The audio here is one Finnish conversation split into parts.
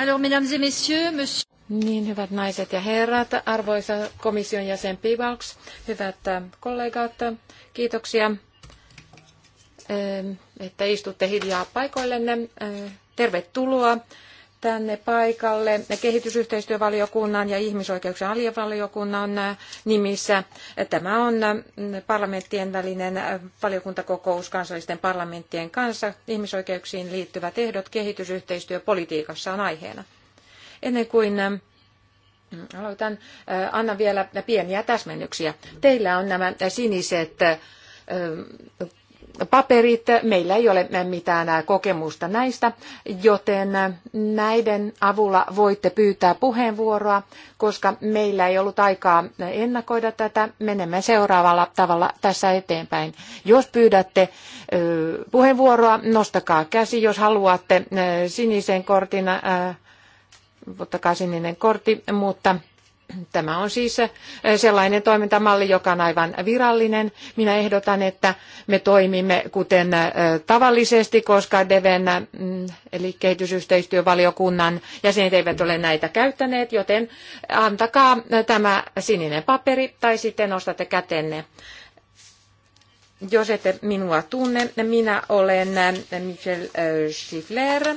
Alors, mesdames et messieurs, monsieur... Niin, hyvät naiset ja herrat, arvoisa komission jäsen Pivalks, hyvät ähm, kollegat, kiitoksia, ähm, että istutte hiljaa paikoillenne. Äh, tervetuloa tänne paikalle kehitysyhteistyövaliokunnan ja ihmisoikeuksien alivaliokunnan nimissä. Tämä on parlamenttien välinen valiokuntakokous kansallisten parlamenttien kanssa. Ihmisoikeuksiin liittyvät ehdot kehitysyhteistyöpolitiikassa on aiheena. Ennen kuin aloitan, annan vielä pieniä täsmennyksiä. Teillä on nämä siniset paperit. Meillä ei ole mitään kokemusta näistä, joten näiden avulla voitte pyytää puheenvuoroa, koska meillä ei ollut aikaa ennakoida tätä. Menemme seuraavalla tavalla tässä eteenpäin. Jos pyydätte puheenvuoroa, nostakaa käsi, jos haluatte sinisen kortin, ottakaa sininen kortti, mutta Tämä on siis eh, sellainen toimintamalli, joka on aivan virallinen. Minä ehdotan, että me toimimme kuten eh, tavallisesti, koska Deven, mm, eli kehitysyhteistyövaliokunnan jäsenet eivät ole näitä käyttäneet, joten antakaa eh, tämä sininen paperi tai sitten nostatte kätenne. Jos ette minua tunne, minä olen Michel Schiffler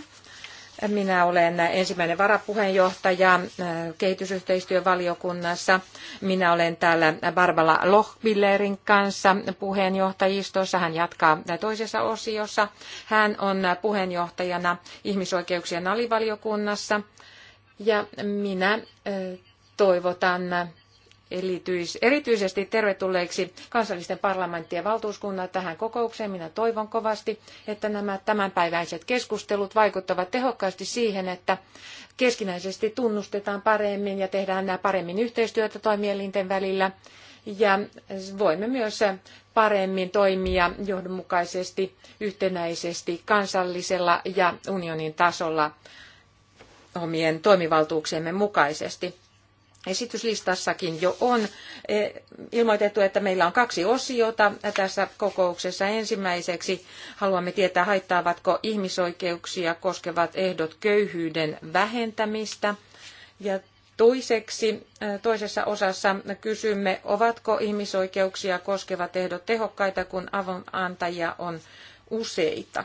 minä olen ensimmäinen varapuheenjohtaja äh, kehitysyhteistyövaliokunnassa. Minä olen täällä Barbara Lochbillerin kanssa puheenjohtajistossa. Hän jatkaa toisessa osiossa. Hän on puheenjohtajana ihmisoikeuksien alivaliokunnassa. Ja minä äh, toivotan erityisesti tervetulleiksi kansallisten parlamenttien valtuuskunnat tähän kokoukseen. Minä toivon kovasti, että nämä tämänpäiväiset keskustelut vaikuttavat tehokkaasti siihen, että keskinäisesti tunnustetaan paremmin ja tehdään nämä paremmin yhteistyötä toimielinten välillä. Ja voimme myös paremmin toimia johdonmukaisesti, yhtenäisesti kansallisella ja unionin tasolla omien toimivaltuuksiemme mukaisesti esityslistassakin jo on e, ilmoitettu, että meillä on kaksi osiota tässä kokouksessa. Ensimmäiseksi haluamme tietää, haittaavatko ihmisoikeuksia koskevat ehdot köyhyyden vähentämistä. Ja toiseksi, e, toisessa osassa kysymme, ovatko ihmisoikeuksia koskevat ehdot tehokkaita, kun avunantajia on useita.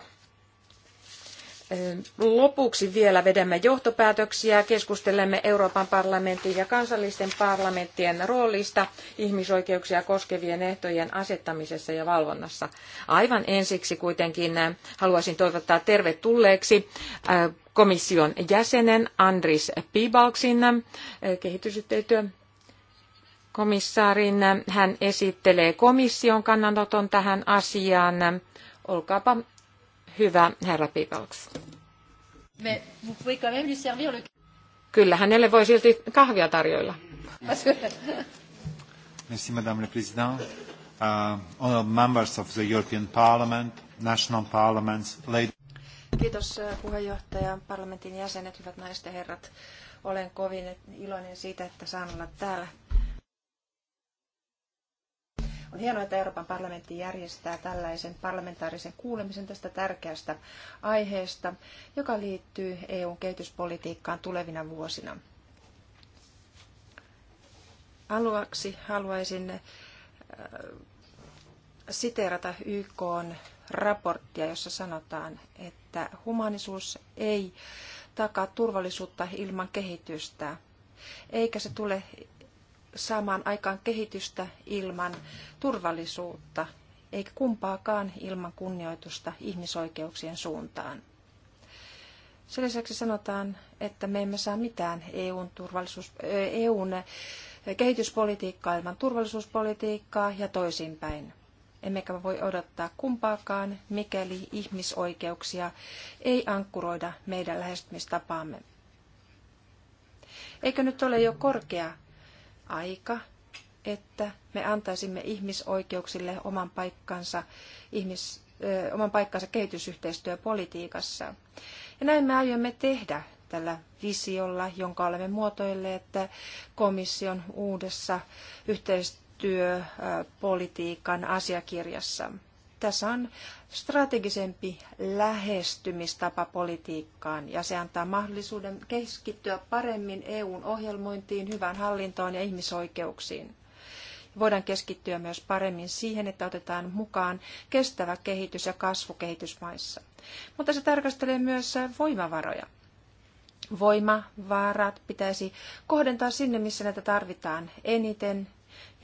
Lopuksi vielä vedämme johtopäätöksiä, keskustelemme Euroopan parlamentin ja kansallisten parlamenttien roolista ihmisoikeuksia koskevien ehtojen asettamisessa ja valvonnassa. Aivan ensiksi kuitenkin äh, haluaisin toivottaa tervetulleeksi äh, komission jäsenen Andris Pibalksin äh, kehitysyhteistyökomissaarin. Hän esittelee komission kannanoton tähän asiaan. Olkaapa hyvä, herra Pipalks. Kyllä, hänelle voi silti kahvia tarjoilla. Merci, madame la présidente. Uh, all members of the European Parliament, national parliaments, ladies. Kiitos äh, puheenjohtaja, parlamentin jäsenet, hyvät naiset ja herrat. Olen kovin iloinen siitä, että saan olla täällä on hienoa, että Euroopan parlamentti järjestää tällaisen parlamentaarisen kuulemisen tästä tärkeästä aiheesta, joka liittyy EUn kehityspolitiikkaan tulevina vuosina. Aluaksi haluaisin äh, siteerata YK raporttia, jossa sanotaan, että humanisuus ei takaa turvallisuutta ilman kehitystä, eikä se tule saamaan aikaan kehitystä ilman turvallisuutta, eikä kumpaakaan ilman kunnioitusta ihmisoikeuksien suuntaan. Sen lisäksi sanotaan, että me emme saa mitään EUn, turvallisuus, eh, EUn kehityspolitiikkaa ilman turvallisuuspolitiikkaa ja toisinpäin. Emmekä voi odottaa kumpaakaan, mikäli ihmisoikeuksia ei ankkuroida meidän lähestymistapaamme. Eikö nyt ole jo korkea aika, että me antaisimme ihmisoikeuksille oman paikkansa, ihmis, ö, oman paikkansa kehitysyhteistyöpolitiikassa. Ja näin me aiomme tehdä tällä visiolla, jonka olemme muotoilleet komission uudessa yhteistyöpolitiikan asiakirjassa. Tässä on strategisempi lähestymistapa politiikkaan ja se antaa mahdollisuuden keskittyä paremmin EUn ohjelmointiin, hyvään hallintoon ja ihmisoikeuksiin. Voidaan keskittyä myös paremmin siihen, että otetaan mukaan kestävä kehitys ja kasvu kehitysmaissa. Mutta se tarkastelee myös voimavaroja voimavarat pitäisi kohdentaa sinne, missä näitä tarvitaan eniten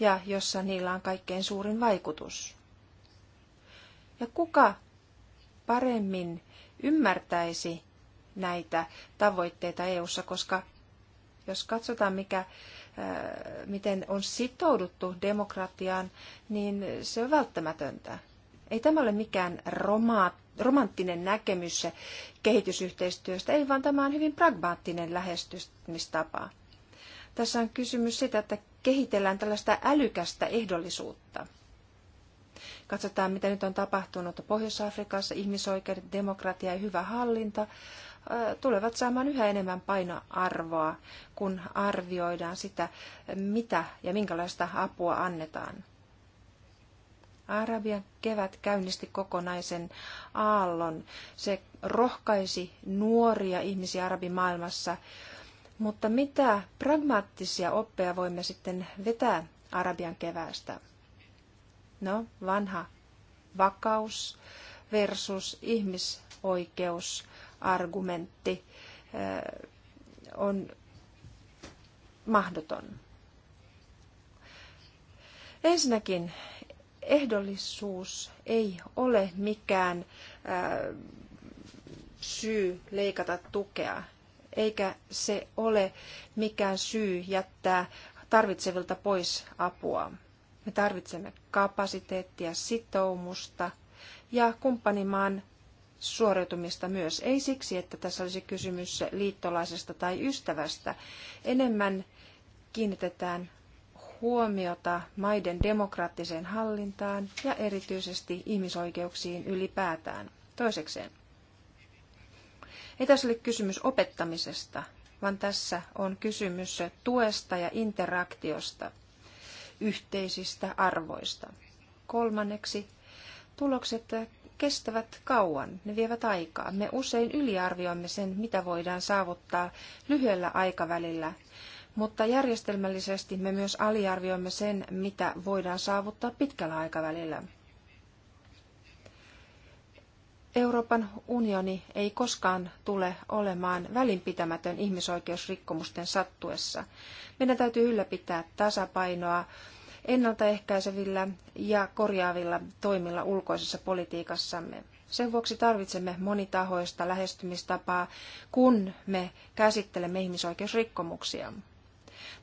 ja jossa niillä on kaikkein suurin vaikutus. Ja kuka paremmin ymmärtäisi näitä tavoitteita EU:ssa, koska jos katsotaan, mikä, äh, miten on sitouduttu demokratiaan, niin se on välttämätöntä. Ei tämä ole mikään roma, romanttinen näkemys kehitysyhteistyöstä, ei vaan tämä on hyvin pragmaattinen lähestymistapa. Tässä on kysymys siitä, että kehitellään tällaista älykästä ehdollisuutta – Katsotaan, mitä nyt on tapahtunut Pohjois-Afrikassa, ihmisoikeudet, demokratia ja hyvä hallinta tulevat saamaan yhä enemmän painoarvoa, kun arvioidaan sitä, mitä ja minkälaista apua annetaan. Arabian kevät käynnisti kokonaisen aallon. Se rohkaisi nuoria ihmisiä arabimaailmassa. Mutta mitä pragmaattisia oppeja voimme sitten vetää Arabian keväästä? No, vanha vakaus versus ihmisoikeusargumentti eh, on mahdoton. Ensinnäkin ehdollisuus ei ole mikään eh, syy leikata tukea, eikä se ole mikään syy jättää tarvitsevilta pois apua. Me tarvitsemme kapasiteettia, sitoumusta ja kumppanimaan suoriutumista myös. Ei siksi, että tässä olisi kysymys liittolaisesta tai ystävästä. Enemmän kiinnitetään huomiota maiden demokraattiseen hallintaan ja erityisesti ihmisoikeuksiin ylipäätään. Toisekseen, ei tässä ole kysymys opettamisesta, vaan tässä on kysymys tuesta ja interaktiosta yhteisistä arvoista. Kolmanneksi, tulokset kestävät kauan, ne vievät aikaa. Me usein yliarvioimme sen, mitä voidaan saavuttaa lyhyellä aikavälillä, mutta järjestelmällisesti me myös aliarvioimme sen, mitä voidaan saavuttaa pitkällä aikavälillä. Euroopan unioni ei koskaan tule olemaan välinpitämätön ihmisoikeusrikkomusten sattuessa. Meidän täytyy ylläpitää tasapainoa ennaltaehkäisevillä ja korjaavilla toimilla ulkoisessa politiikassamme. Sen vuoksi tarvitsemme monitahoista lähestymistapaa, kun me käsittelemme ihmisoikeusrikkomuksia.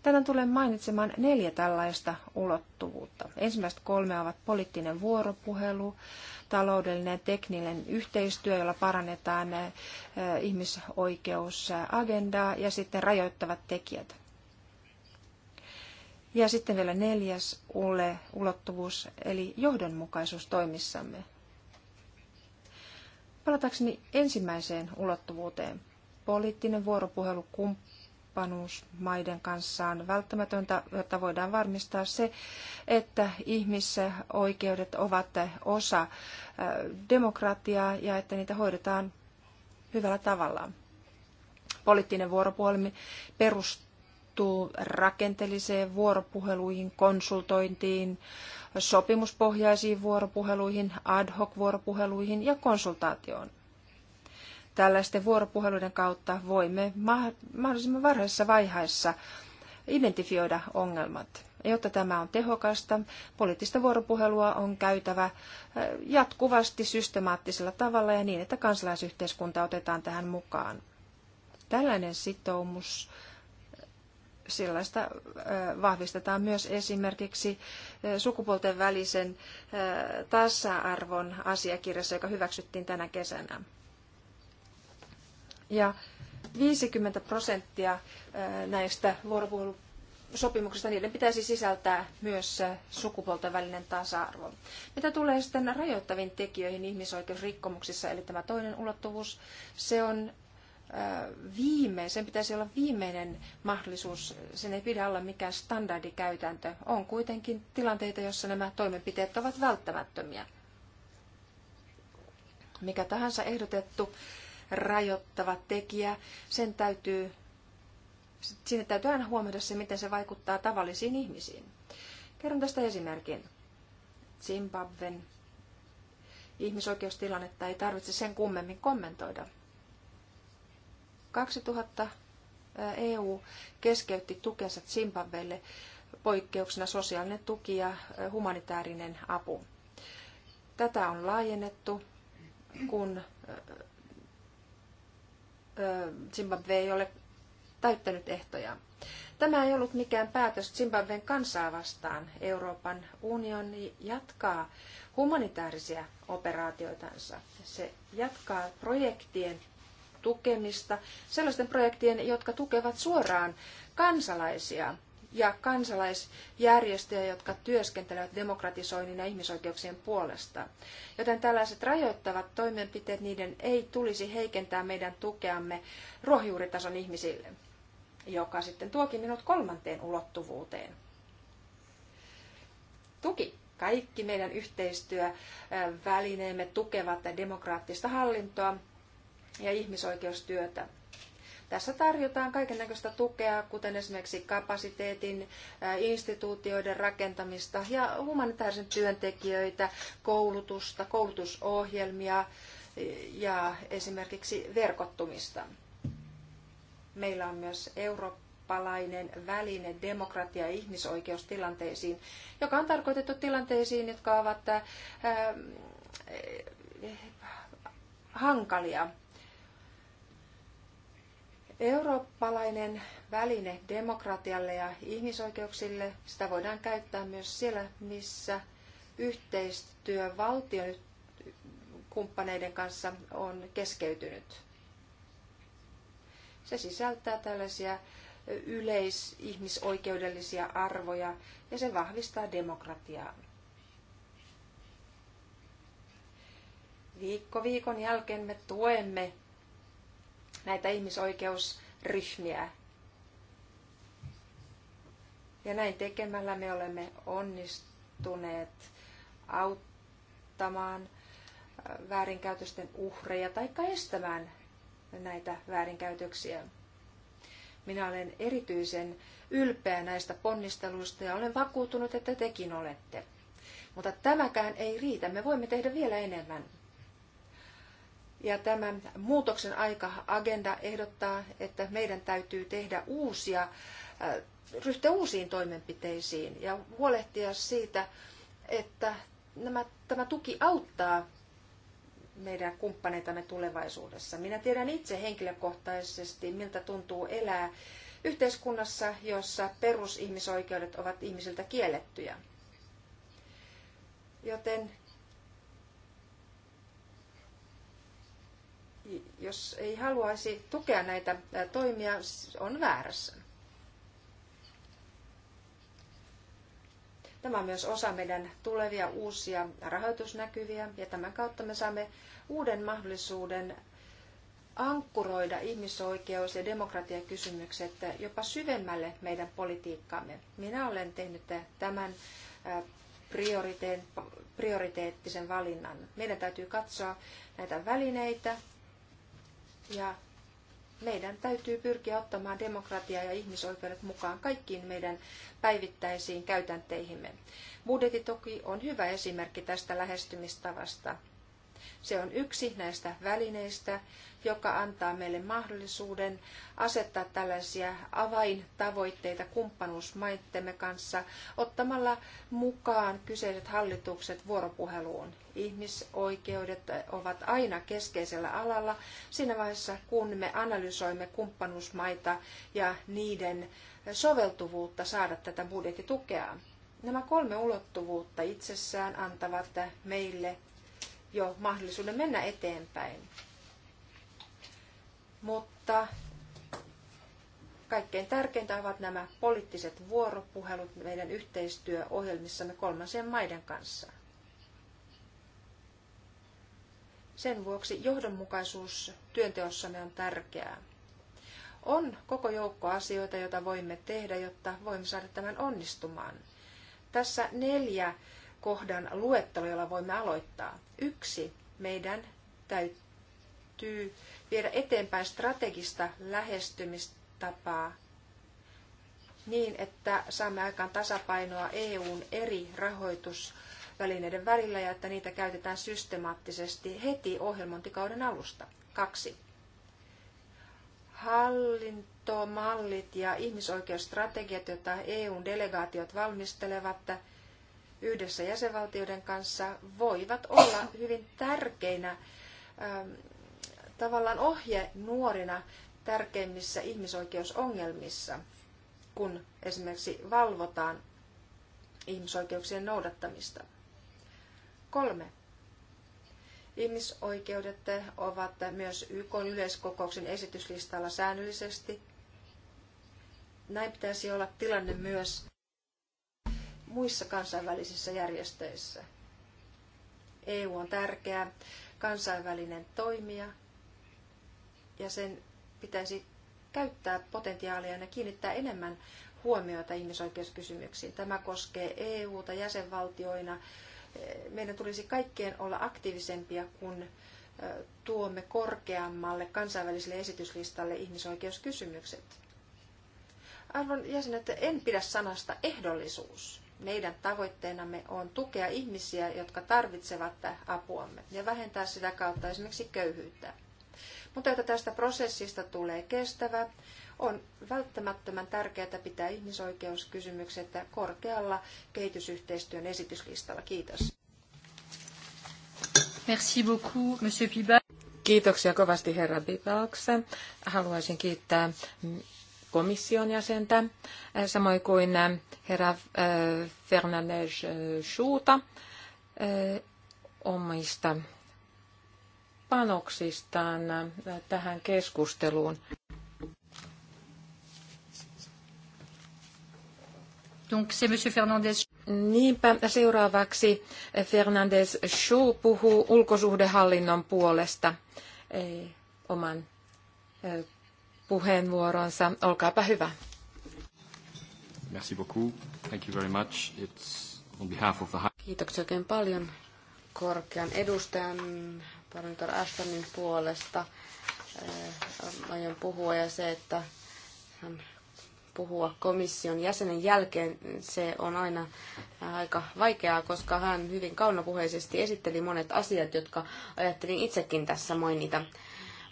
Tänään tulen mainitsemaan neljä tällaista ulottuvuutta. Ensimmäiset kolme ovat poliittinen vuoropuhelu, taloudellinen ja tekninen yhteistyö, jolla parannetaan eh, ihmisoikeusagendaa ja sitten rajoittavat tekijät. Ja sitten vielä neljäs ule, ulottuvuus, eli johdonmukaisuus toimissamme. Palatakseni ensimmäiseen ulottuvuuteen. Poliittinen vuoropuhelu kumppanuus maiden kanssa on välttämätöntä, jotta voidaan varmistaa se, että ihmisoikeudet ovat osa äh, demokratiaa ja että niitä hoidetaan hyvällä tavalla. Poliittinen vuoropuhelu perustuu perustuu rakenteelliseen vuoropuheluihin, konsultointiin, sopimuspohjaisiin vuoropuheluihin, ad hoc vuoropuheluihin ja konsultaatioon. Tällaisten vuoropuheluiden kautta voimme mahdollisimman varhaisessa vaiheessa identifioida ongelmat. Jotta tämä on tehokasta, poliittista vuoropuhelua on käytävä äh, jatkuvasti systemaattisella tavalla ja niin, että kansalaisyhteiskunta otetaan tähän mukaan. Tällainen sitoumus sellaista vahvistetaan myös esimerkiksi sukupuolten välisen tasa-arvon asiakirjassa, joka hyväksyttiin tänä kesänä. Ja 50 prosenttia näistä vuoropuhelusopimuksista, niiden pitäisi sisältää myös sukupuolten välinen tasa-arvo. Mitä tulee sitten rajoittaviin tekijöihin ihmisoikeusrikkomuksissa, eli tämä toinen ulottuvuus, se on viime, sen pitäisi olla viimeinen mahdollisuus, sen ei pidä olla mikään standardikäytäntö. On kuitenkin tilanteita, joissa nämä toimenpiteet ovat välttämättömiä. Mikä tahansa ehdotettu rajoittava tekijä, sen täytyy, siinä täytyy aina huomioida se, miten se vaikuttaa tavallisiin ihmisiin. Kerron tästä esimerkin. Zimbabwen ihmisoikeustilannetta ei tarvitse sen kummemmin kommentoida – 2000 EU keskeytti tukensa Zimbabwelle poikkeuksena sosiaalinen tuki ja humanitaarinen apu. Tätä on laajennettu, kun Zimbabwe ei ole täyttänyt ehtoja. Tämä ei ollut mikään päätös Zimbabwen kansaa vastaan. Euroopan unioni jatkaa humanitaarisia operaatioitansa. Se jatkaa projektien tukemista sellaisten projektien, jotka tukevat suoraan kansalaisia ja kansalaisjärjestöjä, jotka työskentelevät demokratisoinnin ja ihmisoikeuksien puolesta. Joten tällaiset rajoittavat toimenpiteet, niiden ei tulisi heikentää meidän tukeamme ruohonjuuritason ihmisille, joka sitten tuokin minut kolmanteen ulottuvuuteen. Tuki. Kaikki meidän yhteistyövälineemme tukevat demokraattista hallintoa, ja ihmisoikeustyötä. Tässä tarjotaan kaikenlaista tukea, kuten esimerkiksi kapasiteetin, instituutioiden rakentamista ja humanitaarisen työntekijöitä, koulutusta, koulutusohjelmia ja esimerkiksi verkottumista. Meillä on myös eurooppalainen väline demokratia- ja ihmisoikeustilanteisiin, joka on tarkoitettu tilanteisiin, jotka ovat hankalia Eurooppalainen väline demokratialle ja ihmisoikeuksille, sitä voidaan käyttää myös siellä, missä yhteistyö valtion kumppaneiden kanssa on keskeytynyt. Se sisältää tällaisia yleisihmisoikeudellisia arvoja ja se vahvistaa demokratiaa. Viikko viikon jälkeen me tuemme näitä ihmisoikeusryhmiä. Ja näin tekemällä me olemme onnistuneet auttamaan väärinkäytösten uhreja tai estämään näitä väärinkäytöksiä. Minä olen erityisen ylpeä näistä ponnisteluista ja olen vakuutunut, että tekin olette. Mutta tämäkään ei riitä. Me voimme tehdä vielä enemmän. Ja tämä muutoksen aika agenda ehdottaa, että meidän täytyy tehdä uusia, äh, ryhtyä uusiin toimenpiteisiin ja huolehtia siitä, että nämä, tämä tuki auttaa meidän kumppaneitamme tulevaisuudessa. Minä tiedän itse henkilökohtaisesti, miltä tuntuu elää yhteiskunnassa, jossa perusihmisoikeudet ovat ihmisiltä kiellettyjä. Joten jos ei haluaisi tukea näitä toimia, on väärässä. Tämä on myös osa meidän tulevia uusia rahoitusnäkyviä ja tämän kautta me saamme uuden mahdollisuuden ankkuroida ihmisoikeus- ja demokratiakysymykset jopa syvemmälle meidän politiikkaamme. Minä olen tehnyt tämän prioriteettisen valinnan. Meidän täytyy katsoa näitä välineitä, ja meidän täytyy pyrkiä ottamaan demokratia ja ihmisoikeudet mukaan kaikkiin meidän päivittäisiin käytänteihimme. Budjetti toki on hyvä esimerkki tästä lähestymistavasta. Se on yksi näistä välineistä, joka antaa meille mahdollisuuden asettaa tällaisia avaintavoitteita kumppanuusmaittemme kanssa ottamalla mukaan kyseiset hallitukset vuoropuheluun ihmisoikeudet ovat aina keskeisellä alalla siinä vaiheessa, kun me analysoimme kumppanuusmaita ja niiden soveltuvuutta saada tätä budjettitukea. Nämä kolme ulottuvuutta itsessään antavat meille jo mahdollisuuden mennä eteenpäin. Mutta kaikkein tärkeintä ovat nämä poliittiset vuoropuhelut meidän yhteistyöohjelmissamme kolmansien maiden kanssa. Sen vuoksi johdonmukaisuus työnteossamme on tärkeää. On koko joukko asioita, joita voimme tehdä, jotta voimme saada tämän onnistumaan. Tässä neljä kohdan luettelo, jolla voimme aloittaa. Yksi, meidän täytyy viedä eteenpäin strategista lähestymistapaa niin, että saamme aikaan tasapainoa EUn eri rahoitus- välineiden välillä ja että niitä käytetään systemaattisesti heti ohjelmointikauden alusta. Kaksi. Hallintomallit ja ihmisoikeusstrategiat, joita EUn delegaatiot valmistelevat yhdessä jäsenvaltioiden kanssa, voivat olla hyvin tärkeinä ähm, tavallaan ohje nuorina tärkeimmissä ihmisoikeusongelmissa, kun esimerkiksi valvotaan ihmisoikeuksien noudattamista. Kolme. Ihmisoikeudet ovat myös YK yleiskokouksen esityslistalla säännöllisesti. Näin pitäisi olla tilanne myös muissa kansainvälisissä järjestöissä. EU on tärkeä kansainvälinen toimija ja sen pitäisi käyttää potentiaalia ja kiinnittää enemmän huomiota ihmisoikeuskysymyksiin. Tämä koskee EUta jäsenvaltioina meidän tulisi kaikkien olla aktiivisempia, kun tuomme korkeammalle kansainväliselle esityslistalle ihmisoikeuskysymykset. Arvon jäsenet, en pidä sanasta ehdollisuus. Meidän tavoitteenamme on tukea ihmisiä, jotka tarvitsevat apuamme ja vähentää sitä kautta esimerkiksi köyhyyttä. Mutta jotta tästä prosessista tulee kestävä, on välttämättömän tärkeää pitää ihmisoikeuskysymykset korkealla kehitysyhteistyön esityslistalla. Kiitos. Merci beaucoup, Monsieur Piba. Kiitoksia kovasti herra Bibalkse. Haluaisin kiittää komission jäsentä, samoin kuin äh, herra äh, Fernandes äh, Schuuta omista panoksistaan tähän keskusteluun. Donc c'est Monsieur Fernandez. Niinpä seuraavaksi Fernandez Show puhuu ulkosuhdehallinnon puolesta Ei, oman puheenvuoronsa. Olkaapa hyvä. Merci beaucoup. Thank you very much. It's on behalf of the... Kiitoksia oikein paljon korkean edustajan Parintor Ashtonin puolesta. Aion puhua ja se, että hän puhua komission jäsenen jälkeen, se on aina aika vaikeaa, koska hän hyvin kaunopuheisesti esitteli monet asiat, jotka ajattelin itsekin tässä mainita.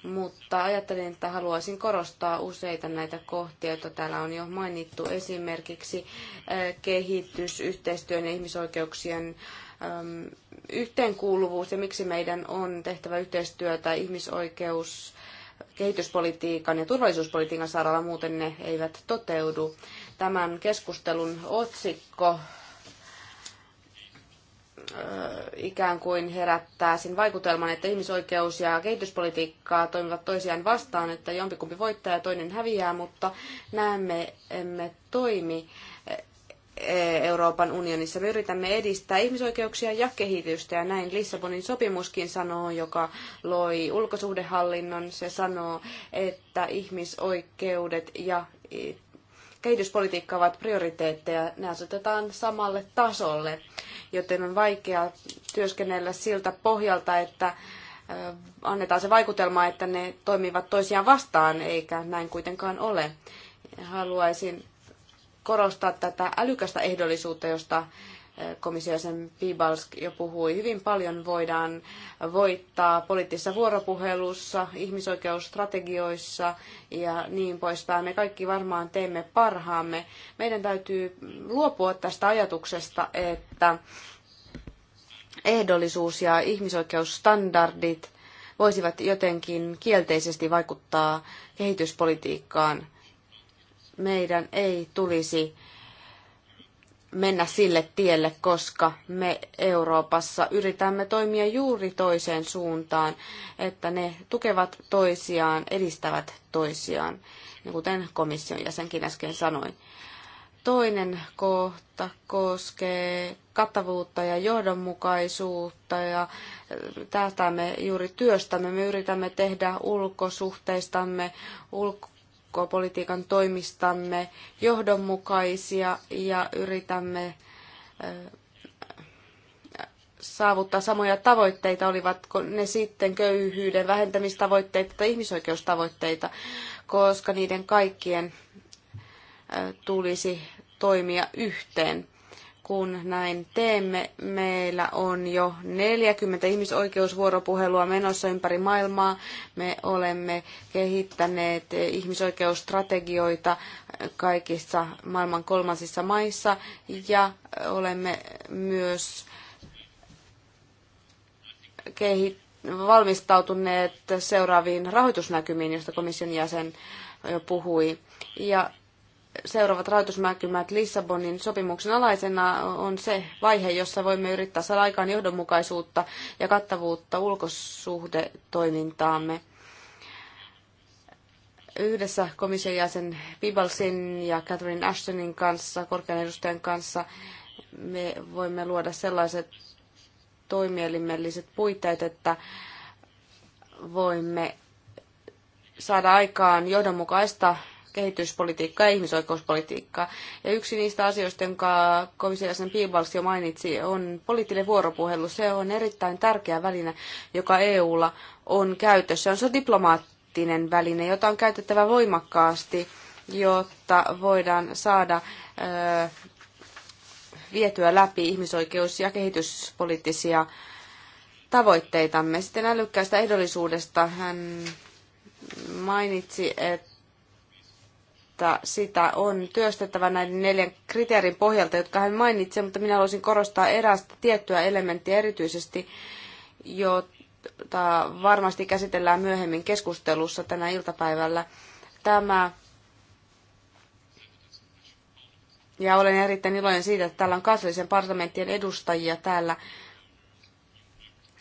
Mutta ajattelin, että haluaisin korostaa useita näitä kohtia, joita täällä on jo mainittu, esimerkiksi eh, kehitys, yhteistyön ja ihmisoikeuksien ehm, yhteenkuuluvuus ja miksi meidän on tehtävä yhteistyötä ihmisoikeus kehityspolitiikan ja turvallisuuspolitiikan saralla, muuten ne eivät toteudu. Tämän keskustelun otsikko ikään kuin herättää sen vaikutelman, että ihmisoikeus ja kehityspolitiikkaa toimivat toisiaan vastaan, että jompikumpi voittaa ja toinen häviää, mutta näemme emme toimi. Euroopan unionissa. Me yritämme edistää ihmisoikeuksia ja kehitystä ja näin Lissabonin sopimuskin sanoo, joka loi ulkosuhdehallinnon. Se sanoo, että ihmisoikeudet ja e, kehityspolitiikka ovat prioriteetteja. Ne asetetaan samalle tasolle, joten on vaikea työskennellä siltä pohjalta, että e, annetaan se vaikutelma, että ne toimivat toisiaan vastaan, eikä näin kuitenkaan ole. Haluaisin korostaa tätä älykästä ehdollisuutta, josta eh, komissio sen Pibalsk jo puhui. Hyvin paljon voidaan voittaa poliittisessa vuoropuhelussa, ihmisoikeusstrategioissa ja niin poispäin. Me kaikki varmaan teemme parhaamme. Meidän täytyy luopua tästä ajatuksesta, että ehdollisuus ja ihmisoikeusstandardit voisivat jotenkin kielteisesti vaikuttaa kehityspolitiikkaan – meidän ei tulisi mennä sille tielle, koska me Euroopassa yritämme toimia juuri toiseen suuntaan, että ne tukevat toisiaan, edistävät toisiaan, niin kuten komission jäsenkin äsken sanoi. Toinen kohta koskee kattavuutta ja johdonmukaisuutta ja tätä me juuri työstämme. Me yritämme tehdä ulkosuhteistamme, ulko- ulkopolitiikan toimistamme johdonmukaisia ja yritämme saavuttaa samoja tavoitteita, olivatko ne sitten köyhyyden vähentämistavoitteita tai ihmisoikeustavoitteita, koska niiden kaikkien tulisi toimia yhteen kun näin teemme. Meillä on jo 40 ihmisoikeusvuoropuhelua menossa ympäri maailmaa. Me olemme kehittäneet ihmisoikeusstrategioita kaikissa maailman kolmansissa maissa ja olemme myös valmistautuneet seuraaviin rahoitusnäkymiin, joista komission jäsen jo puhui. Ja seuraavat rahoitusnäkymät Lissabonin sopimuksen alaisena on se vaihe, jossa voimme yrittää saada aikaan johdonmukaisuutta ja kattavuutta ulkosuhdetoimintaamme. Yhdessä komission jäsen Pibalsin ja Catherine Ashtonin kanssa, korkean edustajan kanssa, me voimme luoda sellaiset toimielimelliset puitteet, että voimme saada aikaan johdonmukaista kehityspolitiikkaa ja ihmisoikeuspolitiikkaa. Ja yksi niistä asioista, jonka komissiolaisen Piibals jo mainitsi, on poliittinen vuoropuhelu. Se on erittäin tärkeä väline, joka EUlla on käytössä. Se on diplomaattinen väline, jota on käytettävä voimakkaasti, jotta voidaan saada vietyä läpi ihmisoikeus- ja kehityspoliittisia tavoitteitamme. Sitten älykkäästä ehdollisuudesta hän mainitsi, että mutta sitä on työstettävä näiden neljän kriteerin pohjalta, jotka hän mainitsi, mutta minä haluaisin korostaa erästä tiettyä elementtiä erityisesti, jota varmasti käsitellään myöhemmin keskustelussa tänä iltapäivällä. Tämä ja olen erittäin iloinen siitä, että täällä on kansallisen parlamenttien edustajia täällä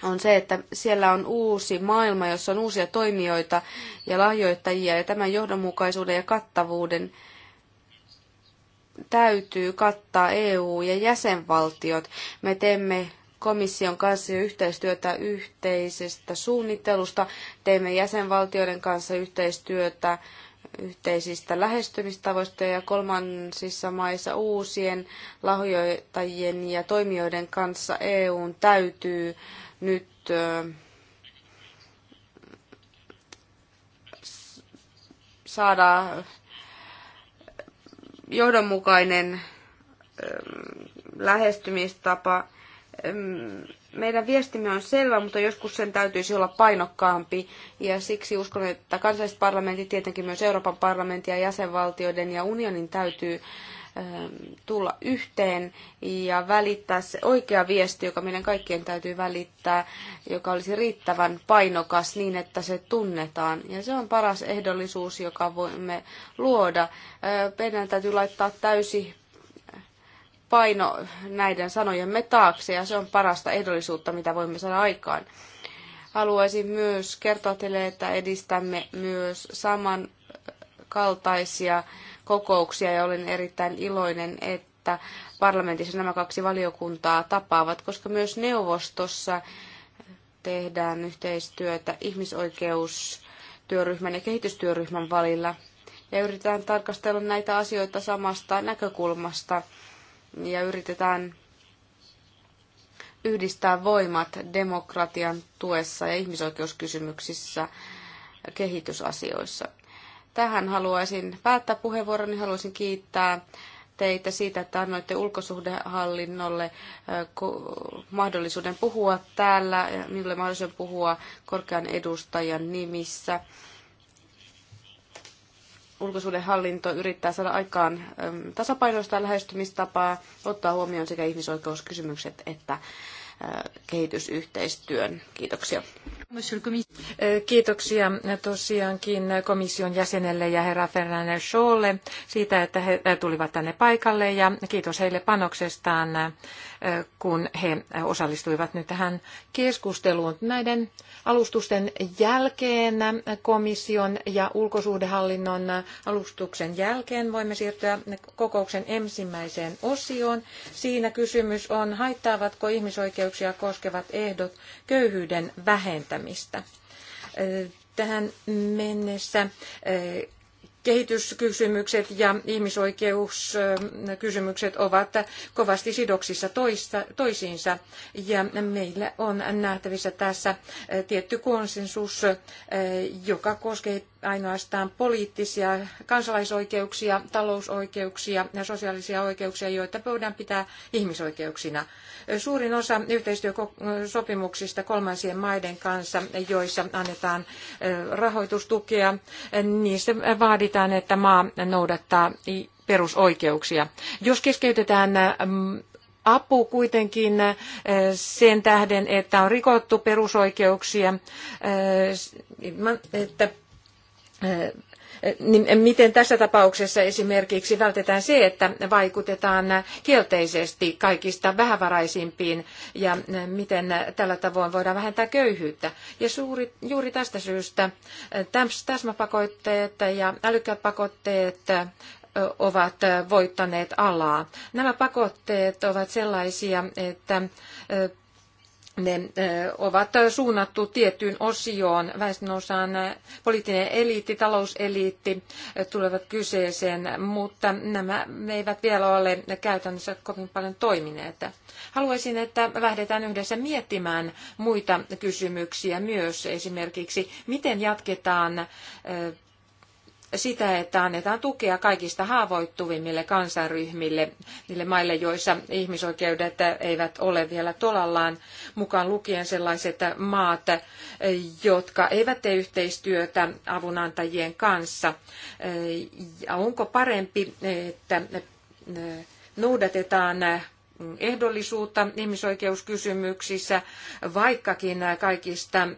on se, että siellä on uusi maailma, jossa on uusia toimijoita ja lahjoittajia, ja tämän johdonmukaisuuden ja kattavuuden täytyy kattaa EU ja jäsenvaltiot. Me teemme komission kanssa yhteistyötä yhteisestä suunnittelusta, teemme jäsenvaltioiden kanssa yhteistyötä yhteisistä lähestymistavoista ja kolmansissa maissa uusien lahjoittajien ja toimijoiden kanssa EUn täytyy nyt saada johdonmukainen lähestymistapa. Meidän viestimme on selvä, mutta joskus sen täytyisi olla painokkaampi. Ja siksi uskon, että kansalliset parlamentit, tietenkin myös Euroopan parlamentin ja jäsenvaltioiden ja unionin täytyy Ähm, tulla yhteen ja välittää se oikea viesti, joka meidän kaikkien täytyy välittää, joka olisi riittävän painokas niin, että se tunnetaan. Ja se on paras ehdollisuus, joka voimme luoda. Äh, meidän täytyy laittaa täysi paino näiden sanojemme taakse ja se on parasta ehdollisuutta, mitä voimme saada aikaan. Haluaisin myös kertoa teille, että edistämme myös samankaltaisia kokouksia ja olen erittäin iloinen, että parlamentissa nämä kaksi valiokuntaa tapaavat, koska myös neuvostossa tehdään yhteistyötä ihmisoikeustyöryhmän ja kehitystyöryhmän valilla ja yritetään tarkastella näitä asioita samasta näkökulmasta ja yritetään yhdistää voimat demokratian tuessa ja ihmisoikeuskysymyksissä kehitysasioissa. Tähän haluaisin päättää niin Haluaisin kiittää teitä siitä, että annoitte ulkosuhdehallinnolle mahdollisuuden puhua täällä ja minulle mahdollisuuden puhua korkean edustajan nimissä. Ulkosuhdehallinto yrittää saada aikaan tasapainoista lähestymistapaa, ottaa huomioon sekä ihmisoikeuskysymykset että kehitysyhteistyön. Kiitoksia. Kiitoksia tosiaankin komission jäsenelle ja herra Fernandez Scholle siitä, että he äh, tulivat tänne paikalle ja kiitos heille panoksestaan kun he osallistuivat nyt tähän keskusteluun. Näiden alustusten jälkeen komission ja ulkosuhdehallinnon alustuksen jälkeen voimme siirtyä kokouksen ensimmäiseen osioon. Siinä kysymys on, haittaavatko ihmisoikeuksia koskevat ehdot köyhyyden vähentämistä. Tähän mennessä kehityskysymykset ja ihmisoikeuskysymykset ovat kovasti sidoksissa toisiinsa ja meillä on nähtävissä tässä tietty konsensus, eh, joka koskee ainoastaan poliittisia kansalaisoikeuksia, talousoikeuksia ja sosiaalisia oikeuksia, joita voidaan pitää ihmisoikeuksina. Suurin osa yhteistyösopimuksista kolmansien maiden kanssa, joissa annetaan rahoitustukea, niissä vaaditaan, että maa noudattaa perusoikeuksia. Jos keskeytetään apu kuitenkin sen tähden, että on rikottu perusoikeuksia, että niin miten tässä tapauksessa esimerkiksi vältetään se, että vaikutetaan kielteisesti kaikista vähävaraisimpiin ja miten tällä tavoin voidaan vähentää köyhyyttä. Ja suuri, juuri tästä syystä täsmäpakotteet ja älykkäät pakotteet ovat voittaneet alaa. Nämä pakotteet ovat sellaisia, että ne ovat suunnattu tiettyyn osioon. osaan poliittinen eliitti, talouseliitti tulevat kyseeseen, mutta nämä eivät vielä ole käytännössä kovin paljon toimineet. Haluaisin, että lähdetään yhdessä miettimään muita kysymyksiä myös, esimerkiksi miten jatketaan sitä, että annetaan tukea kaikista haavoittuvimmille kansanryhmille, niille maille, joissa ihmisoikeudet eivät ole vielä tolallaan, mukaan lukien sellaiset maat, jotka eivät tee yhteistyötä avunantajien kanssa. Ja onko parempi, että noudatetaan ehdollisuutta ihmisoikeuskysymyksissä, vaikkakin kaikista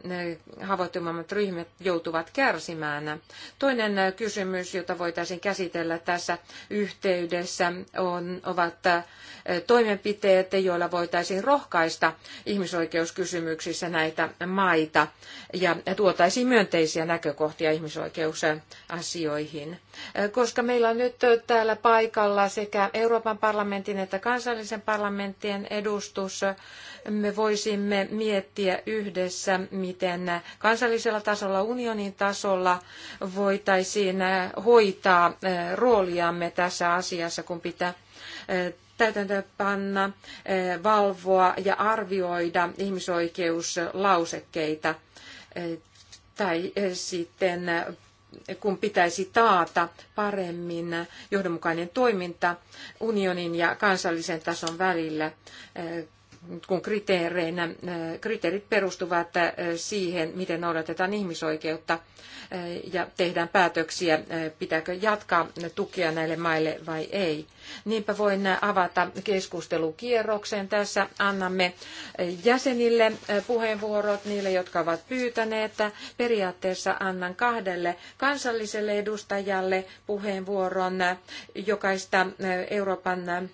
haavoittuvammat äh, ryhmät joutuvat kärsimään. Toinen äh, kysymys, jota voitaisiin käsitellä tässä yhteydessä, on, ovat äh, toimenpiteet, joilla voitaisiin rohkaista ihmisoikeuskysymyksissä näitä maita ja tuotaisiin myönteisiä näkökohtia ihmisoikeusasioihin. Koska meillä on nyt täällä paikalla sekä Euroopan parlamentin että kansallisen parlamenttien edustus, me voisimme miettiä yhdessä, miten kansallisella tasolla, unionin tasolla voitaisiin hoitaa eh, rooliamme tässä asiassa, kun pitää eh, täytäntöönpanna, eh, valvoa ja arvioida ihmisoikeuslausekkeita tai sitten kun pitäisi taata paremmin johdonmukainen toiminta unionin ja kansallisen tason välillä eh, kun kriteereinä, kriteerit perustuvat siihen, miten noudatetaan ihmisoikeutta ja tehdään päätöksiä, pitääkö jatkaa tukea näille maille vai ei. Niinpä voin avata keskustelukierroksen. Tässä annamme jäsenille puheenvuorot, niille, jotka ovat pyytäneet. Periaatteessa annan kahdelle kansalliselle edustajalle puheenvuoron jokaista Euroopan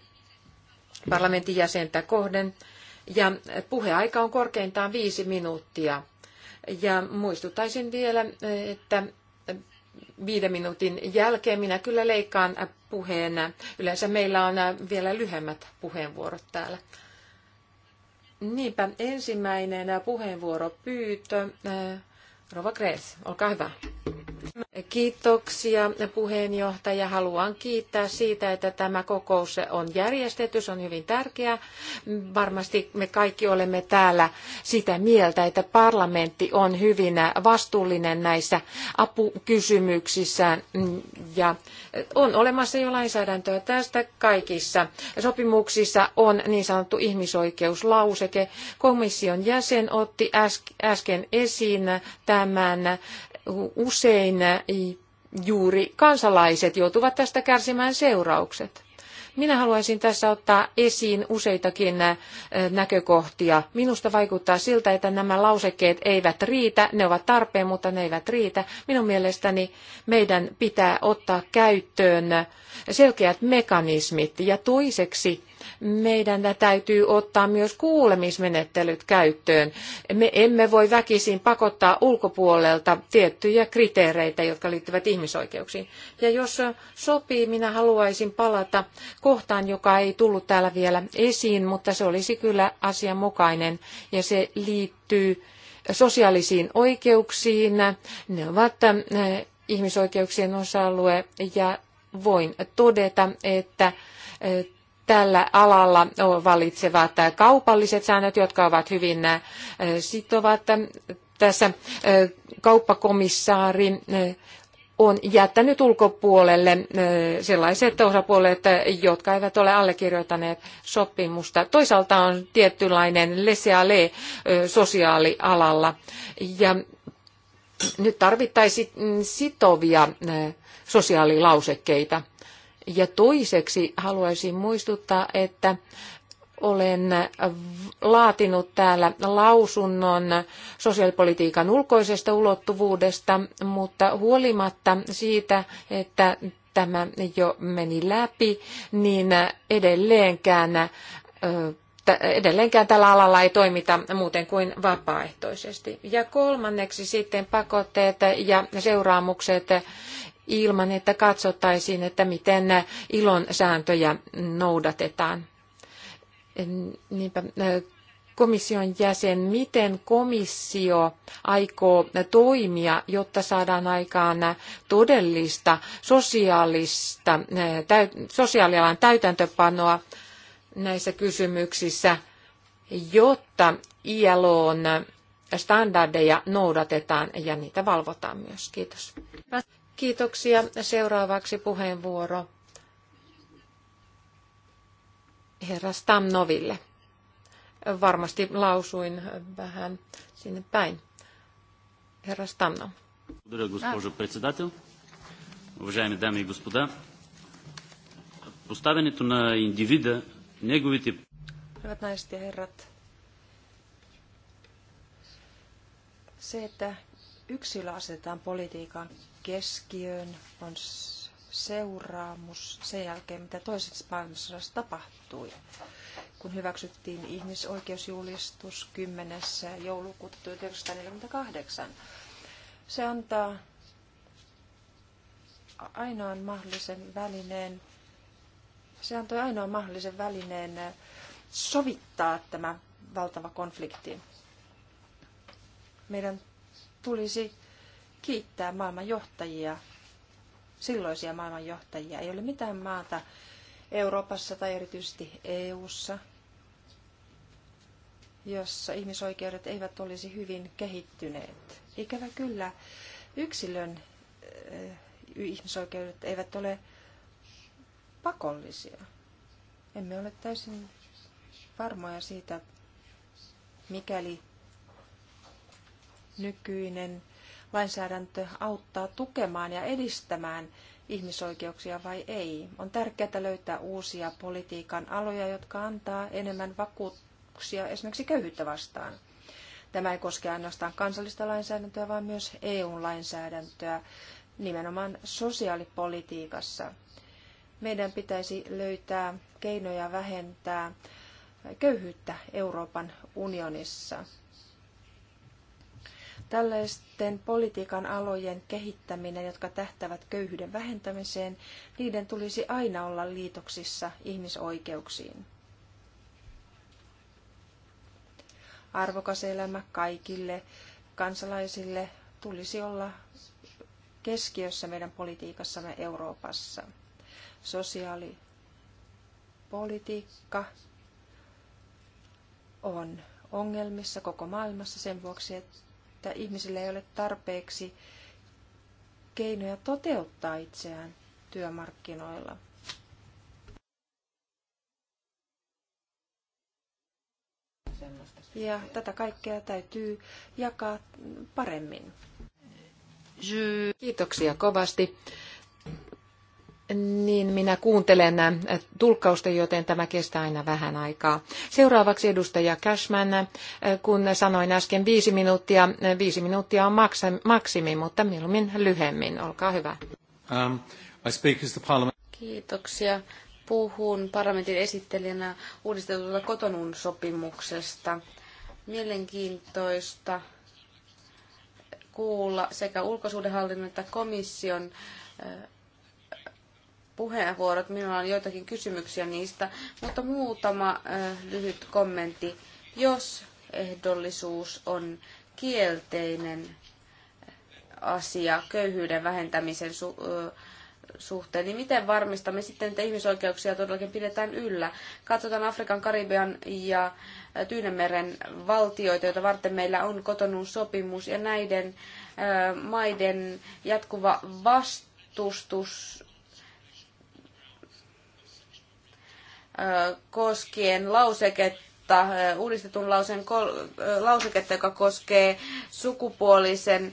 parlamentin jäsentä kohden ja puheaika on korkeintaan viisi minuuttia. Ja muistuttaisin vielä, että viiden minuutin jälkeen minä kyllä leikkaan puheen. Yleensä meillä on vielä lyhyemmät puheenvuorot täällä. Niinpä ensimmäinen puheenvuoropyyntö. Rova Grace, olkaa hyvä. Kiitoksia puheenjohtaja. Haluan kiittää siitä, että tämä kokous on järjestetty. Se on hyvin tärkeä. Varmasti me kaikki olemme täällä sitä mieltä, että parlamentti on hyvin vastuullinen näissä apukysymyksissä ja on olemassa jo lainsäädäntöä tästä kaikissa. Sopimuksissa on niin sanottu ihmisoikeuslauseke. Komission jäsen otti äsken esiin tämän usein juuri kansalaiset joutuvat tästä kärsimään seuraukset. Minä haluaisin tässä ottaa esiin useitakin näkökohtia. Minusta vaikuttaa siltä, että nämä lausekkeet eivät riitä. Ne ovat tarpeen, mutta ne eivät riitä. Minun mielestäni meidän pitää ottaa käyttöön selkeät mekanismit ja toiseksi meidän täytyy ottaa myös kuulemismenettelyt käyttöön. Me emme voi väkisin pakottaa ulkopuolelta tiettyjä kriteereitä, jotka liittyvät ihmisoikeuksiin. Ja jos sopii, minä haluaisin palata kohtaan, joka ei tullut täällä vielä esiin, mutta se olisi kyllä asianmukainen ja se liittyy sosiaalisiin oikeuksiin. Ne ovat äh, ihmisoikeuksien osa-alue ja voin todeta, että äh, tällä alalla valitsevat kaupalliset säännöt, jotka ovat hyvin äh, sitovat. Tässä äh, kauppakomissaari äh, on jättänyt ulkopuolelle sellaiset osapuolet, jotka eivät ole allekirjoittaneet sopimusta. Toisaalta on tietynlainen leseale sosiaalialalla ja nyt tarvittaisiin mm, sitovia sosiaalilausekkeita. Ja toiseksi haluaisin muistuttaa, että olen laatinut täällä lausunnon sosiaalipolitiikan ulkoisesta ulottuvuudesta, mutta huolimatta siitä, että tämä jo meni läpi, niin edelleenkään, edelleenkään tällä alalla ei toimita muuten kuin vapaaehtoisesti. Ja kolmanneksi sitten pakotteet ja seuraamukset ilman, että katsottaisiin, että miten ilon sääntöjä noudatetaan. Niinpä komission jäsen, miten komissio aikoo toimia, jotta saadaan aikaan todellista sosiaalista, sosiaalialan täytäntöpanoa näissä kysymyksissä, jotta ILOn standardeja noudatetaan ja niitä valvotaan myös. Kiitos. Kiitoksia. Seuraavaksi puheenvuoro herra Stamnoville. Varmasti lausuin vähän sinne päin. Herra Stamno. Благодаря, госпожо председател. Уважаеми дами и господа, поставянето на индивида, неговите... Hyvät naiset ja herrat, se, että yksilö asetetaan politiikan keskiöön on seuraamus sen jälkeen, mitä toisessa maailmansodassa tapahtui. Kun hyväksyttiin ihmisoikeusjulistus 10. joulukuuta 1948, se antaa ainoan mahdollisen välineen, se antoi ainoan mahdollisen välineen äh, sovittaa tämä valtava konflikti. Meidän tulisi kiittää maailmanjohtajia silloisia maailmanjohtajia. Ei ole mitään maata Euroopassa tai erityisesti EU:ssa, jossa ihmisoikeudet eivät olisi hyvin kehittyneet. Ikävä kyllä, yksilön eh, ihmisoikeudet eivät ole pakollisia. Emme ole täysin varmoja siitä, mikäli nykyinen lainsäädäntö auttaa tukemaan ja edistämään ihmisoikeuksia vai ei. On tärkeää löytää uusia politiikan aloja, jotka antaa enemmän vakuuksia esimerkiksi köyhyyttä vastaan. Tämä ei koske ainoastaan kansallista lainsäädäntöä, vaan myös EU-lainsäädäntöä nimenomaan sosiaalipolitiikassa. Meidän pitäisi löytää keinoja vähentää köyhyyttä Euroopan unionissa. Tällaisten politiikan alojen kehittäminen, jotka tähtävät köyhyyden vähentämiseen, niiden tulisi aina olla liitoksissa ihmisoikeuksiin. Arvokas elämä kaikille kansalaisille tulisi olla keskiössä meidän politiikassamme Euroopassa. Sosiaalipolitiikka on ongelmissa koko maailmassa sen vuoksi, että että ihmisillä ei ole tarpeeksi keinoja toteuttaa itseään työmarkkinoilla. Ja tätä kaikkea täytyy jakaa paremmin. Kiitoksia kovasti. Niin, minä kuuntelen äh, tulkkausta, joten tämä kestää aina vähän aikaa. Seuraavaksi edustaja Cashman, äh, kun sanoin äsken viisi minuuttia, äh, viisi minuuttia on maksimi, mutta mieluummin lyhemmin. Olkaa hyvä. Um, I speak as the parliament. Kiitoksia. Puhun parlamentin esittelijänä uudistetusta kotonun sopimuksesta. Mielenkiintoista kuulla sekä ulkosuudenhallinnon että komission puheenvuorot. Minulla on joitakin kysymyksiä niistä, mutta muutama lyhyt kommentti. Jos ehdollisuus on kielteinen asia köyhyyden vähentämisen su- suhteen, niin miten varmistamme sitten, että ihmisoikeuksia todellakin pidetään yllä? Katsotaan Afrikan, Karibian ja Tyynemeren valtioita, joita varten meillä on kotonun sopimus, ja näiden maiden jatkuva vastustus koskien lauseketta, uudistetun lausen, lauseketta, joka koskee sukupuolisen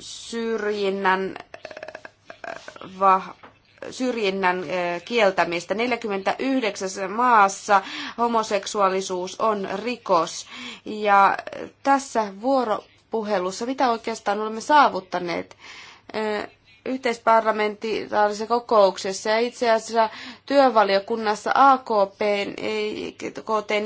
syrjinnän syrjinnän kieltämistä. 49 maassa homoseksuaalisuus on rikos. Ja tässä vuoropuhelussa, mitä oikeastaan olemme saavuttaneet? yhteisparlamentaarisessa kokouksessa ja itse asiassa työvaliokunnassa AKPn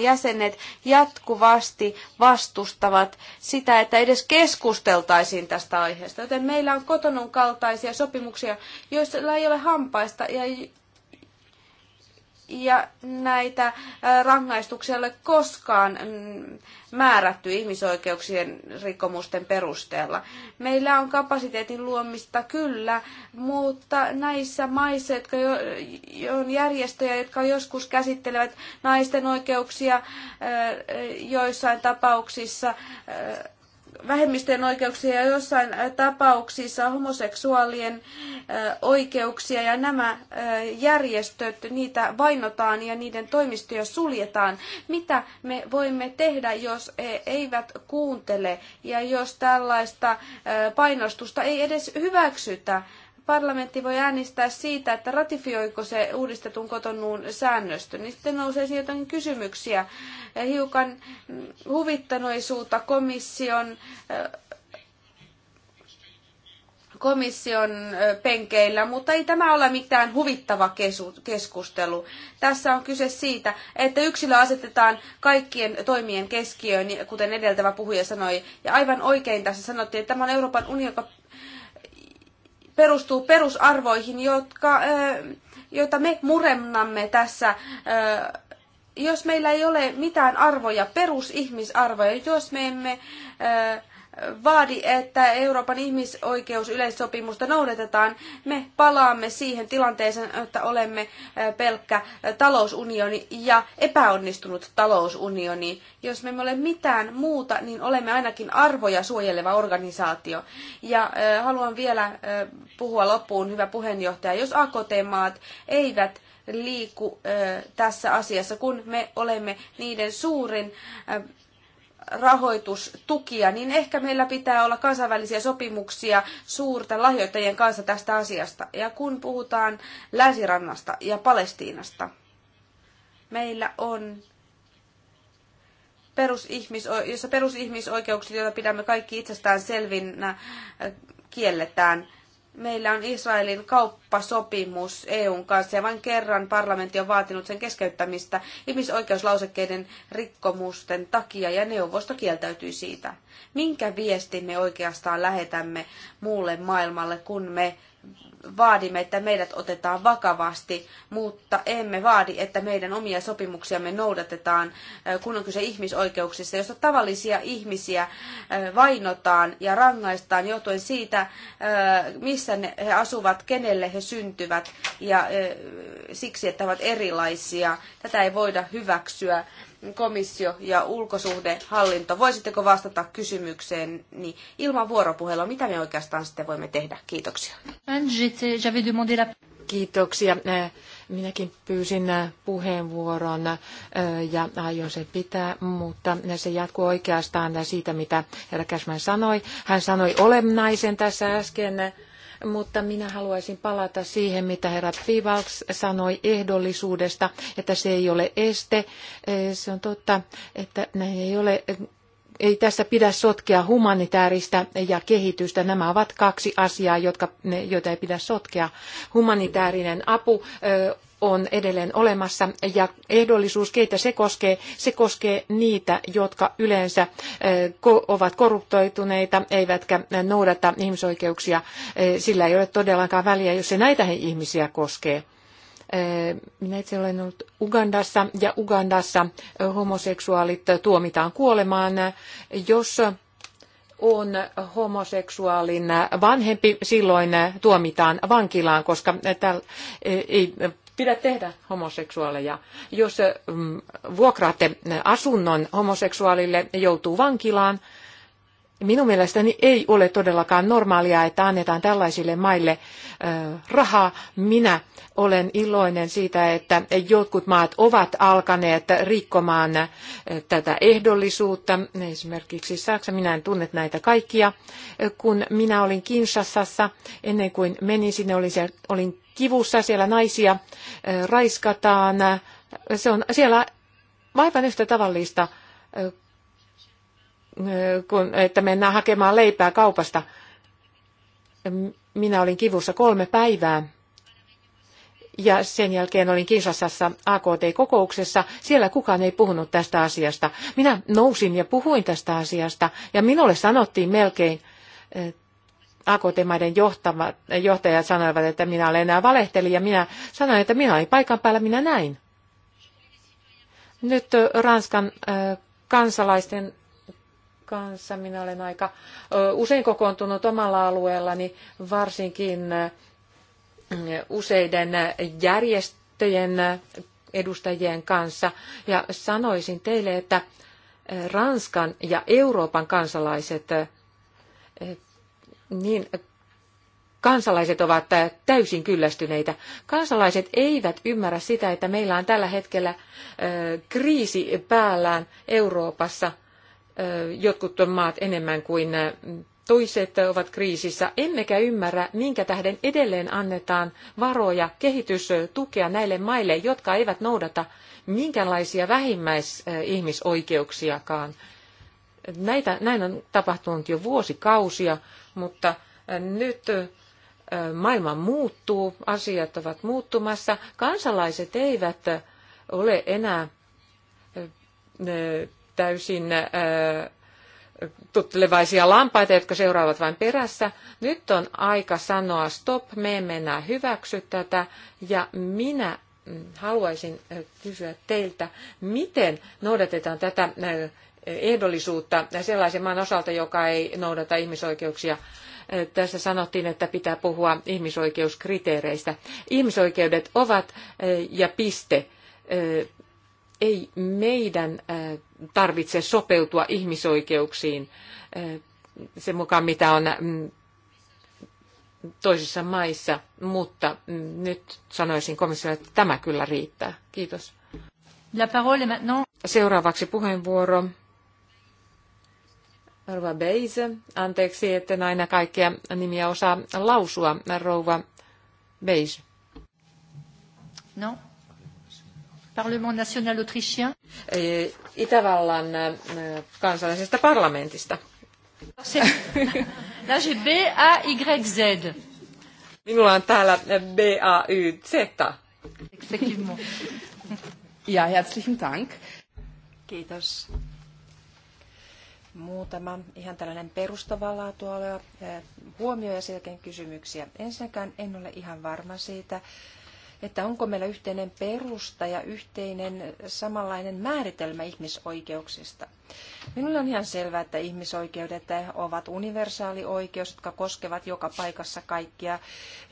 jäsenet jatkuvasti vastustavat sitä, että edes keskusteltaisiin tästä aiheesta. Joten meillä on kotonun kaltaisia sopimuksia, joissa ei ole hampaista ja ja näitä äh, rangaistuksia ole koskaan mm, määrätty ihmisoikeuksien rikkomusten perusteella. Meillä on kapasiteetin luomista kyllä, mutta näissä maissa, jotka jo, on järjestöjä, jotka joskus käsittelevät naisten oikeuksia äh, joissain tapauksissa, äh, vähemmistöjen oikeuksia ja jossain äh, tapauksissa homoseksuaalien äh, oikeuksia ja nämä äh, järjestöt, niitä vainotaan ja niiden toimistoja suljetaan. Mitä me voimme tehdä, jos he eivät kuuntele ja jos tällaista painostusta ei edes hyväksytä? parlamentti voi äänestää siitä, että ratifioiko se uudistetun kotonuun säännöstö. niin sitten nousee jotain kysymyksiä. Hiukan huvittanoisuutta komission komission penkeillä, mutta ei tämä ole mitään huvittava keskustelu. Tässä on kyse siitä, että yksilö asetetaan kaikkien toimien keskiöön, kuten edeltävä puhuja sanoi. Ja aivan oikein tässä sanottiin, että tämä on Euroopan unioni, joka perustuu perusarvoihin, jotka, joita me murennamme tässä jos meillä ei ole mitään arvoja, perusihmisarvoja, jos me emme vaadi, että Euroopan ihmisoikeusyleissopimusta noudatetaan. Me palaamme siihen tilanteeseen, että olemme pelkkä talousunioni ja epäonnistunut talousunioni. Jos me emme ole mitään muuta, niin olemme ainakin arvoja suojeleva organisaatio. Ja haluan vielä puhua loppuun, hyvä puheenjohtaja, jos AKT-maat eivät liiku tässä asiassa, kun me olemme niiden suurin rahoitustukia, niin ehkä meillä pitää olla kansainvälisiä sopimuksia suurten lahjoittajien kanssa tästä asiasta. Ja kun puhutaan Länsirannasta ja Palestiinasta, meillä on perusihmiso- jossa perusihmisoikeuksia, joita pidämme kaikki itsestään selvinä, äh, kielletään – Meillä on Israelin kauppasopimus EUn kanssa ja vain kerran parlamentti on vaatinut sen keskeyttämistä ihmisoikeuslausekkeiden rikkomusten takia ja neuvosto kieltäytyi siitä. Minkä viestin me oikeastaan lähetämme muulle maailmalle, kun me vaadimme, että meidät otetaan vakavasti, mutta emme vaadi, että meidän omia sopimuksiamme noudatetaan, kun on kyse ihmisoikeuksista, jossa tavallisia ihmisiä vainotaan ja rangaistaan johtuen siitä, missä he asuvat, kenelle he syntyvät ja siksi, että he ovat erilaisia. Tätä ei voida hyväksyä komissio ja ulkosuhdehallinto, voisitteko vastata kysymykseen niin ilman vuoropuhelua, mitä me oikeastaan sitten voimme tehdä? Kiitoksia. Kiitoksia. Eh, minäkin pyysin eh, puheenvuoron eh, ja aion sen pitää, mutta se jatkuu oikeastaan siitä, mitä herra Käsmän sanoi. Hän sanoi olennaisen tässä äsken mutta minä haluaisin palata siihen, mitä herra Fivalks sanoi ehdollisuudesta, että se ei ole este. E, se on totta, että näin ei ole ei tässä pidä sotkea humanitaarista ja kehitystä. Nämä ovat kaksi asiaa, jotka, joita ei pidä sotkea. Humanitaarinen apu e, on edelleen olemassa ja ehdollisuus, keitä se koskee, se koskee niitä, jotka yleensä ovat korruptoituneita, eivätkä noudata ihmisoikeuksia. Sillä ei ole todellakaan väliä, jos se näitä ihmisiä koskee. Minä itse olen ollut Ugandassa ja Ugandassa homoseksuaalit tuomitaan kuolemaan, jos on homoseksuaalin vanhempi, silloin tuomitaan vankilaan, koska ei pidä tehdä homoseksuaaleja. Jos mm, vuokraatte asunnon homoseksuaalille, joutuu vankilaan. Minun mielestäni ei ole todellakaan normaalia, että annetaan tällaisille maille rahaa. Minä olen iloinen siitä, että jotkut maat ovat alkaneet rikkomaan tätä ehdollisuutta. Esimerkiksi Saksa, minä en tunne näitä kaikkia. Kun minä olin Kinshasassa, ennen kuin menin sinne, olin, olin kivussa, siellä naisia raiskataan. Se on siellä aivan yhtä tavallista kun, että mennään hakemaan leipää kaupasta. Minä olin kivussa kolme päivää ja sen jälkeen olin Kinsassassa AKT-kokouksessa. Siellä kukaan ei puhunut tästä asiasta. Minä nousin ja puhuin tästä asiasta ja minulle sanottiin melkein AKT-maiden johtajat sanoivat, että minä olen enää valehteli ja minä sanoin, että minä olin paikan päällä, minä näin. Nyt Ranskan kansalaisten kanssa minä olen aika usein kokoontunut omalla alueellani, varsinkin useiden järjestöjen edustajien kanssa. Ja sanoisin teille, että Ranskan ja Euroopan kansalaiset niin kansalaiset ovat täysin kyllästyneitä. Kansalaiset eivät ymmärrä sitä, että meillä on tällä hetkellä kriisi päällään Euroopassa. Jotkut maat enemmän kuin toiset ovat kriisissä, emmekä ymmärrä, minkä tähden edelleen annetaan varoja, kehitystukea näille maille, jotka eivät noudata minkälaisia vähimmäisihmisoikeuksiakaan. Näitä, näin on tapahtunut jo vuosikausia mutta äh, nyt äh, maailma muuttuu, asiat ovat muuttumassa. Kansalaiset eivät äh, ole enää täysin tuttelevaisia lampaita, jotka seuraavat vain perässä. Nyt on aika sanoa stop, me emme enää hyväksy tätä. Ja minä mm, haluaisin kysyä teiltä, miten noudatetaan tätä ehdollisuutta sellaisen maan osalta, joka ei noudata ihmisoikeuksia. Tässä sanottiin, että pitää puhua ihmisoikeuskriteereistä. Ihmisoikeudet ovat eh, ja piste. Eh, ei meidän eh, tarvitse sopeutua ihmisoikeuksiin sen mukaan, mitä on mm, toisissa maissa, mutta mm, nyt sanoisin komissiolle, että tämä kyllä riittää. Kiitos. Seuraavaksi puheenvuoro Rouva Beise, anteeksi, etten aina kaikkia nimiä osaa lausua. Rouva Beige. No. Parlement national autrichien. Itävallan äh, kansallisesta parlamentista. Là j'ai B A Y Z. Minulla on täällä B A Y Z. Ja herzlichen Dank. Kiitos muutama ihan tällainen perustavalla tuolla eh, huomio ja selkeän kysymyksiä. Ensinnäkään en ole ihan varma siitä, että onko meillä yhteinen perusta ja yhteinen samanlainen määritelmä ihmisoikeuksista. Minulle on ihan selvää, että ihmisoikeudet ovat universaali oikeus, jotka koskevat joka paikassa kaikkia,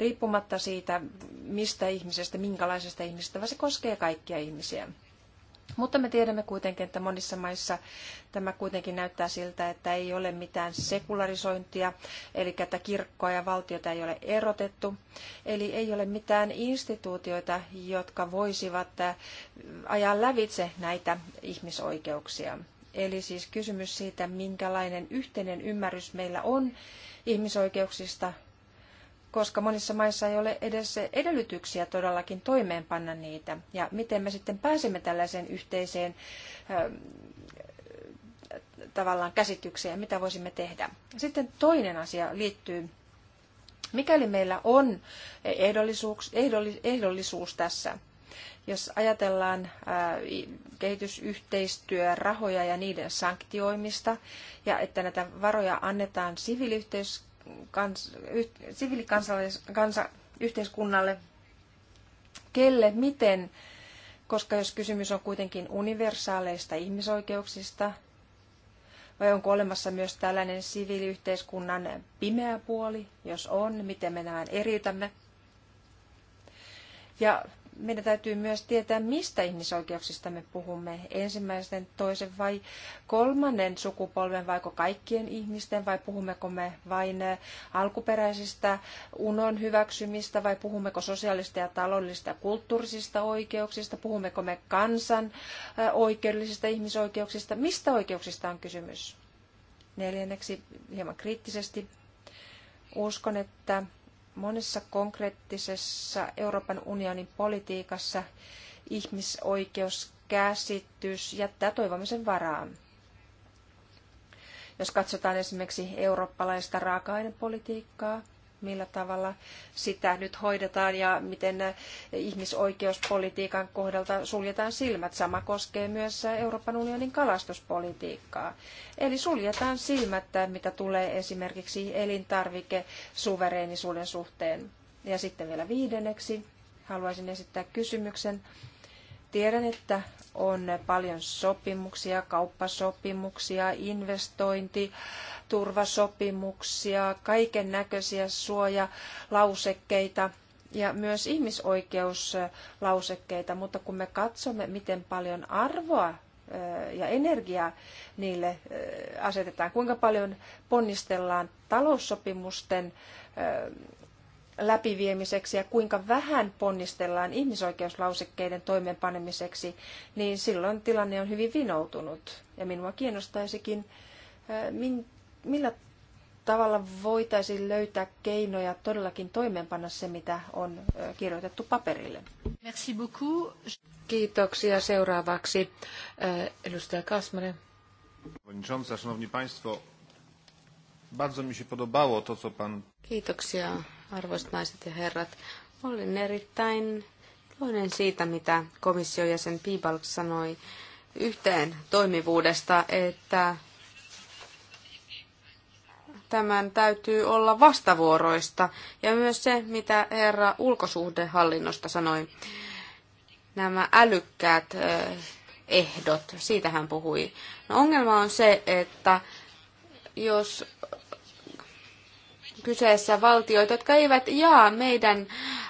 riippumatta siitä, mistä ihmisestä, minkälaisesta ihmisestä, vaan se koskee kaikkia ihmisiä. Mutta me tiedämme kuitenkin, että monissa maissa tämä kuitenkin näyttää siltä, että ei ole mitään sekularisointia, eli että kirkkoa ja valtiota ei ole erotettu. Eli ei ole mitään instituutioita, jotka voisivat äh, ajaa lävitse näitä ihmisoikeuksia. Eli siis kysymys siitä, minkälainen yhteinen ymmärrys meillä on ihmisoikeuksista koska monissa maissa ei ole edes edellytyksiä todellakin toimeenpanna niitä. Ja miten me sitten pääsemme tällaiseen yhteiseen tavallaan käsitykseen, mitä voisimme tehdä. Sitten toinen asia liittyy, mikäli meillä on ehdollisuus, ehdollisuus tässä, jos ajatellaan kehitysyhteistyörahoja ja niiden sanktioimista, ja että näitä varoja annetaan siviiliyhteiskunnalle, kans, yh, kelle, miten, koska jos kysymys on kuitenkin universaaleista ihmisoikeuksista, vai onko olemassa myös tällainen siviiliyhteiskunnan pimeä puoli, jos on, miten me nämä eriytämme. Ja meidän täytyy myös tietää, mistä ihmisoikeuksista me puhumme. Ensimmäisen, toisen vai kolmannen sukupolven, vaiko kaikkien ihmisten, vai puhummeko me vain eh, alkuperäisistä unon hyväksymistä, vai puhummeko sosiaalista ja taloudellisista ja kulttuurisista oikeuksista, puhummeko me kansan eh, oikeudellisista ihmisoikeuksista, mistä oikeuksista on kysymys. Neljänneksi hieman kriittisesti uskon, että monessa konkreettisessa Euroopan unionin politiikassa ihmisoikeuskäsitys jättää toivomisen varaan. Jos katsotaan esimerkiksi eurooppalaista raaka-ainepolitiikkaa, millä tavalla sitä nyt hoidetaan ja miten ihmisoikeuspolitiikan kohdalta suljetaan silmät. Sama koskee myös Euroopan unionin kalastuspolitiikkaa. Eli suljetaan silmät, mitä tulee esimerkiksi elintarvikesuvereenisuuden suhteen. Ja sitten vielä viidenneksi haluaisin esittää kysymyksen Tiedän, että on paljon sopimuksia, kauppasopimuksia, investointi, turvasopimuksia, kaiken näköisiä suojalausekkeita ja myös ihmisoikeuslausekkeita, mutta kun me katsomme, miten paljon arvoa ja energiaa niille asetetaan, kuinka paljon ponnistellaan taloussopimusten läpiviemiseksi ja kuinka vähän ponnistellaan ihmisoikeuslausekkeiden toimeenpanemiseksi, niin silloin tilanne on hyvin vinoutunut. Ja minua kiinnostaisikin, millä tavalla voitaisiin löytää keinoja todellakin toimeenpanna se, mitä on kirjoitettu paperille. Merci beaucoup. Kiitoksia. Seuraavaksi edustaja Kasmanen. Państwo, bardzo mi się podobało to, co Pan... Kiitoksia, arvoisat naiset ja herrat. Olen erittäin iloinen siitä, mitä komission jäsen Piibalk sanoi yhteen toimivuudesta, että tämän täytyy olla vastavuoroista ja myös se, mitä herra ulkosuhdehallinnosta sanoi. Nämä älykkäät ehdot, siitä hän puhui. No ongelma on se, että jos kyseessä valtioita, jotka eivät jaa meidän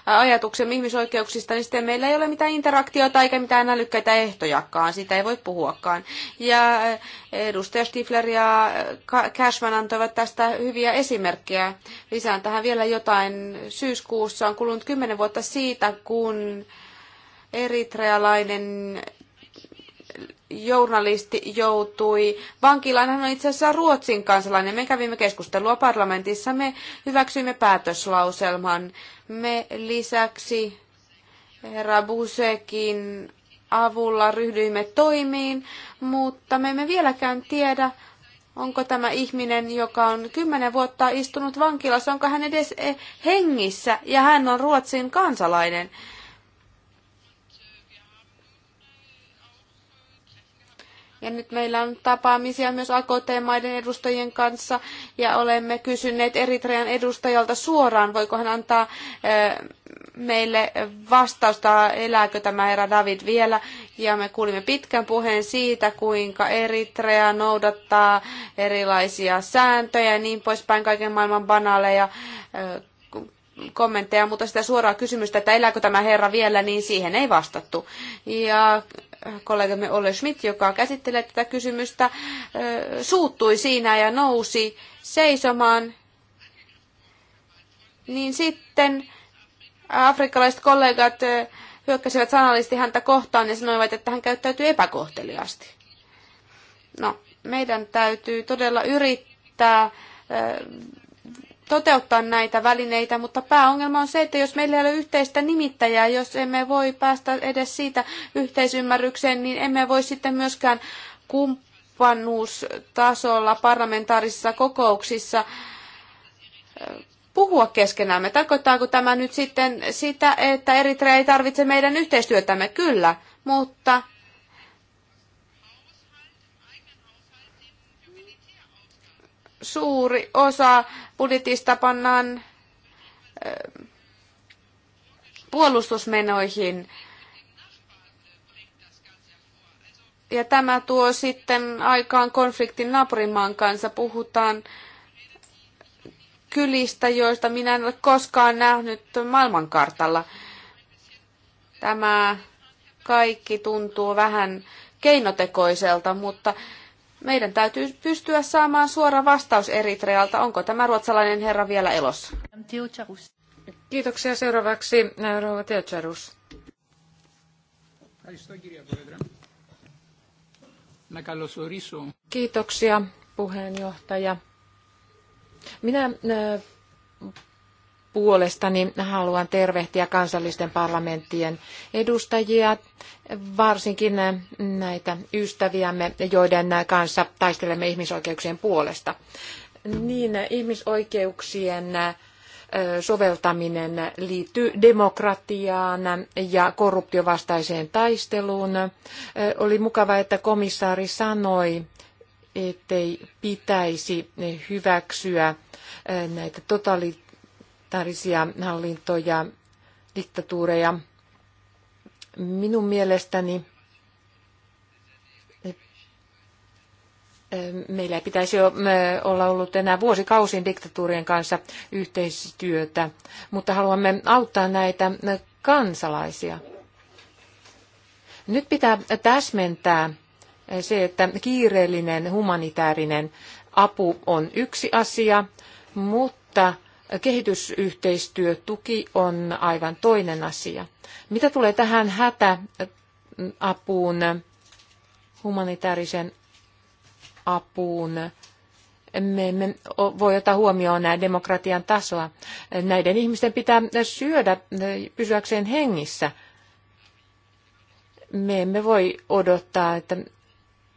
ajatuksen ihmisoikeuksista, niin sitten meillä ei ole mitään interaktiota eikä mitään älykkäitä ehtojakaan. Siitä ei voi puhuakaan. Ja edustaja Stifler ja Cashman antoivat tästä hyviä esimerkkejä. Lisään tähän vielä jotain. Syyskuussa on kulunut kymmenen vuotta siitä, kun eritrealainen journalisti joutui vankilaan. Hän on itse asiassa Ruotsin kansalainen. Me kävimme keskustelua parlamentissa. Me hyväksyimme päätöslauselman. Me lisäksi herra Busekin avulla ryhdyimme toimiin, mutta me emme vieläkään tiedä, onko tämä ihminen, joka on kymmenen vuotta istunut vankilassa, onko hän edes e- hengissä ja hän on Ruotsin kansalainen. Ja nyt meillä on tapaamisia myös AKT-maiden edustajien kanssa ja olemme kysyneet Eritrean edustajalta suoraan, voiko hän antaa eh, meille vastausta, elääkö tämä herra David vielä. Ja me kuulimme pitkän puheen siitä, kuinka Eritrea noudattaa erilaisia sääntöjä ja niin poispäin, kaiken maailman banaaleja eh, kommentteja, mutta sitä suoraa kysymystä, että elääkö tämä herra vielä, niin siihen ei vastattu. Ja kollegamme Olle Schmidt, joka käsittelee tätä kysymystä, suuttui siinä ja nousi seisomaan, niin sitten afrikkalaiset kollegat hyökkäsivät sanallisesti häntä kohtaan ja sanoivat, että hän käyttäytyy epäkohteliaasti. No, meidän täytyy todella yrittää toteuttaa näitä välineitä, mutta pääongelma on se, että jos meillä ei ole yhteistä nimittäjää, jos emme voi päästä edes siitä yhteisymmärrykseen, niin emme voi sitten myöskään kumppanuustasolla parlamentaarisissa kokouksissa puhua keskenämme. Tarkoittaako tämä nyt sitten sitä, että Eritrea ei tarvitse meidän yhteistyötämme? Kyllä, mutta suuri osa budjetista pannaan puolustusmenoihin. Ja tämä tuo sitten aikaan konfliktin naapurimaan kanssa. Puhutaan kylistä, joista minä en ole koskaan nähnyt maailmankartalla. Tämä kaikki tuntuu vähän keinotekoiselta, mutta meidän täytyy pystyä saamaan suora vastaus Eritrealta, onko tämä ruotsalainen herra vielä elossa. Kiitoksia. Seuraavaksi äh, rouva Teocharus. Kiitoksia puheenjohtaja. Minä äh, puolestani niin haluan tervehtiä kansallisten parlamenttien edustajia, varsinkin näitä ystäviämme, joiden kanssa taistelemme ihmisoikeuksien puolesta. Niin ihmisoikeuksien soveltaminen liittyy demokratiaan ja korruptiovastaiseen taisteluun. Oli mukava, että komissaari sanoi, ettei pitäisi hyväksyä näitä totalit totalitaarisia hallintoja, diktatuureja. Minun mielestäni eh, eh, meillä ei pitäisi olla ollut enää vuosikausin diktatuurien kanssa yhteistyötä, mutta haluamme auttaa näitä kansalaisia. Nyt pitää täsmentää eh, se, että kiireellinen humanitaarinen apu on yksi asia, mutta kehitysyhteistyötuki on aivan toinen asia. Mitä tulee tähän hätäapuun, humanitaarisen apuun, me emme voi ottaa huomioon nämä demokratian tasoa. Näiden ihmisten pitää syödä pysyäkseen hengissä. Me emme voi odottaa, että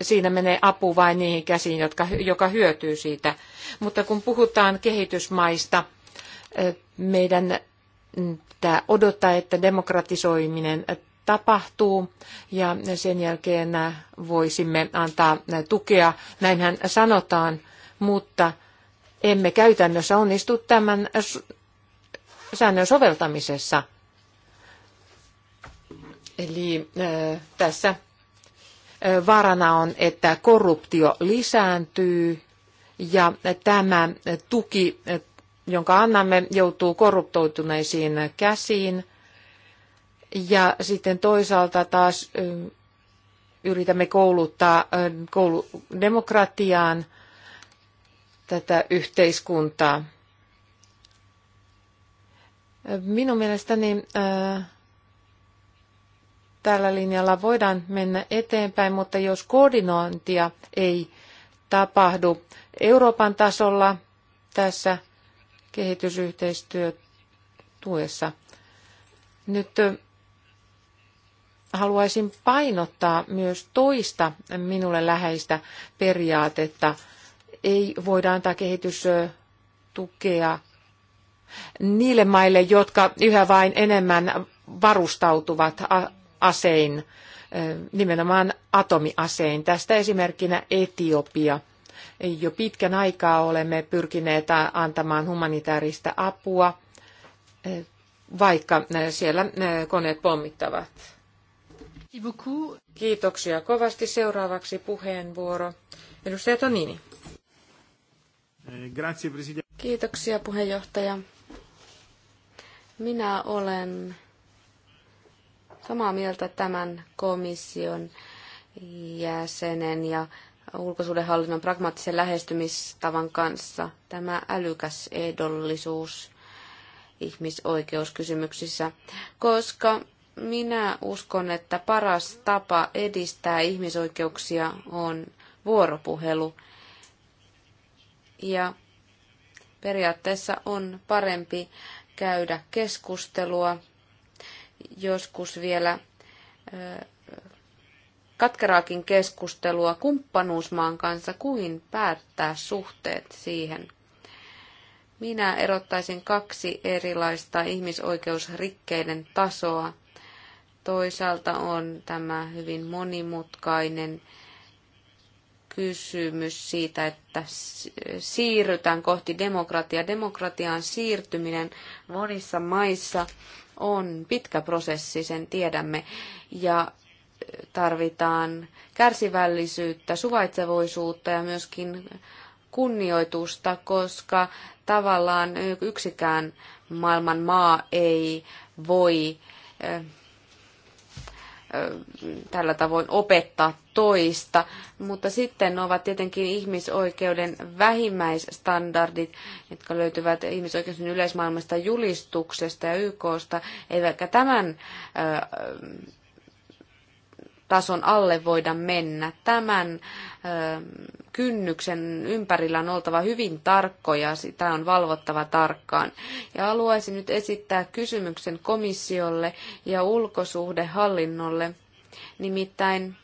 siinä menee apu vain niihin käsiin, jotka, joka hyötyy siitä. Mutta kun puhutaan kehitysmaista, meidän mm, tämä odottaa, että demokratisoiminen tapahtuu ja sen jälkeen äh, voisimme antaa äh, tukea, näinhän sanotaan, mutta emme käytännössä onnistu tämän säännön soveltamisessa. Eli äh, tässä vaarana on, että korruptio lisääntyy ja tämä tuki jonka annamme, joutuu korruptoituneisiin käsiin. Ja sitten toisaalta taas yritämme kouluttaa demokratiaan tätä yhteiskuntaa. Minun mielestäni tällä linjalla voidaan mennä eteenpäin, mutta jos koordinointia ei tapahdu Euroopan tasolla tässä kehitysyhteistyötuessa. Nyt haluaisin painottaa myös toista minulle läheistä periaatetta. Ei voida antaa kehitystukea niille maille, jotka yhä vain enemmän varustautuvat asein, nimenomaan atomiasein. Tästä esimerkkinä Etiopia – jo pitkän aikaa olemme pyrkineet antamaan humanitaarista apua, e, vaikka e, siellä e, koneet pommittavat. Kiitoksia kovasti. Seuraavaksi puheenvuoro. Edustaja Tonini. Eh, Kiitoksia puheenjohtaja. Minä olen samaa mieltä tämän komission jäsenen ja ulkosuudenhallinnon pragmaattisen lähestymistavan kanssa. Tämä älykäs ehdollisuus ihmisoikeuskysymyksissä, koska minä uskon, että paras tapa edistää ihmisoikeuksia on vuoropuhelu. Ja periaatteessa on parempi käydä keskustelua, joskus vielä katkeraakin keskustelua kumppanuusmaan kanssa kuin päättää suhteet siihen. Minä erottaisin kaksi erilaista ihmisoikeusrikkeiden tasoa. Toisaalta on tämä hyvin monimutkainen kysymys siitä, että siirrytään kohti demokratiaa. Demokratiaan siirtyminen monissa maissa on pitkä prosessi, sen tiedämme. Ja tarvitaan kärsivällisyyttä, suvaitsevoisuutta ja myöskin kunnioitusta, koska tavallaan yksikään maailman maa ei voi tällä tavoin opettaa toista, mutta sitten ovat tietenkin ihmisoikeuden vähimmäisstandardit, jotka löytyvät ihmisoikeuksien yleismaailmasta julistuksesta ja YKsta, eivätkä tämän tason alle voida mennä. Tämän kynnyksen ympärillä on oltava hyvin tarkkoja, sitä on valvottava tarkkaan. Ja haluaisin nyt esittää kysymyksen komissiolle ja ulkosuhdehallinnolle, nimittäin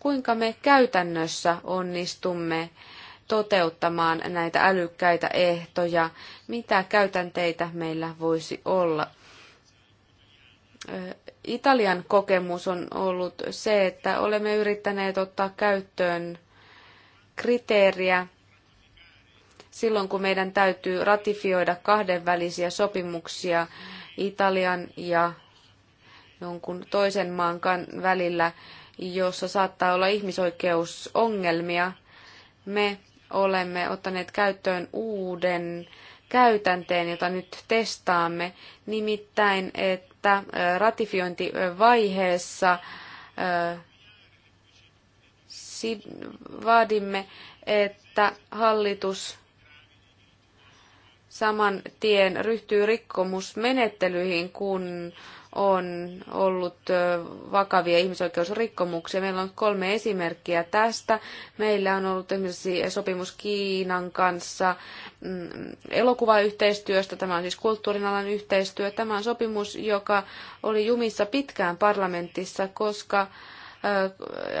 kuinka me käytännössä onnistumme toteuttamaan näitä älykkäitä ehtoja, mitä käytänteitä meillä voisi olla Italian kokemus on ollut se, että olemme yrittäneet ottaa käyttöön kriteeriä silloin, kun meidän täytyy ratifioida kahdenvälisiä sopimuksia Italian ja jonkun toisen maan välillä, jossa saattaa olla ihmisoikeusongelmia. Me olemme ottaneet käyttöön uuden käytänteen, jota nyt testaamme, nimittäin, että ratifiointivaiheessa vaadimme, että hallitus saman tien ryhtyy rikkomusmenettelyihin, kun on ollut vakavia ihmisoikeusrikkomuksia. Meillä on kolme esimerkkiä tästä. Meillä on ollut esimerkiksi sopimus Kiinan kanssa mm, elokuvayhteistyöstä. Tämä on siis kulttuurin alan yhteistyö. Tämä on sopimus, joka oli jumissa pitkään parlamentissa, koska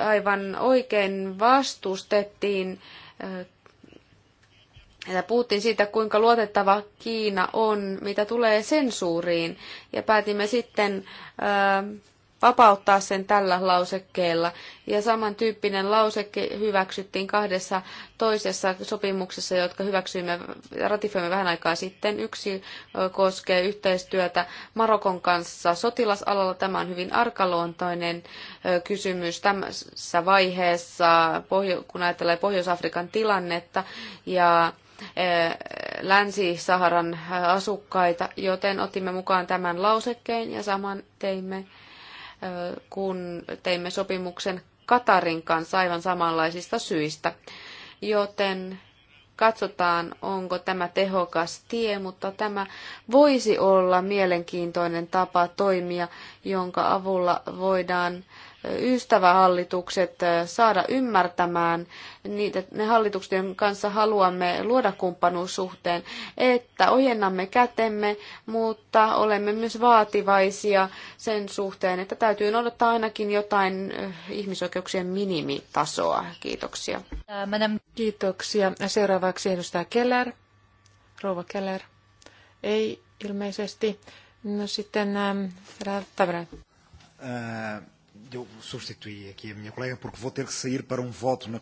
aivan oikein vastustettiin että puhuttiin siitä, kuinka luotettava Kiina on, mitä tulee sensuuriin, ja päätimme sitten vapauttaa sen tällä lausekkeella. Ja samantyyppinen lauseke hyväksyttiin kahdessa toisessa sopimuksessa, jotka hyväksyimme, ratifioimme vähän aikaa sitten. Yksi koskee yhteistyötä Marokon kanssa sotilasalalla. Tämä on hyvin arkaluontoinen kysymys tässä vaiheessa, kun ajatellaan Pohjois-Afrikan tilannetta. Ja Eh, Länsi-Saharan asukkaita, joten otimme mukaan tämän lausekkeen ja saman teimme, eh, kun teimme sopimuksen Katarin kanssa aivan samanlaisista syistä. Joten katsotaan, onko tämä tehokas tie, mutta tämä voisi olla mielenkiintoinen tapa toimia, jonka avulla voidaan ystävähallitukset eh, saada ymmärtämään niitä, ne hallitukset, joiden kanssa haluamme luoda kumppanuussuhteen, että ojennamme kätemme, mutta olemme myös vaativaisia sen suhteen, että täytyy noudattaa ainakin jotain eh, ihmisoikeuksien minimitasoa. Kiitoksia. Äh, Kiitoksia. Seuraavaksi edustaja Keller. Rouva Keller. Ei ilmeisesti. No sitten ähm, Eu substituí aqui a minha colega porque vou ter que sair para um voto na...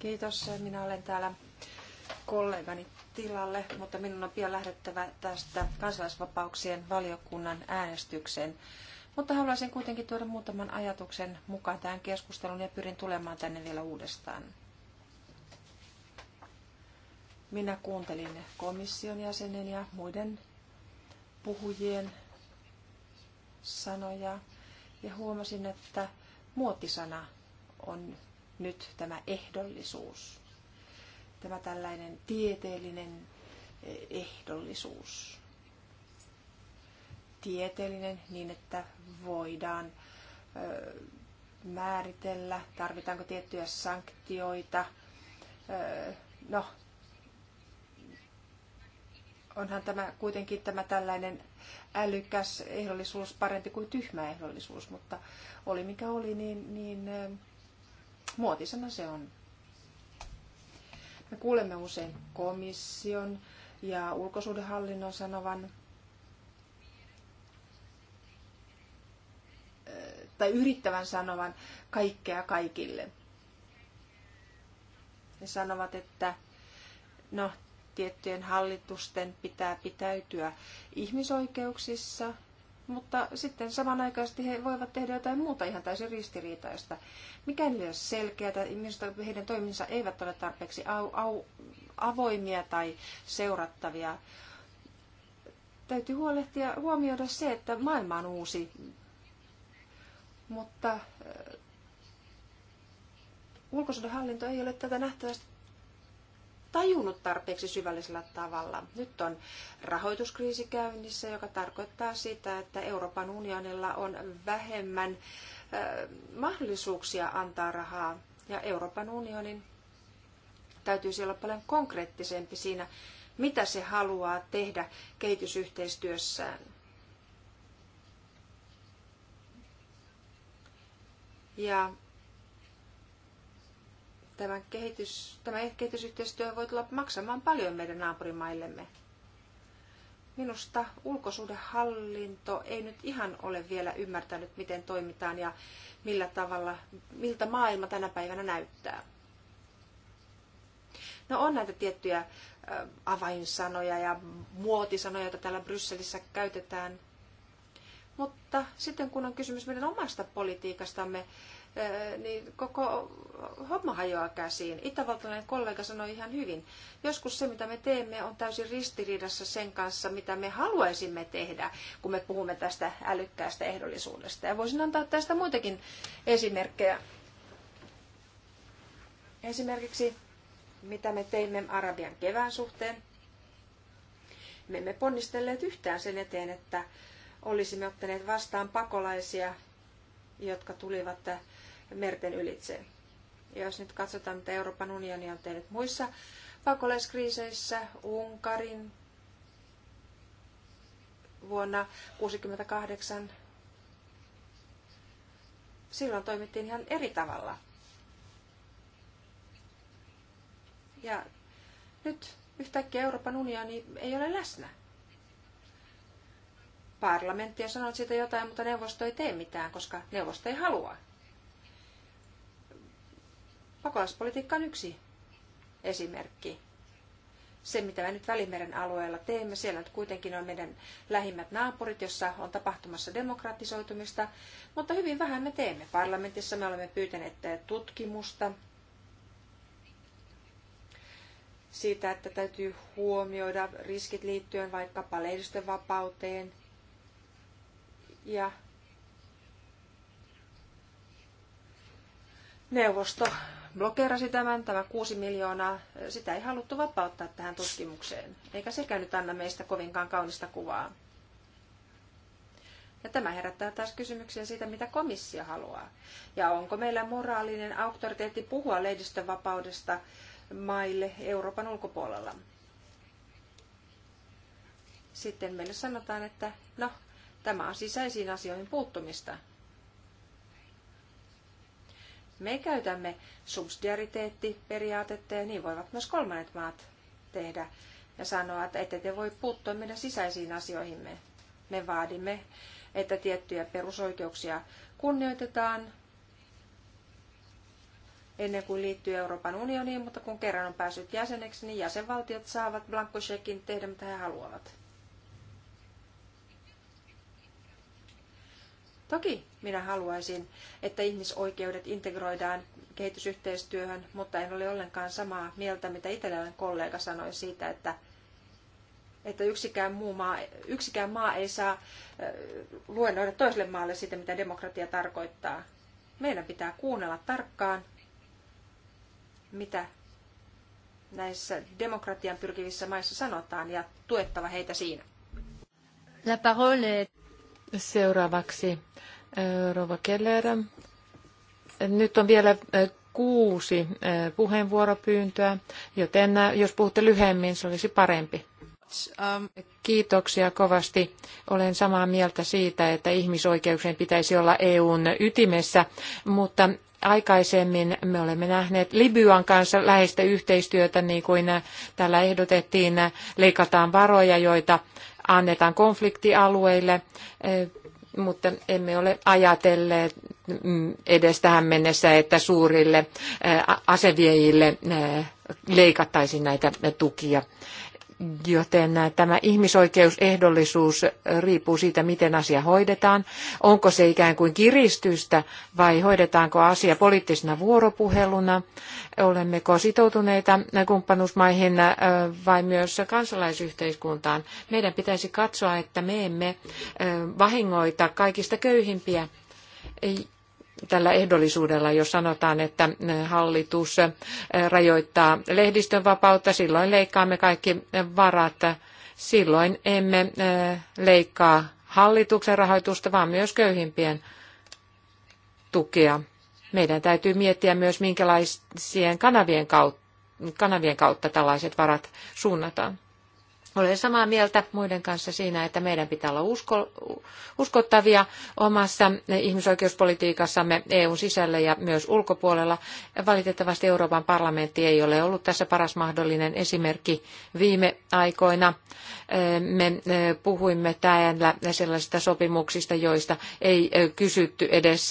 Kiitos, minä olen täällä kollegani tilalle, mutta minun on pian lähdettävä tästä kansalaisvapauksien valiokunnan äänestykseen. Mutta haluaisin kuitenkin tuoda muutaman ajatuksen mukaan tähän keskusteluun ja pyrin tulemaan tänne vielä uudestaan. Minä kuuntelin komission jäsenen ja muiden puhujien sanoja ja huomasin, että muotisana on nyt tämä ehdollisuus. Tämä tällainen tieteellinen eh, ehdollisuus. Tieteellinen niin, että voidaan määritellä, tarvitaanko tiettyjä sanktioita. No, onhan tämä kuitenkin tämä tällainen älykäs ehdollisuus parempi kuin tyhmä ehdollisuus, mutta oli mikä oli, niin, niin muotisana se on. Me kuulemme usein komission ja ulkosuudenhallinnon sanovan, tai yrittävän sanovan kaikkea kaikille. Ne sanovat, että no, tiettyjen hallitusten pitää pitäytyä ihmisoikeuksissa, mutta sitten samanaikaisesti he voivat tehdä jotain muuta ihan täysin ristiriitaista. Mikään ei ole selkeää, että heidän toiminsa eivät ole tarpeeksi au, au, avoimia tai seurattavia. Täytyy huolehtia, huomioida se, että maailma on uusi, mutta eh, ulkosuhdehallinto ei ole tätä nähtävästi tajunnut tarpeeksi syvällisellä tavalla. Nyt on rahoituskriisi käynnissä, joka tarkoittaa sitä, että Euroopan unionilla on vähemmän mahdollisuuksia antaa rahaa ja Euroopan unionin täytyisi olla paljon konkreettisempi siinä, mitä se haluaa tehdä kehitysyhteistyössään. Ja tämä, kehitys, tämä kehitysyhteistyö voi tulla maksamaan paljon meidän naapurimaillemme. Minusta ulkosuhdehallinto ei nyt ihan ole vielä ymmärtänyt, miten toimitaan ja millä tavalla, miltä maailma tänä päivänä näyttää. No on näitä tiettyjä avainsanoja ja muotisanoja, joita täällä Brysselissä käytetään. Mutta sitten kun on kysymys meidän omasta politiikastamme, niin koko homma hajoaa käsiin. Itävaltalainen kollega sanoi ihan hyvin, joskus se mitä me teemme on täysin ristiriidassa sen kanssa, mitä me haluaisimme tehdä, kun me puhumme tästä älykkäästä ehdollisuudesta. Ja voisin antaa tästä muitakin esimerkkejä. Esimerkiksi mitä me teimme Arabian kevään suhteen. Me emme ponnistelleet yhtään sen eteen, että olisimme ottaneet vastaan pakolaisia, jotka tulivat merten ylitse. Ja jos nyt katsotaan, mitä Euroopan unioni on tehnyt muissa pakolaiskriiseissä, Unkarin vuonna 1968, silloin toimittiin ihan eri tavalla. Ja nyt yhtäkkiä Euroopan unioni ei ole läsnä. Parlamentti on sanonut siitä jotain, mutta neuvosto ei tee mitään, koska neuvosto ei halua. Pakolaispolitiikka on yksi esimerkki. Se, mitä me nyt Välimeren alueella teemme, siellä nyt kuitenkin on meidän lähimmät naapurit, jossa on tapahtumassa demokratisoitumista, mutta hyvin vähän me teemme. Parlamentissa me olemme pyytäneet tutkimusta siitä, että täytyy huomioida riskit liittyen vaikkapa lehdistön vapauteen. Ja neuvosto blokeerasi tämän, tämä 6 miljoonaa, sitä ei haluttu vapauttaa tähän tutkimukseen, eikä sekään nyt anna meistä kovinkaan kaunista kuvaa. Ja tämä herättää taas kysymyksiä siitä, mitä komissio haluaa. Ja onko meillä moraalinen auktoriteetti puhua vapaudesta maille Euroopan ulkopuolella? Sitten meille sanotaan, että no, tämä on sisäisiin asioihin puuttumista. Me käytämme subsidiariteettiperiaatetta ja niin voivat myös kolmannet maat tehdä ja sanoa, että ette te voi puuttua meidän sisäisiin asioihimme. Me vaadimme, että tiettyjä perusoikeuksia kunnioitetaan ennen kuin liittyy Euroopan unioniin, mutta kun kerran on päässyt jäseneksi, niin jäsenvaltiot saavat blankkosekin tehdä mitä he haluavat. Toki minä haluaisin, että ihmisoikeudet integroidaan kehitysyhteistyöhön, mutta en ole ollenkaan samaa mieltä, mitä italialainen kollega sanoi siitä, että, että yksikään, muu maa, yksikään maa ei saa äh, luennoida toiselle maalle sitä, mitä demokratia tarkoittaa. Meidän pitää kuunnella tarkkaan, mitä näissä demokratian pyrkivissä maissa sanotaan ja tuettava heitä siinä. La parole Seuraavaksi äh, Rova Keller. Nyt on vielä äh, kuusi äh, puheenvuoropyyntöä, joten jos puhutte lyhyemmin, se olisi parempi. Ähm. Kiitoksia kovasti. Olen samaa mieltä siitä, että ihmisoikeuksien pitäisi olla EUn ytimessä, mutta aikaisemmin me olemme nähneet Libyan kanssa läheistä yhteistyötä, niin kuin täällä ehdotettiin, leikataan varoja, joita annetaan konfliktialueille, eh, mutta emme ole ajatelleet mm, edes tähän mennessä, että suurille eh, aseviejille eh, leikattaisiin näitä tukia joten tämä ihmisoikeusehdollisuus riippuu siitä, miten asia hoidetaan. Onko se ikään kuin kiristystä vai hoidetaanko asia poliittisena vuoropuheluna? Olemmeko sitoutuneita kumppanuusmaihin äh, vai myös kansalaisyhteiskuntaan? Meidän pitäisi katsoa, että me emme äh, vahingoita kaikista köyhimpiä tällä ehdollisuudella, jos sanotaan, että hallitus eh, rajoittaa lehdistön vapautta, silloin leikkaamme kaikki varat. Silloin emme eh, leikkaa hallituksen rahoitusta, vaan myös köyhimpien tukea. Meidän täytyy miettiä myös, minkälaisien kanavien kautta, kanavien kautta tällaiset varat suunnataan. Olen samaa mieltä muiden kanssa siinä, että meidän pitää olla usko, uskottavia omassa ihmisoikeuspolitiikassamme EUn sisällä ja myös ulkopuolella. Valitettavasti Euroopan parlamentti ei ole ollut tässä paras mahdollinen esimerkki viime aikoina. Eh, me eh, puhuimme täällä sellaisista sopimuksista, joista ei eh, kysytty edes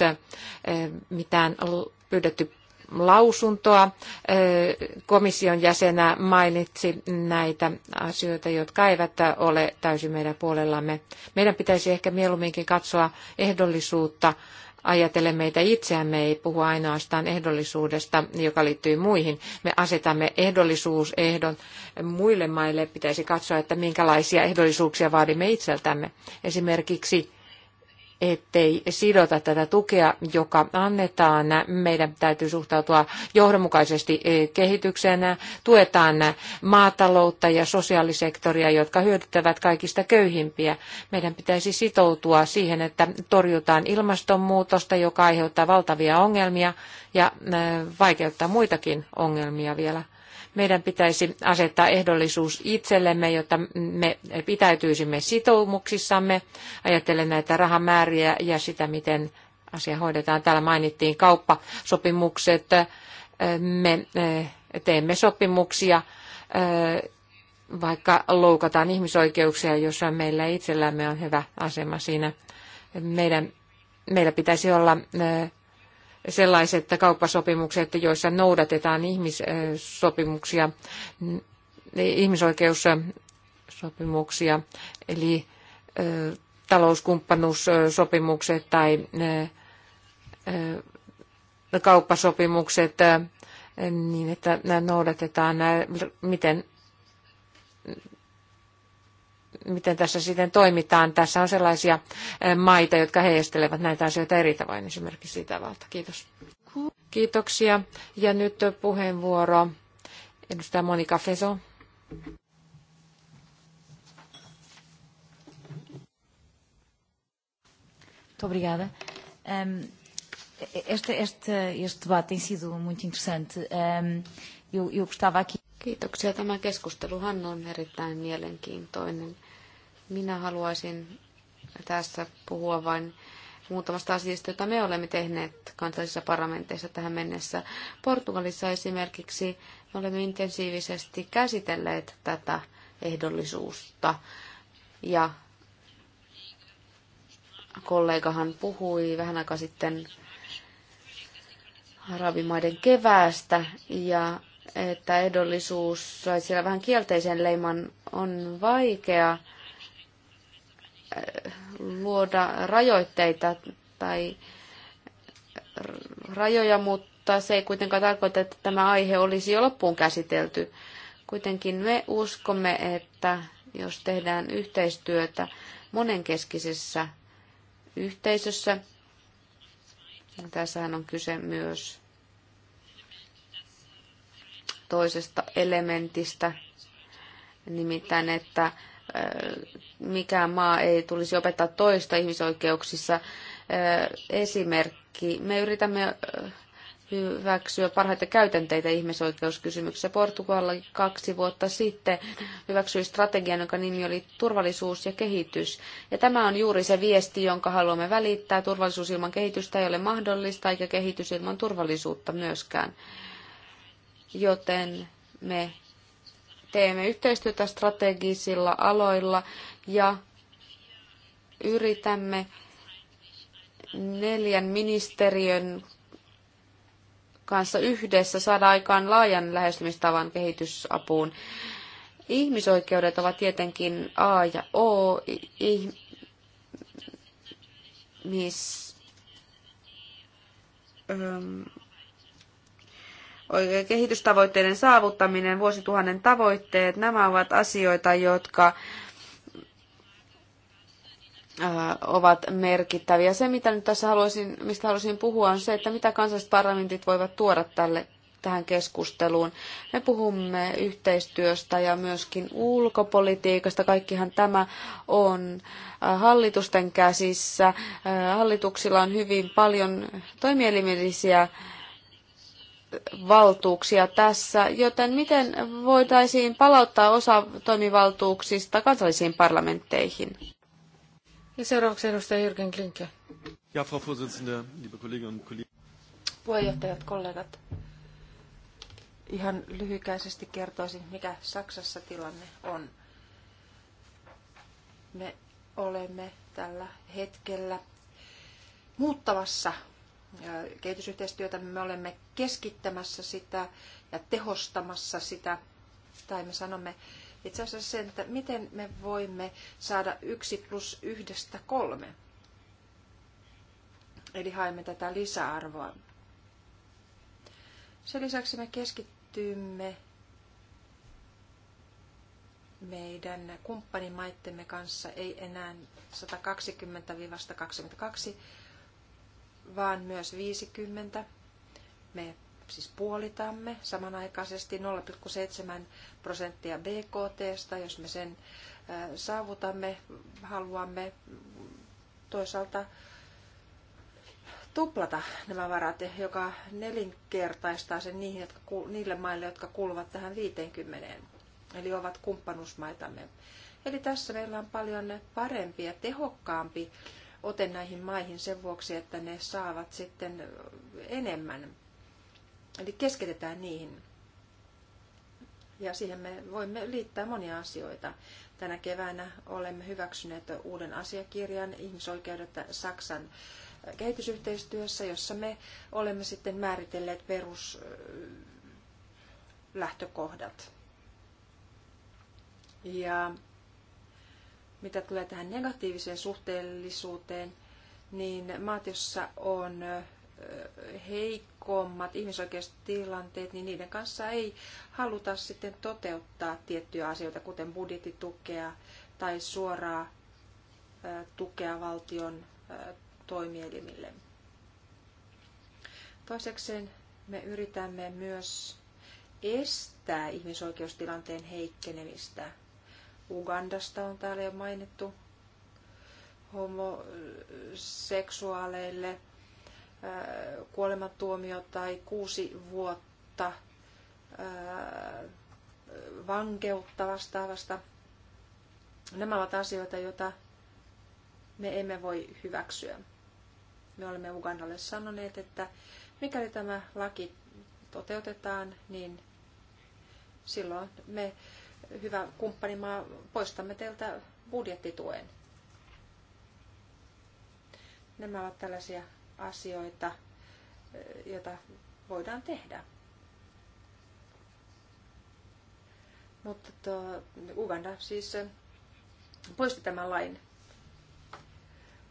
mitään pyydetty lausuntoa. Komission jäsenä mainitsi näitä asioita, jotka eivät ole täysin meidän puolellamme. Meidän pitäisi ehkä mieluumminkin katsoa ehdollisuutta ajatellen meitä itseämme, ei puhua ainoastaan ehdollisuudesta, joka liittyy muihin. Me asetamme ehdollisuusehdon muille maille. Pitäisi katsoa, että minkälaisia ehdollisuuksia vaadimme itseltämme. Esimerkiksi ettei sidota tätä tukea, joka annetaan. Meidän täytyy suhtautua johdonmukaisesti eh, kehitykseen. Tuetaan maataloutta ja sosiaalisektoria, jotka hyödyttävät kaikista köyhimpiä. Meidän pitäisi sitoutua siihen, että torjutaan ilmastonmuutosta, joka aiheuttaa valtavia ongelmia ja eh, vaikeuttaa muitakin ongelmia vielä meidän pitäisi asettaa ehdollisuus itsellemme, jotta me pitäytyisimme sitoumuksissamme. Ajattelen näitä rahamääriä ja sitä, miten asia hoidetaan. Täällä mainittiin kauppasopimukset. Me e, teemme sopimuksia, e, vaikka loukataan ihmisoikeuksia, jossa meillä itsellämme on hyvä asema siinä. Meidän, meillä pitäisi olla e, sellaiset kauppasopimukset, joissa noudatetaan ihmissopimuksia, ihmisoikeussopimuksia, eli talouskumppanuussopimukset tai kauppasopimukset niin, että noudatetaan, miten miten tässä sitten toimitaan. Tässä on sellaisia eh, maita, jotka heijastelevat näitä asioita eri tavoin, esimerkiksi Itävalta. Kiitos. Kiitoksia. Ja nyt puheenvuoro edustaja Monika Feso. obrigada. Um, este, este, este debate tem sido muito interessante. Um, eu, eu gostava aqui... Kiitoksia. Tämä keskusteluhan on erittäin mielenkiintoinen. Minä haluaisin tässä puhua vain muutamasta asiasta, jota me olemme tehneet kansallisissa parlamenteissa tähän mennessä. Portugalissa esimerkiksi me olemme intensiivisesti käsitelleet tätä ehdollisuutta. Ja kollegahan puhui vähän aikaa sitten arabimaiden keväästä ja että ehdollisuus sai siellä vähän kielteisen leiman on vaikea luoda rajoitteita tai rajoja, mutta se ei kuitenkaan tarkoita, että tämä aihe olisi jo loppuun käsitelty. Kuitenkin me uskomme, että jos tehdään yhteistyötä monenkeskisessä yhteisössä, niin tässähän on kyse myös toisesta elementistä, nimittäin että mikään maa ei tulisi opettaa toista ihmisoikeuksissa. Esimerkki. Me yritämme hyväksyä parhaita käytänteitä ihmisoikeuskysymyksissä. Portugalilla kaksi vuotta sitten hyväksyi strategian, jonka nimi oli turvallisuus ja kehitys. Ja tämä on juuri se viesti, jonka haluamme välittää. Turvallisuus ilman kehitystä ei ole mahdollista, eikä kehitys ilman turvallisuutta myöskään. Joten me teemme yhteistyötä strategisilla aloilla ja yritämme neljän ministeriön kanssa yhdessä saada aikaan laajan lähestymistavan kehitysapuun. Ihmisoikeudet ovat tietenkin A ja O. Ihmis, kehitystavoitteiden saavuttaminen, vuosituhannen tavoitteet, nämä ovat asioita, jotka äh, ovat merkittäviä. Se, mitä nyt tässä haluaisin, mistä haluaisin puhua, on se, että mitä kansalliset parlamentit voivat tuoda tälle tähän keskusteluun. Me puhumme yhteistyöstä ja myöskin ulkopolitiikasta. Kaikkihan tämä on äh, hallitusten käsissä. Äh, hallituksilla on hyvin paljon toimielimellisiä valtuuksia tässä, joten miten voitaisiin palauttaa osa toimivaltuuksista kansallisiin parlamentteihin? Ja seuraavaksi edustaja Jürgen Klinke. Ja, Frau Vorsitzende, liebe Kolleginnen und Kollegen. Puheenjohtajat, kollegat. Ihan lyhykäisesti kertoisin, mikä Saksassa tilanne on. Me olemme tällä hetkellä muuttavassa kehitysyhteistyötä. Me olemme keskittämässä sitä ja tehostamassa sitä, tai me sanomme itse asiassa sen, että miten me voimme saada yksi plus yhdestä kolme. Eli haemme tätä lisäarvoa. Sen lisäksi me keskittyymme meidän kumppanimaittemme kanssa ei enää 120-122 vaan myös 50. Me siis puolitamme samanaikaisesti 0,7 prosenttia BKTstä. Jos me sen saavutamme, haluamme toisaalta tuplata nämä varat, joka nelinkertaistaa sen niihin, jotka, niille maille, jotka kuuluvat tähän 50, eli ovat kumppanuusmaitamme. Eli tässä meillä on paljon parempi ja tehokkaampi ote näihin maihin sen vuoksi, että ne saavat sitten enemmän. Eli keskitetään niihin. Ja siihen me voimme liittää monia asioita. Tänä keväänä olemme hyväksyneet uuden asiakirjan ihmisoikeudet Saksan kehitysyhteistyössä, jossa me olemme sitten määritelleet peruslähtökohdat. Ja mitä tulee tähän negatiiviseen suhteellisuuteen, niin maat, joissa on heikommat ihmisoikeustilanteet, niin niiden kanssa ei haluta sitten toteuttaa tiettyjä asioita, kuten budjettitukea tai suoraa tukea valtion toimielimille. Toisekseen me yritämme myös estää ihmisoikeustilanteen heikkenemistä Ugandasta on täällä jo mainittu homoseksuaaleille äh, kuolemantuomio tai kuusi vuotta äh, vankeutta vastaavasta. Nämä ovat asioita, joita me emme voi hyväksyä. Me olemme Ugandalle sanoneet, että mikäli tämä laki toteutetaan, niin silloin me hyvä kumppanimaa, poistamme teiltä budjettituen. Nämä ovat tällaisia asioita, eh, joita voidaan tehdä. Mutta to, Uganda siis eh, poisti tämän lain.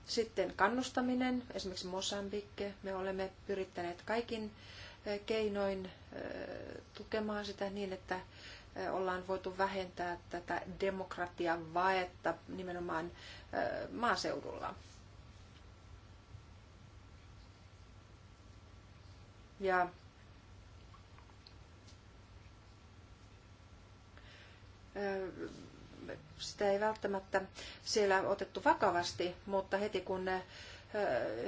Sitten kannustaminen, esimerkiksi Mosambikke, me olemme pyrittäneet kaikin eh, keinoin tukemaan sitä niin, että ollaan voitu vähentää tätä demokratian vaetta nimenomaan maaseudulla. Ja sitä ei välttämättä siellä otettu vakavasti, mutta heti kun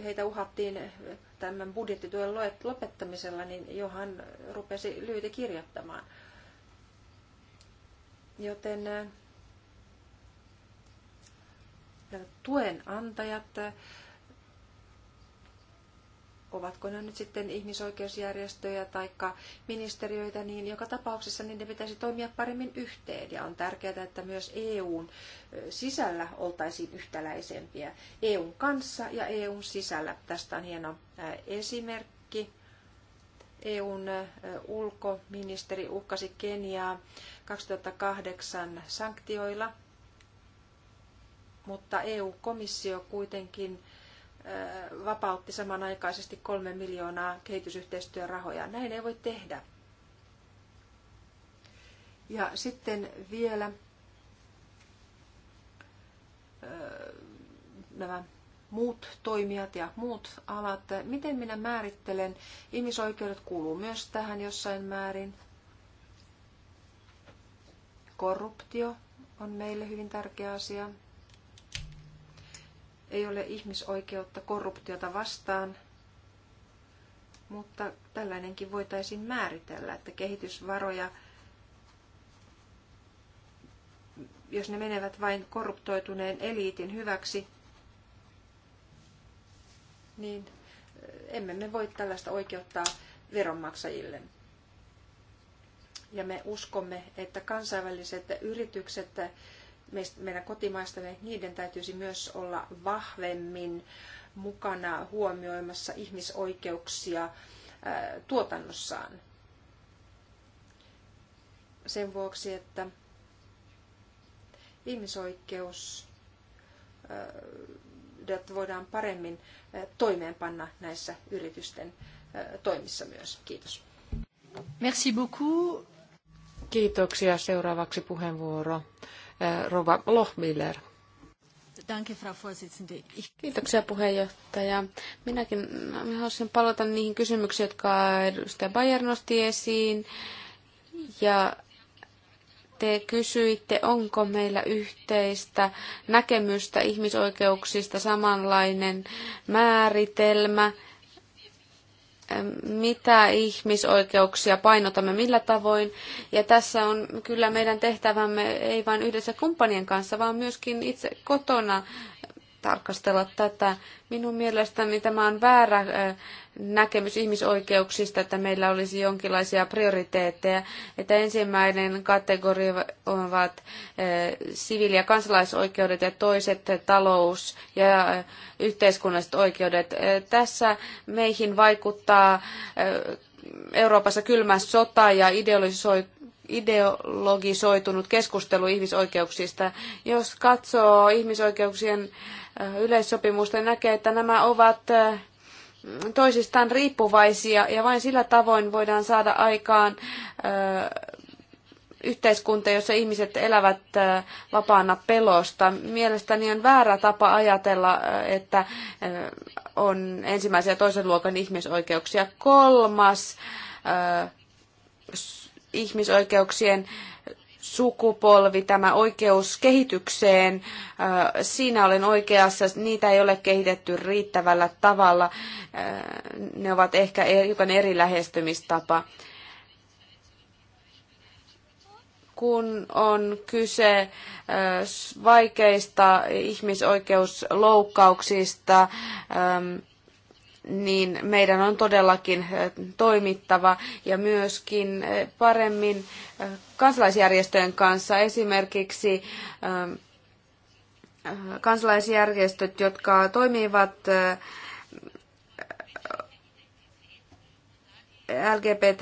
heitä uhattiin tämän budjettituen lopettamisella, niin Johan rupesi lyyti kirjoittamaan – Joten tuen antajat, ovatko ne nyt sitten ihmisoikeusjärjestöjä tai ministeriöitä, niin joka tapauksessa niiden pitäisi toimia paremmin yhteen. Ja on tärkeää, että myös EUn sisällä oltaisiin yhtäläisempiä. EUn kanssa ja EUn sisällä. Tästä on hieno esimerkki EUn ulkoministeri uhkasi Keniaa 2008 sanktioilla, mutta EU-komissio kuitenkin vapautti samanaikaisesti kolme miljoonaa kehitysyhteistyörahoja. Näin ei voi tehdä. Ja sitten vielä nämä muut toimijat ja muut alat. Miten minä määrittelen? Ihmisoikeudet kuuluu myös tähän jossain määrin. Korruptio on meille hyvin tärkeä asia. Ei ole ihmisoikeutta korruptiota vastaan, mutta tällainenkin voitaisiin määritellä, että kehitysvaroja, jos ne menevät vain korruptoituneen eliitin hyväksi, niin emme me voi tällaista oikeuttaa veronmaksajille. Ja me uskomme, että kansainväliset yritykset meidän kotimaistamme, niiden täytyisi myös olla vahvemmin mukana huomioimassa ihmisoikeuksia tuotannossaan. Sen vuoksi, että ihmisoikeus voidaan paremmin toimeenpanna näissä yritysten toimissa myös. Kiitos. Merci beaucoup. Kiitoksia. Seuraavaksi puheenvuoro Rova Lohmiller. Danke, Frau Vorsitzende. Kiitoksia puheenjohtaja. Minäkin minä haluaisin palata niihin kysymyksiin, jotka edustaja Bayer nosti esiin. Ja te kysyitte, onko meillä yhteistä näkemystä ihmisoikeuksista, samanlainen määritelmä, mitä ihmisoikeuksia painotamme millä tavoin. Ja tässä on kyllä meidän tehtävämme ei vain yhdessä kumppanien kanssa, vaan myöskin itse kotona tarkastella tätä. Minun mielestäni tämä on väärä näkemys ihmisoikeuksista, että meillä olisi jonkinlaisia prioriteetteja. Että ensimmäinen kategoria ovat siviili- ja kansalaisoikeudet ja toiset talous- ja yhteiskunnalliset oikeudet. Tässä meihin vaikuttaa Euroopassa kylmä sota ja ideologisoitu ideologisoitunut keskustelu ihmisoikeuksista. Jos katsoo ihmisoikeuksien äh, yleissopimusta, niin näkee, että nämä ovat äh, toisistaan riippuvaisia ja vain sillä tavoin voidaan saada aikaan äh, yhteiskunta, jossa ihmiset elävät vapaana pelosta. Mielestäni on väärä tapa ajatella, että on ensimmäisen ja toisen luokan ihmisoikeuksia. Kolmas ihmisoikeuksien sukupolvi, tämä oikeus kehitykseen, äh, siinä olen oikeassa, niitä ei ole kehitetty riittävällä tavalla, äh, ne ovat ehkä e- hiukan eri lähestymistapa. Kun on kyse äh, vaikeista ihmisoikeusloukkauksista, ähm, niin meidän on todellakin toimittava ja myöskin paremmin kansalaisjärjestöjen kanssa. Esimerkiksi kansalaisjärjestöt, jotka toimivat LGBT,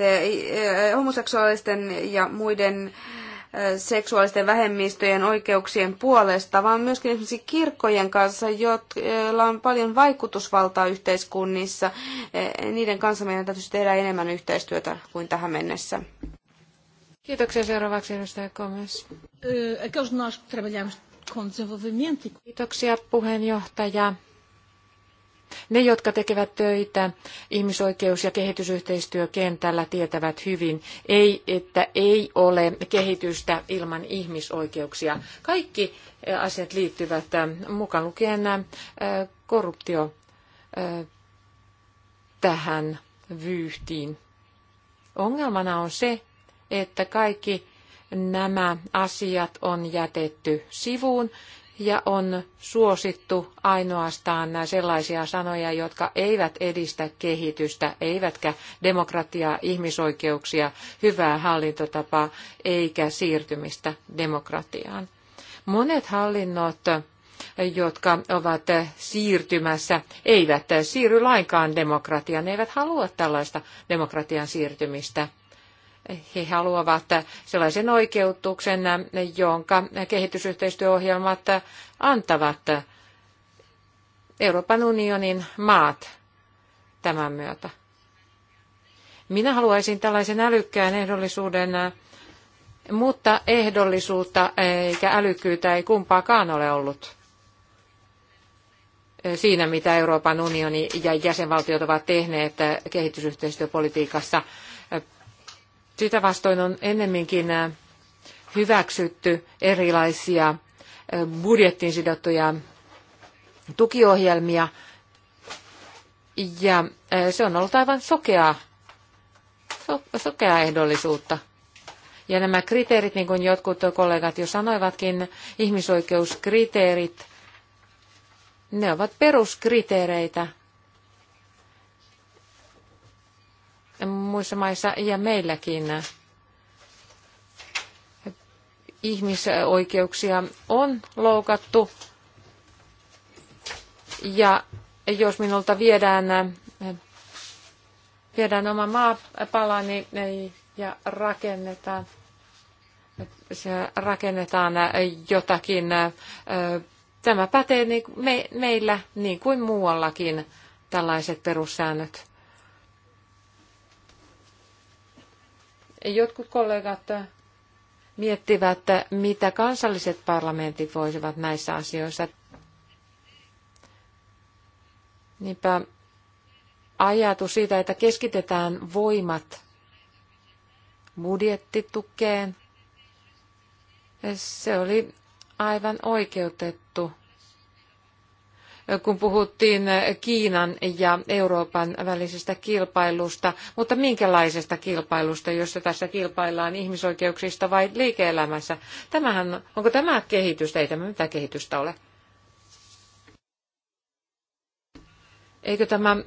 homoseksuaalisten ja muiden seksuaalisten vähemmistöjen oikeuksien puolesta, vaan myöskin esimerkiksi kirkkojen kanssa, joilla on paljon vaikutusvaltaa yhteiskunnissa. Niiden kanssa meidän täytyisi tehdä enemmän yhteistyötä kuin tähän mennessä. Kiitoksia seuraavaksi edustaja Komes. Kiitoksia puheenjohtaja. Ne, jotka tekevät töitä ihmisoikeus- ja kehitysyhteistyökentällä, tietävät hyvin, ei, että ei ole kehitystä ilman ihmisoikeuksia. Kaikki asiat liittyvät mukaan lukien korruptio tähän vyyhtiin. Ongelmana on se, että kaikki nämä asiat on jätetty sivuun ja on suosittu ainoastaan sellaisia sanoja, jotka eivät edistä kehitystä, eivätkä demokratiaa, ihmisoikeuksia, hyvää hallintotapaa eikä siirtymistä demokratiaan. Monet hallinnot jotka ovat siirtymässä, eivät siirry lainkaan demokratiaan, ne eivät halua tällaista demokratian siirtymistä he haluavat sellaisen oikeutuksen, jonka kehitysyhteistyöohjelmat antavat Euroopan unionin maat tämän myötä. Minä haluaisin tällaisen älykkään ehdollisuuden, mutta ehdollisuutta eikä älykkyyttä ei kumpaakaan ole ollut siinä, mitä Euroopan unioni ja jäsenvaltiot ovat tehneet kehitysyhteistyöpolitiikassa sitä vastoin on ennemminkin äh, hyväksytty erilaisia äh, budjettiin sidottuja tukiohjelmia. Ja äh, se on ollut aivan sokeaa, so, sokeaa ehdollisuutta. Ja nämä kriteerit, niin kuin jotkut kollegat jo sanoivatkin, ihmisoikeuskriteerit, ne ovat peruskriteereitä muissa maissa ja meilläkin ihmisoikeuksia on loukattu. Ja jos minulta viedään, viedään oma maapalani niin ja rakennetaan, se rakennetaan jotakin, tämä pätee niin, meillä niin kuin muuallakin tällaiset perussäännöt. Jotkut kollegat miettivät, mitä kansalliset parlamentit voisivat näissä asioissa. Niinpä ajatus siitä, että keskitetään voimat budjettitukeen, se oli aivan oikeutettu kun puhuttiin Kiinan ja Euroopan välisestä kilpailusta, mutta minkälaisesta kilpailusta, jossa tässä kilpaillaan ihmisoikeuksista vai liike-elämässä? Tämähän, onko tämä kehitystä? Ei tämä mitään kehitystä ole. Eikö tämä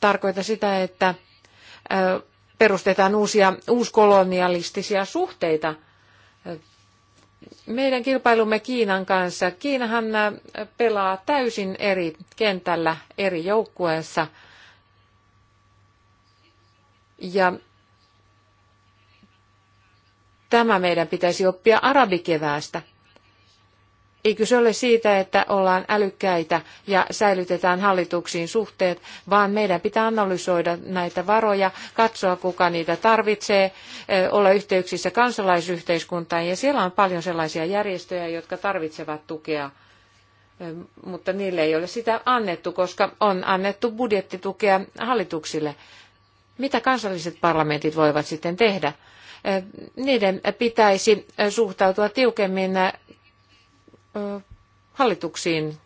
tarkoita sitä, että perustetaan uusia uuskolonialistisia suhteita – meidän kilpailumme Kiinan kanssa. Kiinahan äh, pelaa täysin eri kentällä, eri joukkueessa. Ja tämä meidän pitäisi oppia arabikeväästä. Ei kyse ole siitä, että ollaan älykkäitä ja säilytetään hallituksiin suhteet, vaan meidän pitää analysoida näitä varoja, katsoa kuka niitä tarvitsee, olla yhteyksissä kansalaisyhteiskuntaan. Ja siellä on paljon sellaisia järjestöjä, jotka tarvitsevat tukea, mutta niille ei ole sitä annettu, koska on annettu budjettitukea hallituksille. Mitä kansalliset parlamentit voivat sitten tehdä? niiden pitäisi suhtautua tiukemmin hallituksiin,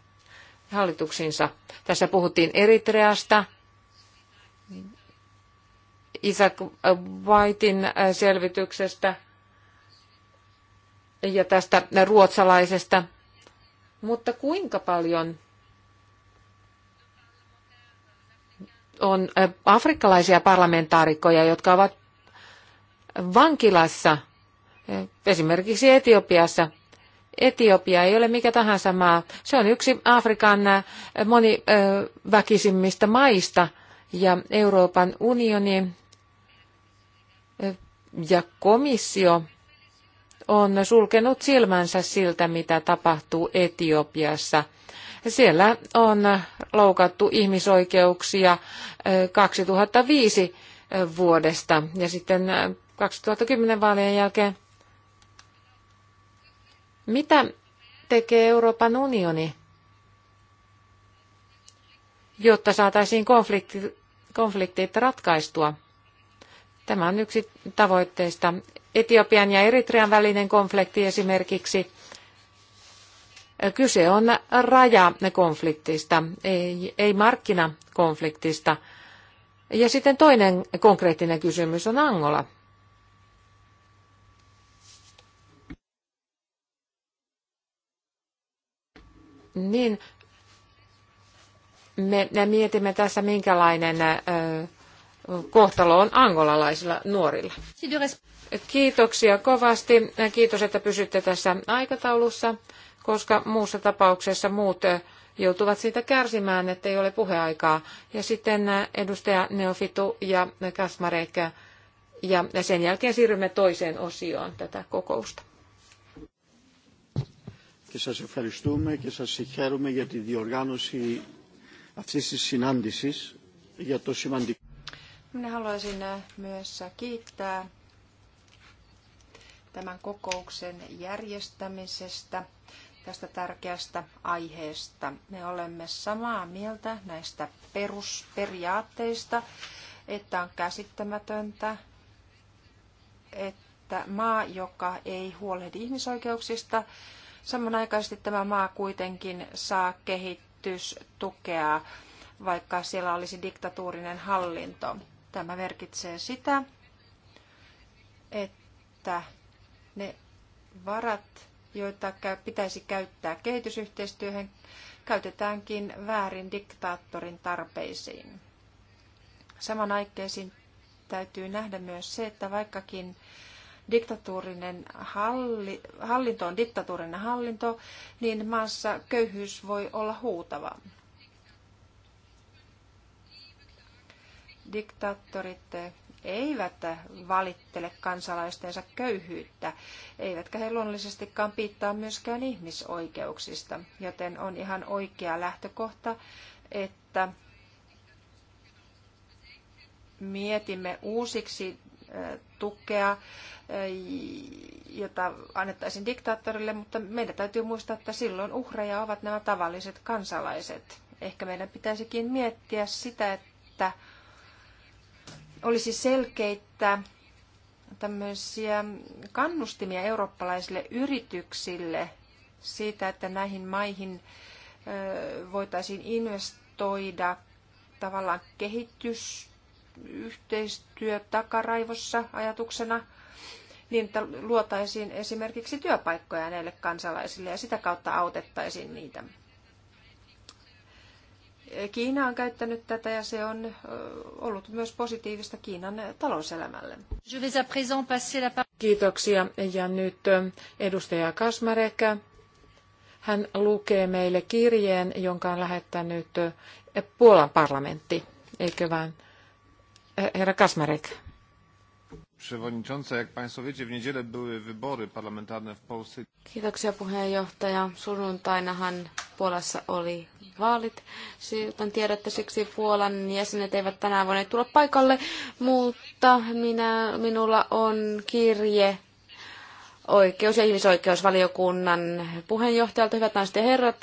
hallituksiinsa. Tässä puhuttiin Eritreasta. Isaac Whitein selvityksestä ja tästä ruotsalaisesta. Mutta kuinka paljon on afrikkalaisia parlamentaarikkoja, jotka ovat vankilassa, esimerkiksi Etiopiassa, Etiopia ei ole mikä tahansa maa. Se on yksi Afrikan äh, moniväkisimmistä äh, maista ja Euroopan unioni äh, ja komissio on sulkenut silmänsä siltä, mitä tapahtuu Etiopiassa. Siellä on loukattu ihmisoikeuksia 2005 vuodesta ja sitten 2010 vaalien jälkeen mitä tekee Euroopan unioni, jotta saataisiin konfliktit, konfliktit ratkaistua? Tämä on yksi tavoitteista. Etiopian ja Eritrean välinen konflikti esimerkiksi. Kyse on rajakonfliktista, ei, ei markkinakonfliktista. Ja sitten toinen konkreettinen kysymys on Angola. niin me mietimme tässä, minkälainen kohtalo on angolalaisilla nuorilla. Kiitoksia kovasti. Kiitos, että pysytte tässä aikataulussa, koska muussa tapauksessa muut joutuvat siitä kärsimään, että ei ole puheaikaa. Ja sitten edustaja Neofitu ja Kasmarek, ja sen jälkeen siirrymme toiseen osioon tätä kokousta και σας ευχαριστούμε και σας συγχαίρουμε για τη διοργάνωση αυτής της συνάντησης για το σημαντικό. Minä haluaisin äh, myös kiittää tämän kokouksen järjestämisestä tästä tärkeästä aiheesta. Me olemme samaa mieltä näistä perusperiaatteista, että on käsittämätöntä, että maa, joka ei huolehdi ihmisoikeuksista, Samanaikaisesti tämä maa kuitenkin saa kehitystukea, vaikka siellä olisi diktatuurinen hallinto. Tämä merkitsee sitä, että ne varat, joita pitäisi käyttää kehitysyhteistyöhön, käytetäänkin väärin diktaattorin tarpeisiin. Samanaikaisesti täytyy nähdä myös se, että vaikkakin diktatuurinen halli, hallinto on diktatuurinen hallinto, niin maassa köyhyys voi olla huutava. Diktaattorit eivät valittele kansalaistensa köyhyyttä, eivätkä he luonnollisestikaan piittaa myöskään ihmisoikeuksista, joten on ihan oikea lähtökohta, että mietimme uusiksi tukea, eh, jota annettaisiin diktaattorille, mutta meidän täytyy muistaa, että silloin uhreja ovat nämä tavalliset kansalaiset. Ehkä meidän pitäisikin miettiä sitä, että olisi selkeitä tämmöisiä kannustimia eurooppalaisille yrityksille siitä, että näihin maihin eh, voitaisiin investoida tavallaan kehitys yhteistyö takaraivossa ajatuksena niin, että luotaisiin esimerkiksi työpaikkoja näille kansalaisille ja sitä kautta autettaisiin niitä. Kiina on käyttänyt tätä ja se on ollut myös positiivista Kiinan talouselämälle. Kiitoksia ja nyt edustaja Kasmarek. Hän lukee meille kirjeen, jonka on lähettänyt Puolan parlamentti, eikö vain? E, herra Kasmarek. Przewodnicząca, jak Państwo wiecie, w niedzielę były wybory parlamentarne w Polsce. Kiitoksia puheenjohtaja. Sunnuntainahan Puolassa oli vaalit. Kuten tiedätte, siksi Puolan jäsenet eivät tänään voineet tulla paikalle, mutta minä, minulla on kirje oikeus- ja ihmisoikeusvaliokunnan puheenjohtajalta. Hyvät naiset ja herrat,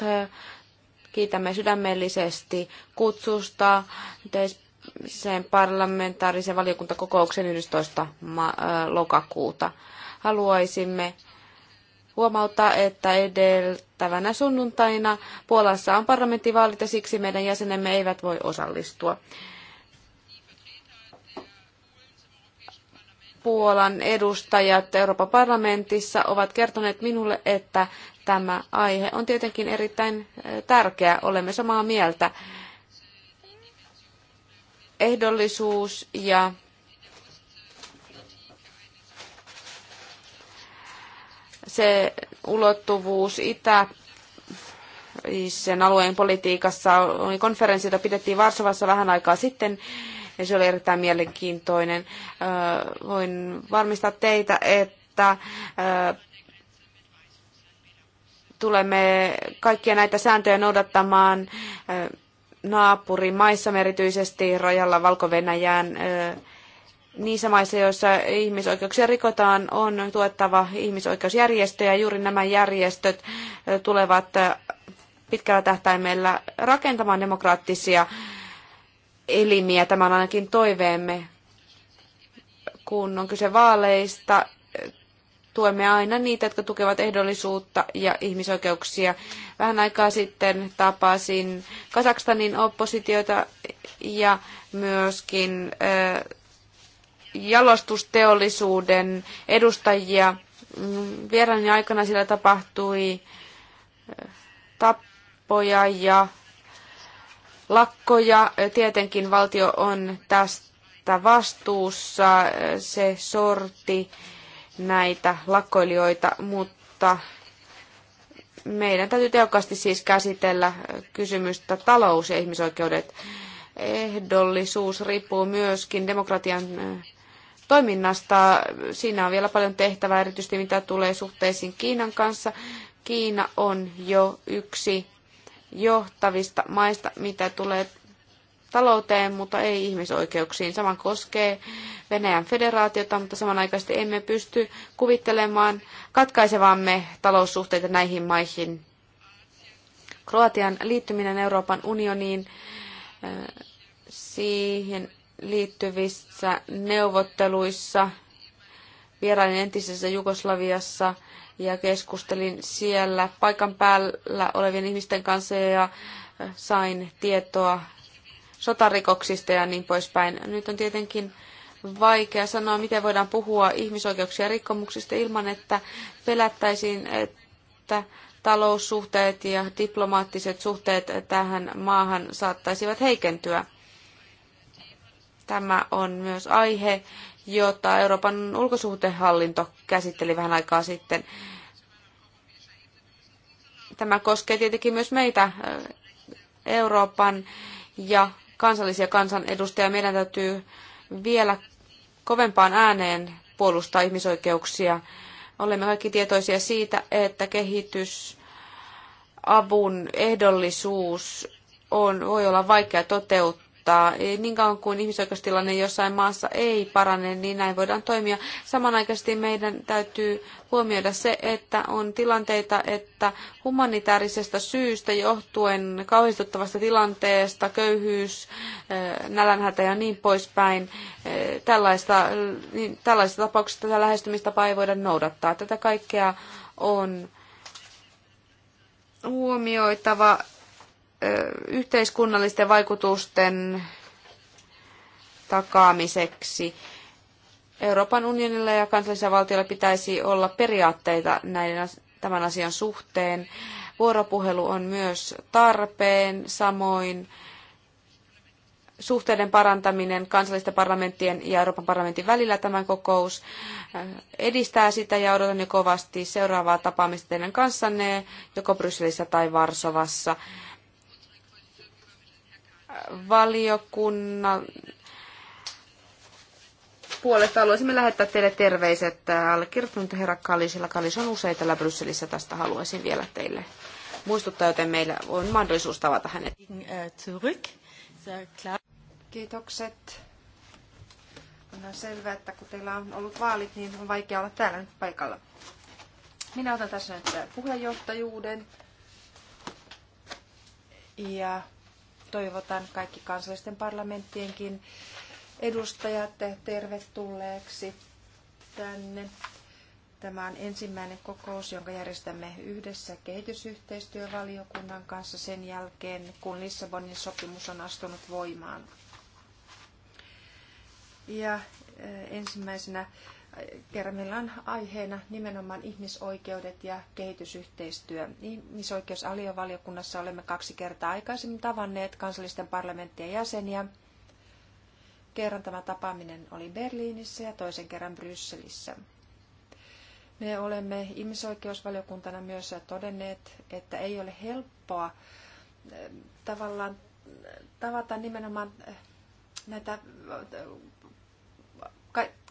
kiitämme sydämellisesti kutsusta yhteis- sen parlamentaarisen valiokuntakokouksen 11. lokakuuta. Haluaisimme huomauttaa, että edeltävänä sunnuntaina Puolassa on parlamenttivaalit ja siksi meidän jäsenemme eivät voi osallistua. Puolan edustajat Euroopan parlamentissa ovat kertoneet minulle, että tämä aihe on tietenkin erittäin tärkeä. Olemme samaa mieltä ehdollisuus ja se ulottuvuus itä sen alueen politiikassa oli konferenssi, jota pidettiin Varsovassa vähän aikaa sitten, ja se oli erittäin mielenkiintoinen. Voin varmistaa teitä, että tulemme kaikkia näitä sääntöjä noudattamaan naapurimaissa, erityisesti rajalla Valko-Venäjään, niissä maissa, joissa ihmisoikeuksia rikotaan, on tuettava ihmisoikeusjärjestöjä. Juuri nämä järjestöt tulevat pitkällä tähtäimellä rakentamaan demokraattisia elimiä. Tämä on ainakin toiveemme, kun on kyse vaaleista tuemme aina niitä, jotka tukevat ehdollisuutta ja ihmisoikeuksia. Vähän aikaa sitten tapasin Kasakstanin oppositiota ja myöskin jalostusteollisuuden edustajia. Vierailun aikana siellä tapahtui tappoja ja lakkoja. Tietenkin valtio on tästä vastuussa. Se sorti näitä lakkoilijoita, mutta meidän täytyy tehokkaasti siis käsitellä kysymystä talous- ja ihmisoikeudet. Ehdollisuus riippuu myöskin demokratian toiminnasta. Siinä on vielä paljon tehtävää, erityisesti mitä tulee suhteisiin Kiinan kanssa. Kiina on jo yksi johtavista maista, mitä tulee talouteen, mutta ei ihmisoikeuksiin. Sama koskee Venäjän federaatiota, mutta samanaikaisesti emme pysty kuvittelemaan katkaisevamme taloussuhteita näihin maihin. Kroatian liittyminen Euroopan unioniin äh, siihen liittyvissä neuvotteluissa vierailin entisessä Jugoslaviassa ja keskustelin siellä paikan päällä olevien ihmisten kanssa ja äh, sain tietoa sotarikoksista ja niin poispäin. Nyt on tietenkin vaikea sanoa, miten voidaan puhua ihmisoikeuksia rikkomuksista ilman, että pelättäisiin, että taloussuhteet ja diplomaattiset suhteet tähän maahan saattaisivat heikentyä. Tämä on myös aihe, jota Euroopan ulkosuhdehallinto käsitteli vähän aikaa sitten. Tämä koskee tietenkin myös meitä Euroopan ja kansallisia kansanedustajia. Meidän täytyy vielä kovempaan ääneen puolustaa ihmisoikeuksia. Olemme kaikki tietoisia siitä, että kehitysavun ehdollisuus on, voi olla vaikea toteuttaa mutta niin kauan kuin ihmisoikeustilanne jossain maassa ei parane, niin näin voidaan toimia. Samanaikaisesti meidän täytyy huomioida se, että on tilanteita, että humanitaarisesta syystä johtuen kauhistuttavasta tilanteesta, köyhyys, eh, nälänhätä ja niin poispäin, eh, tällaista, niin tällaista tapauksista tätä lähestymistapaa ei voida noudattaa. Tätä kaikkea on huomioitava yhteiskunnallisten vaikutusten takaamiseksi. Euroopan unionilla ja kansallisilla valtioilla pitäisi olla periaatteita näiden, tämän asian suhteen. Vuoropuhelu on myös tarpeen, samoin suhteiden parantaminen kansallisten parlamenttien ja Euroopan parlamentin välillä tämä kokous edistää sitä ja odotan jo kovasti seuraavaa tapaamista teidän kanssanne joko Brysselissä tai Varsovassa valiokunnan puolesta haluaisimme lähettää teille terveiset allekirjoittanut herra Kalisilla. Kalis on usein täällä Brysselissä, tästä haluaisin vielä teille muistuttaa, joten meillä on mahdollisuus tavata hänet. Kiitokset. On selvää, että kun teillä on ollut vaalit, niin on vaikea olla täällä nyt paikalla. Minä otan tässä nyt puheenjohtajuuden. Ja toivotan kaikki kansallisten parlamenttienkin edustajat tervetulleeksi tänne. Tämä on ensimmäinen kokous, jonka järjestämme yhdessä kehitysyhteistyövaliokunnan kanssa sen jälkeen, kun Lissabonin sopimus on astunut voimaan. Ja eh, ensimmäisenä kerran meillä on aiheena nimenomaan ihmisoikeudet ja kehitysyhteistyö. Ihmisoikeusaliovaliokunnassa olemme kaksi kertaa aikaisemmin tavanneet kansallisten parlamenttien jäseniä. Kerran tämä tapaaminen oli Berliinissä ja toisen kerran Brysselissä. Me olemme ihmisoikeusvaliokuntana myös todenneet, että ei ole helppoa eh, tavallaan eh, tavata nimenomaan eh, näitä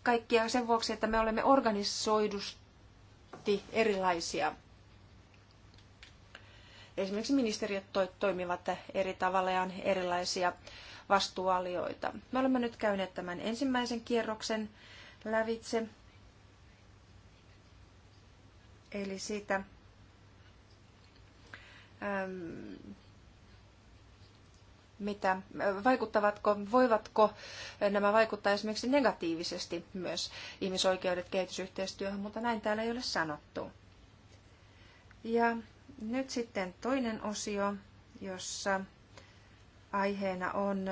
kaikkia sen vuoksi, että me olemme organisoidusti erilaisia. Esimerkiksi ministeriöt toimivat eri tavalla ja on erilaisia vastuualioita. Me olemme nyt käyneet tämän ensimmäisen kierroksen lävitse. Eli siitä mitä, vaikuttavatko, voivatko nämä vaikuttaa esimerkiksi negatiivisesti myös ihmisoikeudet kehitysyhteistyöhön, mutta näin täällä ei ole sanottu. Ja nyt sitten toinen osio, jossa aiheena on,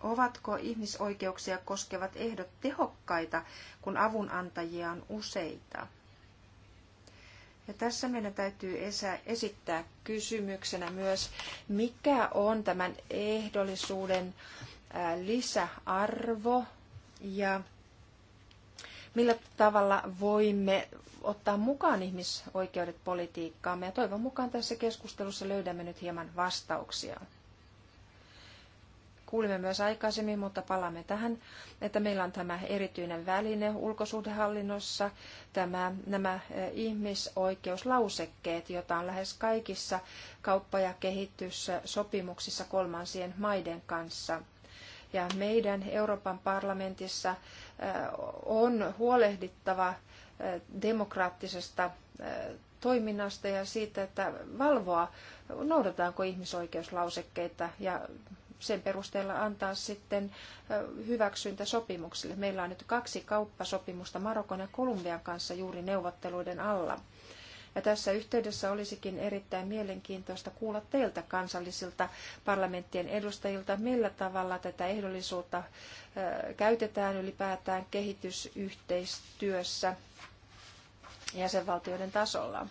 ovatko ihmisoikeuksia koskevat ehdot tehokkaita, kun avunantajia on useita. Ja tässä meidän täytyy esittää kysymyksenä myös, mikä on tämän ehdollisuuden lisäarvo ja millä tavalla voimme ottaa mukaan ihmisoikeudet politiikkaamme. Ja toivon mukaan tässä keskustelussa löydämme nyt hieman vastauksia kuulimme myös aikaisemmin, mutta palaamme tähän, että meillä on tämä erityinen väline ulkosuhdehallinnossa, tämä, nämä e, ihmisoikeuslausekkeet, joita on lähes kaikissa kauppa- ja kehityssopimuksissa kolmansien maiden kanssa. Ja meidän Euroopan parlamentissa e, on huolehdittava e, demokraattisesta toiminnasta ja siitä, että valvoa, noudataanko ihmisoikeuslausekkeita ja sen perusteella antaa sitten hyväksyntä sopimuksille. Meillä on nyt kaksi kauppasopimusta Marokon ja Kolumbian kanssa juuri neuvotteluiden alla. Ja tässä yhteydessä olisikin erittäin mielenkiintoista kuulla teiltä kansallisilta parlamenttien edustajilta, millä tavalla tätä ehdollisuutta käytetään ylipäätään kehitysyhteistyössä jäsenvaltioiden tasolla.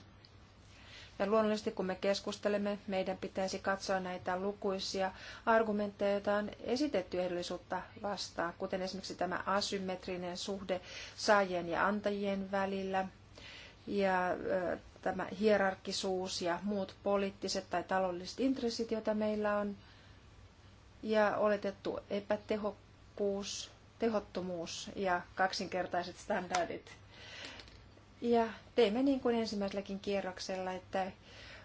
Ja luonnollisesti kun me keskustelemme, meidän pitäisi katsoa näitä lukuisia argumentteja, joita on esitetty ehdollisuutta vastaan, kuten esimerkiksi tämä asymmetrinen suhde saajien ja antajien välillä ja tämä hierarkisuus ja muut poliittiset tai taloudelliset intressit, joita meillä on, ja oletettu epätehokkuus, tehottomuus ja kaksinkertaiset standardit. Ja teimme niin kuin ensimmäiselläkin kierroksella, että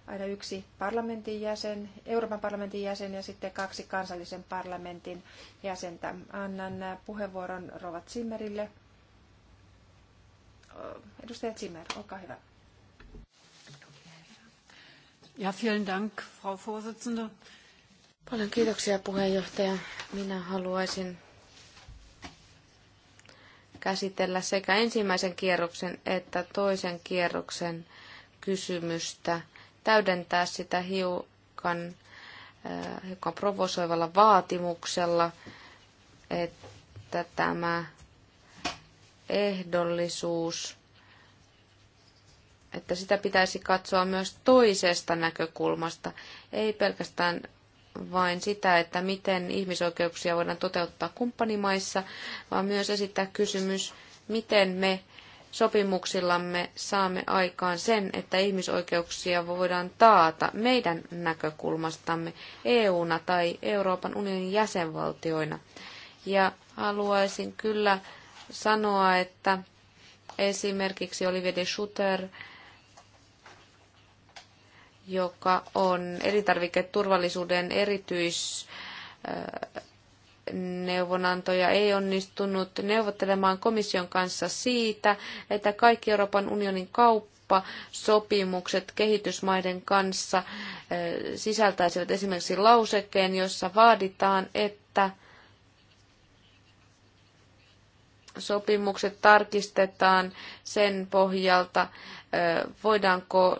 aina yksi parlamentin jäsen, Euroopan parlamentin jäsen ja sitten kaksi kansallisen parlamentin jäsentä. Annan puheenvuoron Rova Zimmerille. Edustaja Zimmer, olkaa hyvä. Ja, vielen Dank, Frau Vorsitzende. Paljon kiitoksia puheenjohtaja. Minä haluaisin käsitellä sekä ensimmäisen kierroksen että toisen kierroksen kysymystä, täydentää sitä hiukan, äh, hiukan provosoivalla vaatimuksella, että tämä ehdollisuus, että sitä pitäisi katsoa myös toisesta näkökulmasta, ei pelkästään vain sitä, että miten ihmisoikeuksia voidaan toteuttaa kumppanimaissa, vaan myös esittää kysymys, miten me sopimuksillamme saamme aikaan sen, että ihmisoikeuksia voidaan taata meidän näkökulmastamme EU-na tai Euroopan unionin jäsenvaltioina. Ja haluaisin kyllä sanoa, että esimerkiksi Olivier de Schutter, joka on elintarviketurvallisuuden erityis neuvonantoja ei onnistunut neuvottelemaan komission kanssa siitä, että kaikki Euroopan unionin kauppasopimukset kehitysmaiden kanssa eh, sisältäisivät esimerkiksi lausekkeen, jossa vaaditaan, että sopimukset tarkistetaan sen pohjalta, eh, voidaanko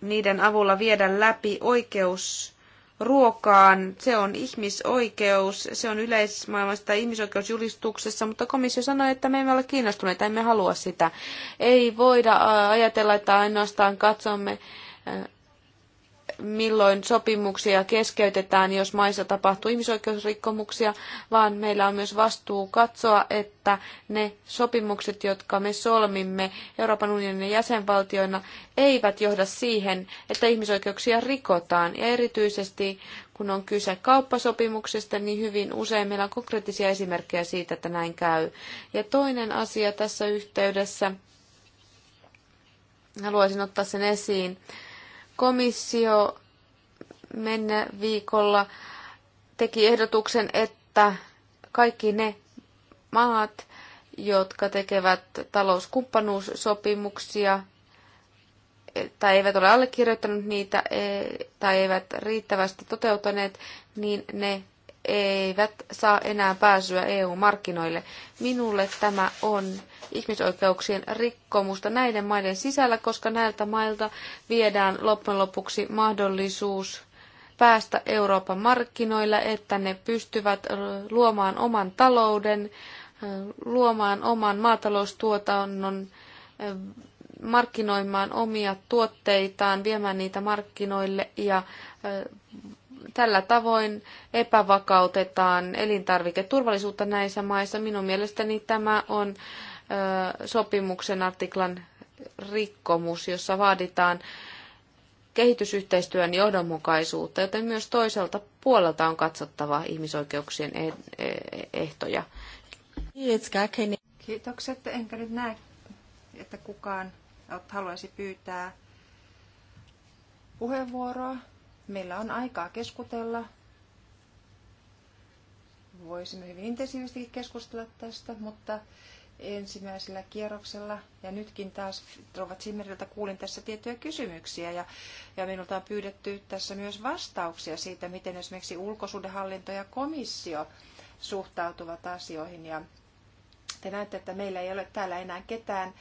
niiden avulla viedä läpi oikeus ruokaan. Se on ihmisoikeus, se on yleismaailmasta ihmisoikeusjulistuksessa, mutta komissio sanoi, että me emme ole kiinnostuneita, emme halua sitä. Ei voida ajatella, että ainoastaan katsomme milloin sopimuksia keskeytetään, jos maissa tapahtuu ihmisoikeusrikkomuksia, vaan meillä on myös vastuu katsoa, että ne sopimukset, jotka me solmimme Euroopan unionin jäsenvaltioina, eivät johda siihen, että ihmisoikeuksia rikotaan. Ja erityisesti kun on kyse kauppasopimuksesta, niin hyvin usein meillä on konkreettisia esimerkkejä siitä, että näin käy. Ja toinen asia tässä yhteydessä, haluaisin ottaa sen esiin, Komissio mennä viikolla teki ehdotuksen, että kaikki ne maat, jotka tekevät talouskumppanuussopimuksia tai eivät ole allekirjoittaneet niitä e- tai eivät riittävästi toteuttaneet, niin ne eivät saa enää pääsyä EU-markkinoille. Minulle tämä on ihmisoikeuksien rikkomusta näiden maiden sisällä, koska näiltä mailta viedään loppujen lopuksi mahdollisuus päästä Euroopan markkinoilla, että ne pystyvät luomaan oman talouden, luomaan oman maataloustuotannon, markkinoimaan omia tuotteitaan, viemään niitä markkinoille ja Tällä tavoin epävakautetaan elintarviketurvallisuutta näissä maissa. Minun mielestäni tämä on sopimuksen artiklan rikkomus, jossa vaaditaan kehitysyhteistyön johdonmukaisuutta, joten myös toiselta puolelta on katsottava ihmisoikeuksien e-, e-, ehtoja. Kiitokset. Enkä nyt näe, että kukaan haluaisi pyytää puheenvuoroa. Meillä on aikaa keskustella. Voisimme hyvin intensiivisesti keskustella tästä, mutta ensimmäisellä kierroksella ja nytkin taas Rova Zimmeriltä kuulin tässä tiettyjä kysymyksiä ja, ja minulta on pyydetty tässä myös vastauksia siitä, miten esimerkiksi ulkosuhdehallinto ja komissio suhtautuvat asioihin ja te näette, että meillä ei ole täällä enää ketään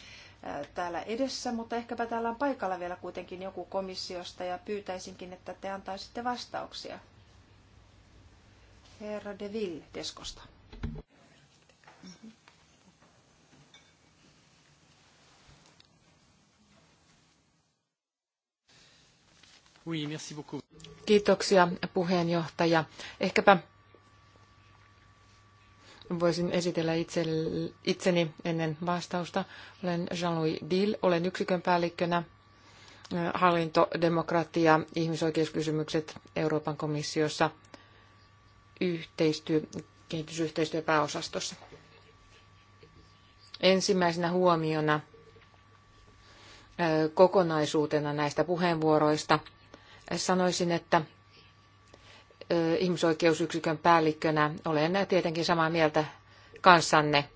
täällä edessä, mutta ehkäpä täällä on paikalla vielä kuitenkin joku komissiosta ja pyytäisinkin, että te antaisitte vastauksia. Herra de Ville Deskosta. Kiitoksia puheenjohtaja. Ehkäpä Voisin esitellä itseni ennen vastausta. Olen Jean-Louis Dill, olen yksikön päällikkönä hallinto, demokratia, ihmisoikeuskysymykset Euroopan komissiossa yhteistyö, kehitysyhteistyöpääosastossa. Ensimmäisenä huomiona kokonaisuutena näistä puheenvuoroista sanoisin, että ihmisoikeusyksikön päällikkönä olen tietenkin samaa mieltä kanssanne.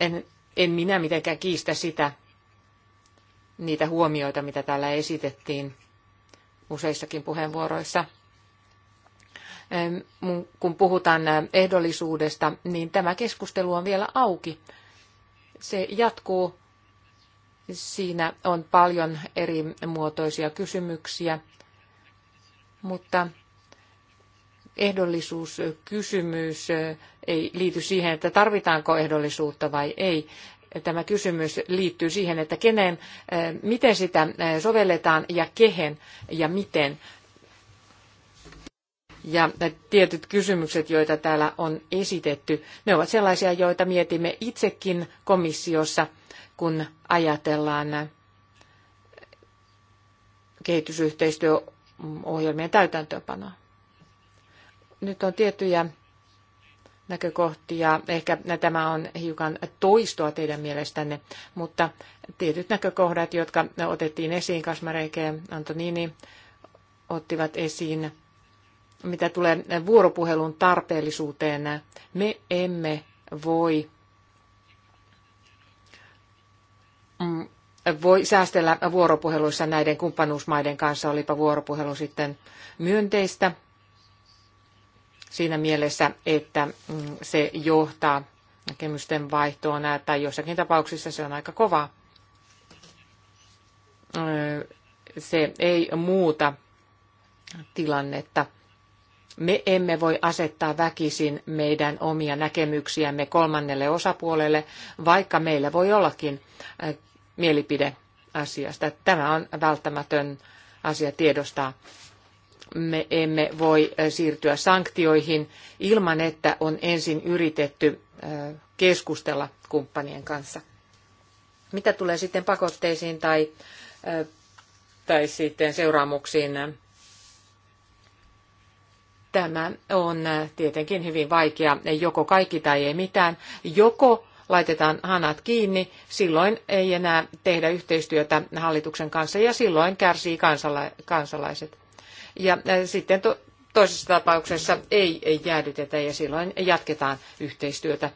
En, en minä mitenkään kiistä sitä, niitä huomioita, mitä täällä esitettiin useissakin puheenvuoroissa. Kun puhutaan ehdollisuudesta, niin tämä keskustelu on vielä auki. Se jatkuu. Siinä on paljon eri muotoisia kysymyksiä mutta ehdollisuuskysymys ei liity siihen, että tarvitaanko ehdollisuutta vai ei. Tämä kysymys liittyy siihen, että kenen, miten sitä sovelletaan ja kehen ja miten. Ja tietyt kysymykset, joita täällä on esitetty, ne ovat sellaisia, joita mietimme itsekin komissiossa, kun ajatellaan kehitysyhteistyö Mm, ohjelmien täytäntöönpanoa. Nyt on tiettyjä näkökohtia. Ehkä tämä on hiukan toistoa teidän mielestänne, mutta tietyt näkökohdat, jotka otettiin esiin, Kasmareike ja Antonini ottivat esiin, mitä tulee vuoropuhelun tarpeellisuuteen, me emme voi mm, voi säästellä vuoropuheluissa näiden kumppanuusmaiden kanssa, olipa vuoropuhelu sitten myönteistä siinä mielessä, että mm, se johtaa näkemysten vaihtoon tai jossakin tapauksissa se on aika kovaa. Se ei muuta tilannetta. Me emme voi asettaa väkisin meidän omia näkemyksiämme kolmannelle osapuolelle, vaikka meillä voi ollakin mielipide asiasta. Tämä on välttämätön asia tiedostaa. Me emme voi äh, siirtyä sanktioihin ilman, että on ensin yritetty äh, keskustella kumppanien kanssa. Mitä tulee sitten pakotteisiin tai, äh, tai sitten seuraamuksiin, tämä on tietenkin hyvin vaikea. Joko kaikki tai ei mitään. Joko laitetaan hanat kiinni, silloin ei enää tehdä yhteistyötä hallituksen kanssa ja silloin kärsii kansala- kansalaiset. Ja sitten to- toisessa tapauksessa ei, ei jäädytetä ja silloin jatketaan yhteistyötä.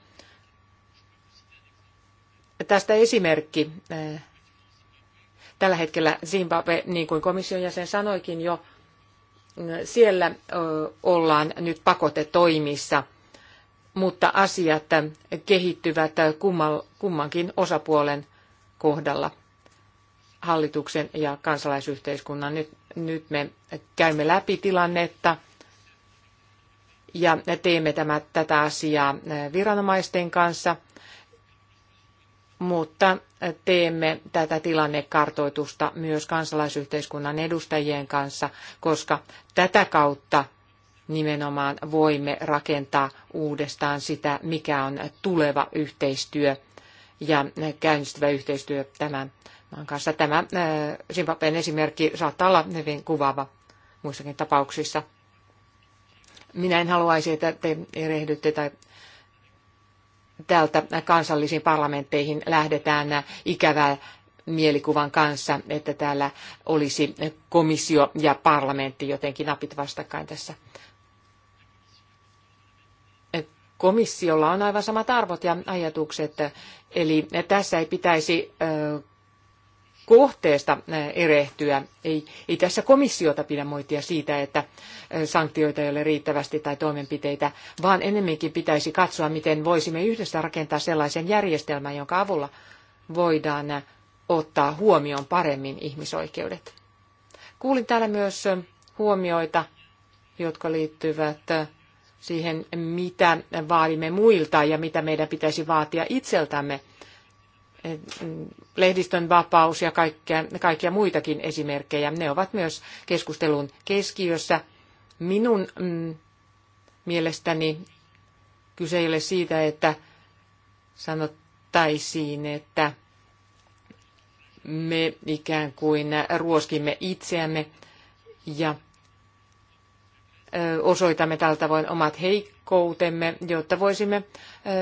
Tästä esimerkki. Tällä hetkellä Zimbabwe, niin kuin komission jäsen sanoikin jo, siellä ollaan nyt pakotetoimissa – mutta asiat kehittyvät kummankin osapuolen kohdalla hallituksen ja kansalaisyhteiskunnan. Nyt, nyt me käymme läpi tilannetta ja teemme tämä, tätä asiaa viranomaisten kanssa, mutta teemme tätä tilannekartoitusta myös kansalaisyhteiskunnan edustajien kanssa, koska tätä kautta nimenomaan voimme rakentaa uudestaan sitä, mikä on tuleva yhteistyö ja käynnistyvä yhteistyö tämän maan kanssa. Tämä äh, Zimbabwen esimerkki saattaa olla hyvin kuvaava muissakin tapauksissa. Minä en haluaisi, että te erehdytte tai täältä kansallisiin parlamentteihin lähdetään ikävää mielikuvan kanssa, että täällä olisi komissio ja parlamentti jotenkin napit vastakkain tässä komissiolla on aivan samat arvot ja ajatukset, eli tässä ei pitäisi kohteesta erehtyä. Ei, ei tässä komissiota pidä moittia siitä, että sanktioita ei ole riittävästi tai toimenpiteitä, vaan enemmänkin pitäisi katsoa, miten voisimme yhdessä rakentaa sellaisen järjestelmän, jonka avulla voidaan ottaa huomioon paremmin ihmisoikeudet. Kuulin täällä myös huomioita, jotka liittyvät siihen, mitä vaadimme muilta ja mitä meidän pitäisi vaatia itseltämme. Lehdistön vapaus ja kaikkia, kaikkia muitakin esimerkkejä, ne ovat myös keskustelun keskiössä. Minun mm, mielestäni kyse ei ole siitä, että sanottaisiin, että me ikään kuin ruoskimme itseämme ja osoitamme tällä tavoin omat heikkoutemme, jotta voisimme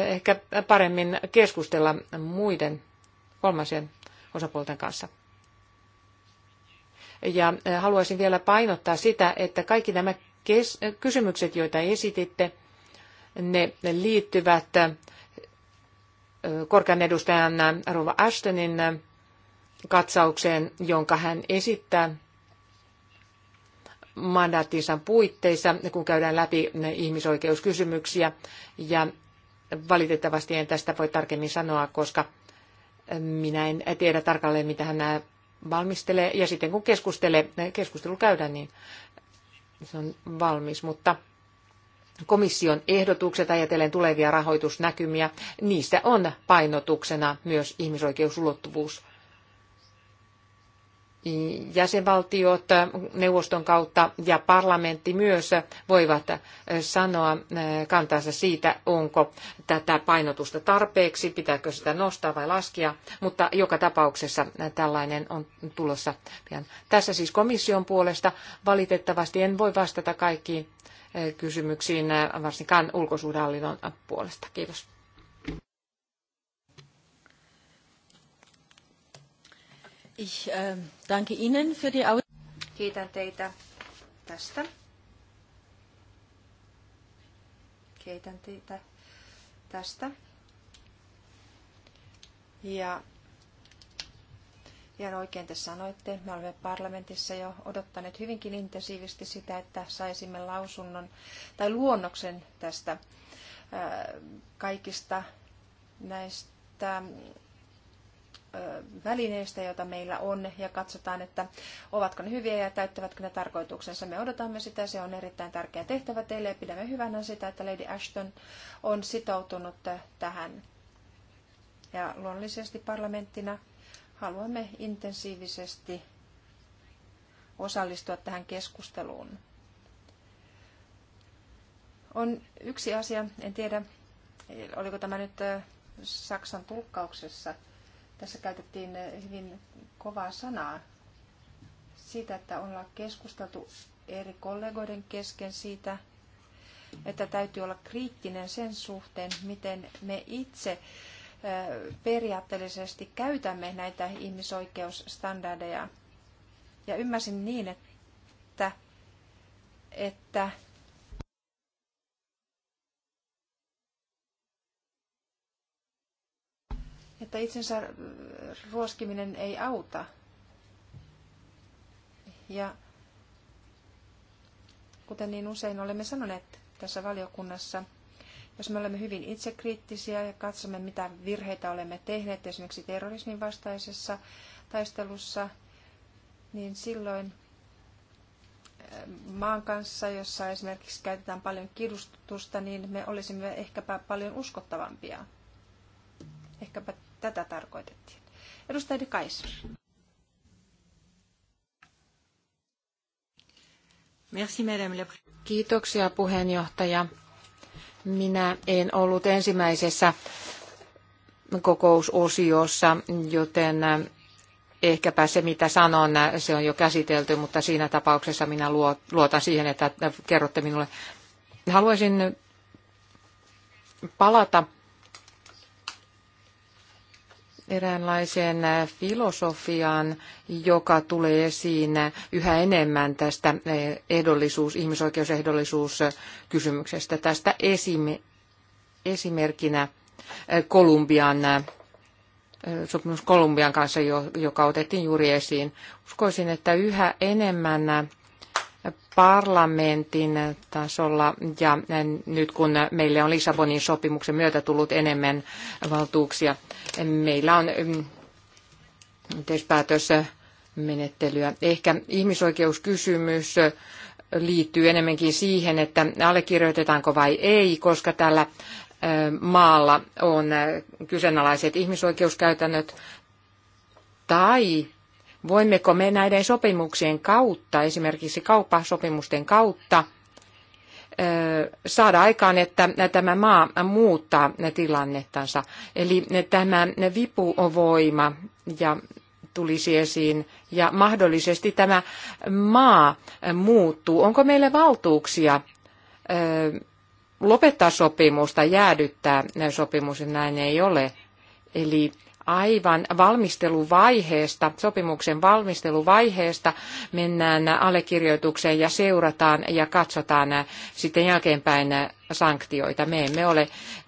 ehkä paremmin keskustella muiden kolmansien osapuolten kanssa. Ja haluaisin vielä painottaa sitä, että kaikki nämä kysymykset, joita esititte, ne liittyvät korkean edustajan Rova Ashtonin katsaukseen, jonka hän esittää mandaattinsa puitteissa, kun käydään läpi ihmisoikeuskysymyksiä. Ja valitettavasti en tästä voi tarkemmin sanoa, koska minä en tiedä tarkalleen, mitä hän valmistelee. Ja sitten kun keskustele keskustelu käydään, niin se on valmis. Mutta komission ehdotukset ajatellen tulevia rahoitusnäkymiä, niissä on painotuksena myös ihmisoikeusulottuvuus jäsenvaltiot neuvoston kautta ja parlamentti myös voivat äh, sanoa äh, kantansa siitä, onko tätä painotusta tarpeeksi, pitääkö sitä nostaa vai laskea, mutta joka tapauksessa äh, tällainen on tulossa pian. Tässä siis komission puolesta valitettavasti en voi vastata kaikkiin kysymyksiin, varsinkaan ulkosuhdehallinnon puolesta. Kiitos. Ich äh, danke Ihnen für die Kiitän teitä tästä. Kiitän teitä tästä. Ja ihan oikein te sanoitte, me olemme parlamentissa jo odottaneet hyvinkin intensiivisesti sitä, että saisimme lausunnon tai luonnoksen tästä äh, kaikista näistä välineistä, joita meillä on, ja katsotaan, että ovatko ne hyviä ja täyttävätkö ne tarkoituksensa. Me odotamme sitä, se on erittäin tärkeä tehtävä teille, ja pidämme hyvänä sitä, että Lady Ashton on sitoutunut tähän. Ja luonnollisesti parlamenttina haluamme intensiivisesti osallistua tähän keskusteluun. On yksi asia, en tiedä, oliko tämä nyt Saksan tulkkauksessa tässä käytettiin hyvin kovaa sanaa siitä, että ollaan keskusteltu eri kollegoiden kesken siitä, että täytyy olla kriittinen sen suhteen, miten me itse periaatteellisesti käytämme näitä ihmisoikeusstandardeja. Ja ymmärsin niin, että, että että itsensä ruoskiminen ei auta. Ja kuten niin usein olemme sanoneet tässä valiokunnassa, jos me olemme hyvin itsekriittisiä ja katsomme, mitä virheitä olemme tehneet esimerkiksi terrorismin vastaisessa taistelussa, niin silloin eh, maan kanssa, jossa esimerkiksi käytetään paljon kidustusta, niin me olisimme ehkäpä paljon uskottavampia. Ehkäpä Tätä tarkoitettiin. Edustaja De Kaiser. Kiitoksia puheenjohtaja. Minä en ollut ensimmäisessä kokousosiossa, joten äh, ehkäpä se mitä sanon, äh, se on jo käsitelty, mutta siinä tapauksessa minä luotan siihen, että äh, kerrotte minulle. Haluaisin palata eräänlaiseen äh, filosofiaan, joka tulee esiin yhä enemmän tästä äh, ehdollisuus, ihmisoikeusehdollisuuskysymyksestä. Tästä esim, esimerkkinä äh, Kolumbian sopimus Kolumbian kanssa, joka otettiin juuri esiin. Uskoisin, että yhä enemmän parlamentin tasolla ja nyt kun meille on Lissabonin sopimuksen myötä tullut enemmän valtuuksia, meillä on mm, yhteispäätösmenettelyä. menettelyä. Ehkä ihmisoikeuskysymys liittyy enemmänkin siihen, että allekirjoitetaanko vai ei, koska tällä maalla on kyseenalaiset ihmisoikeuskäytännöt tai Voimmeko me näiden sopimuksien kautta, esimerkiksi kauppasopimusten kautta, saada aikaan, että tämä maa muuttaa tilannettansa. Eli tämä vipuvoima ja tulisi esiin ja mahdollisesti tämä maa muuttuu. Onko meillä valtuuksia lopettaa sopimusta, jäädyttää sopimus, näin ei ole. Eli aivan valmisteluvaiheesta, sopimuksen valmisteluvaiheesta mennään allekirjoitukseen ja seurataan ja katsotaan sitten jälkeenpäin sanktioita. Me emme ole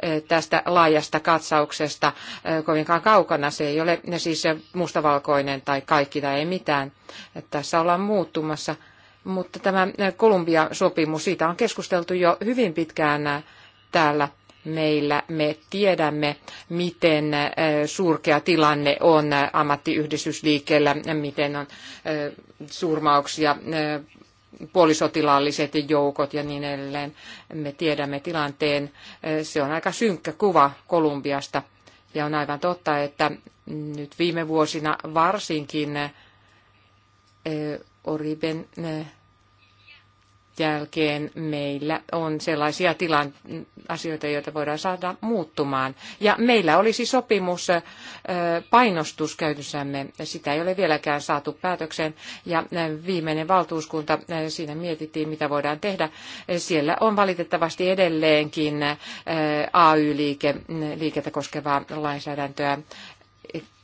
eh, tästä laajasta katsauksesta eh, kovinkaan kaukana. Se ei ole siis mustavalkoinen tai kaikki tai ei mitään. Tässä ollaan muuttumassa. Mutta tämä Kolumbia-sopimus, siitä on keskusteltu jo hyvin pitkään täällä meillä me tiedämme, miten äh, surkea tilanne on äh, ammattiyhdistysliikkeellä, miten on äh, surmauksia, puolisotilaalliset joukot ja niin edelleen. Me tiedämme tilanteen. Se on aika synkkä kuva Kolumbiasta. Ja on aivan totta, että nyt viime vuosina varsinkin Oriben jälkeen meillä on sellaisia tilan asioita, joita voidaan saada muuttumaan. Ja meillä olisi sopimus painostus käytössämme. Sitä ei ole vieläkään saatu päätökseen. Ja viimeinen valtuuskunta, siinä mietittiin, mitä voidaan tehdä. Siellä on valitettavasti edelleenkin AY-liikettä koskevaa lainsäädäntöä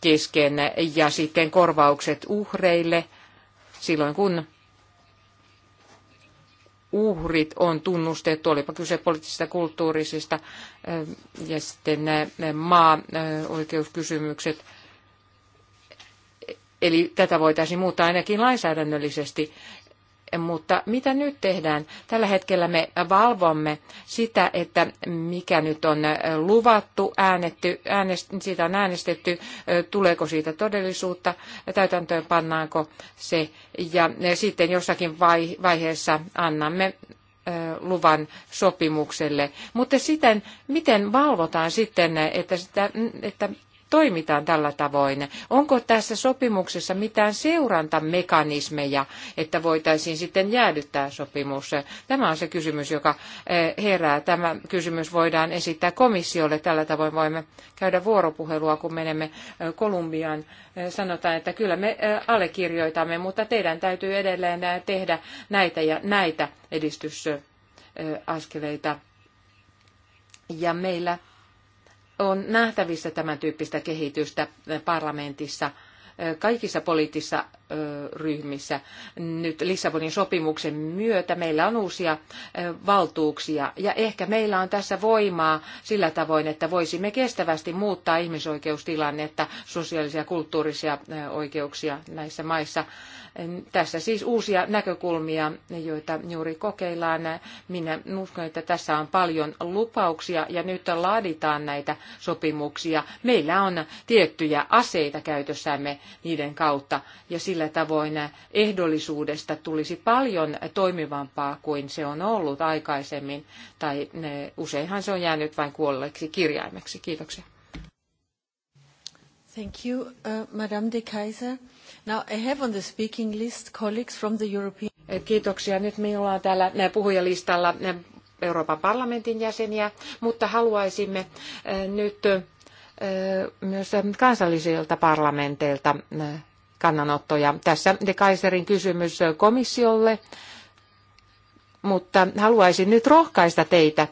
kesken ja sitten korvaukset uhreille silloin, kun uhrit on tunnustettu, olipa kyse poliittisista kulttuurisista eh, ja sitten maa eh, oikeuskysymykset. E, eli tätä voitaisiin muuttaa ainakin lainsäädännöllisesti mutta mitä nyt tehdään? Tällä hetkellä me valvomme sitä, että mikä nyt on äh, luvattu, äänetty, äänest, siitä on äänestetty, äh, tuleeko siitä todellisuutta, täytäntöön pannaanko se. Ja äh, sitten jossakin vaiheessa annamme luvan sopimukselle. Mutta sitten, miten valvotaan sitten, että, sitä, mm, että toimitaan tällä tavoin? Onko tässä sopimuksessa mitään seurantamekanismeja, että voitaisiin sitten jäädyttää sopimus? Tämä on se kysymys, joka eh, herää. Tämä kysymys voidaan esittää komissiolle. Tällä tavoin voimme käydä vuoropuhelua, kun menemme eh, Kolumbiaan. Eh, sanotaan, että kyllä me allekirjoitamme, mutta teidän täytyy edelleen tehdä näitä ja näitä edistysaskeleita. Ja meillä on nähtävissä tämän tyyppistä kehitystä parlamentissa – kaikissa poliittisissa ryhmissä. Nyt Lissabonin sopimuksen myötä meillä on uusia valtuuksia ja ehkä meillä on tässä voimaa sillä tavoin, että voisimme kestävästi muuttaa ihmisoikeustilannetta, sosiaalisia ja kulttuurisia oikeuksia näissä maissa. Tässä siis uusia näkökulmia, joita juuri kokeillaan. Minä uskon, että tässä on paljon lupauksia ja nyt laaditaan näitä sopimuksia. Meillä on tiettyjä aseita käytössämme niiden kautta. Ja sillä tavoin ehdollisuudesta tulisi paljon toimivampaa kuin se on ollut aikaisemmin, tai eh, useinhan se on jäänyt vain kuolleeksi kirjaimeksi. Kiitoksia. Thank you, uh, Madame de Kaiser. Now I have on the speaking list colleagues from the European... Eh, kiitoksia. Nyt minulla on täällä eh, puhujalistalla Euroopan parlamentin jäseniä, mutta haluaisimme nyt myös kansallisilta parlamenteilta kannanottoja. Tässä De Kaiserin kysymys komissiolle, mutta haluaisin nyt rohkaista teitä.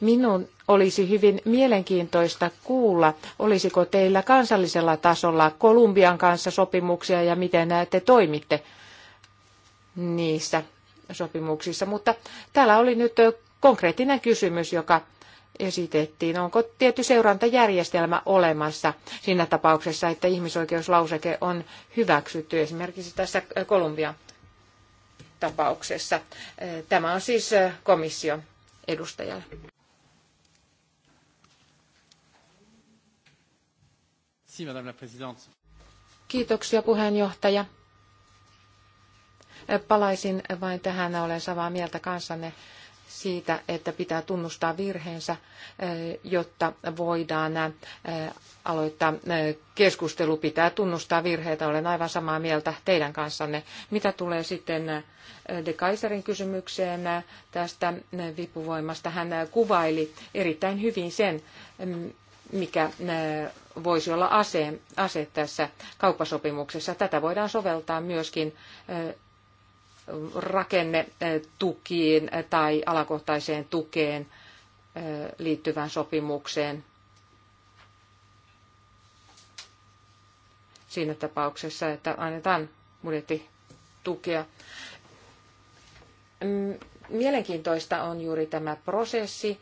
Minun olisi hyvin mielenkiintoista kuulla, olisiko teillä kansallisella tasolla Kolumbian kanssa sopimuksia ja miten te toimitte niissä sopimuksissa. Mutta täällä oli nyt konkreettinen kysymys, joka esitettiin. Onko tietty seurantajärjestelmä olemassa siinä tapauksessa, että ihmisoikeuslauseke on hyväksytty esimerkiksi tässä Kolumbian tapauksessa? Tämä on siis komission edustajalle. Kiitoksia puheenjohtaja. Palaisin vain tähän, olen samaa mieltä kanssanne siitä, että pitää tunnustaa virheensä, jotta voidaan aloittaa keskustelu. Pitää tunnustaa virheitä, olen aivan samaa mieltä teidän kanssanne. Mitä tulee sitten De Kaiserin kysymykseen tästä vipuvoimasta, hän kuvaili erittäin hyvin sen, mikä voisi olla ase, ase tässä kauppasopimuksessa. Tätä voidaan soveltaa myöskin rakennetukiin tai alakohtaiseen tukeen liittyvään sopimukseen. Siinä tapauksessa, että annetaan budjettitukea. Mm, mielenkiintoista on juuri tämä prosessi.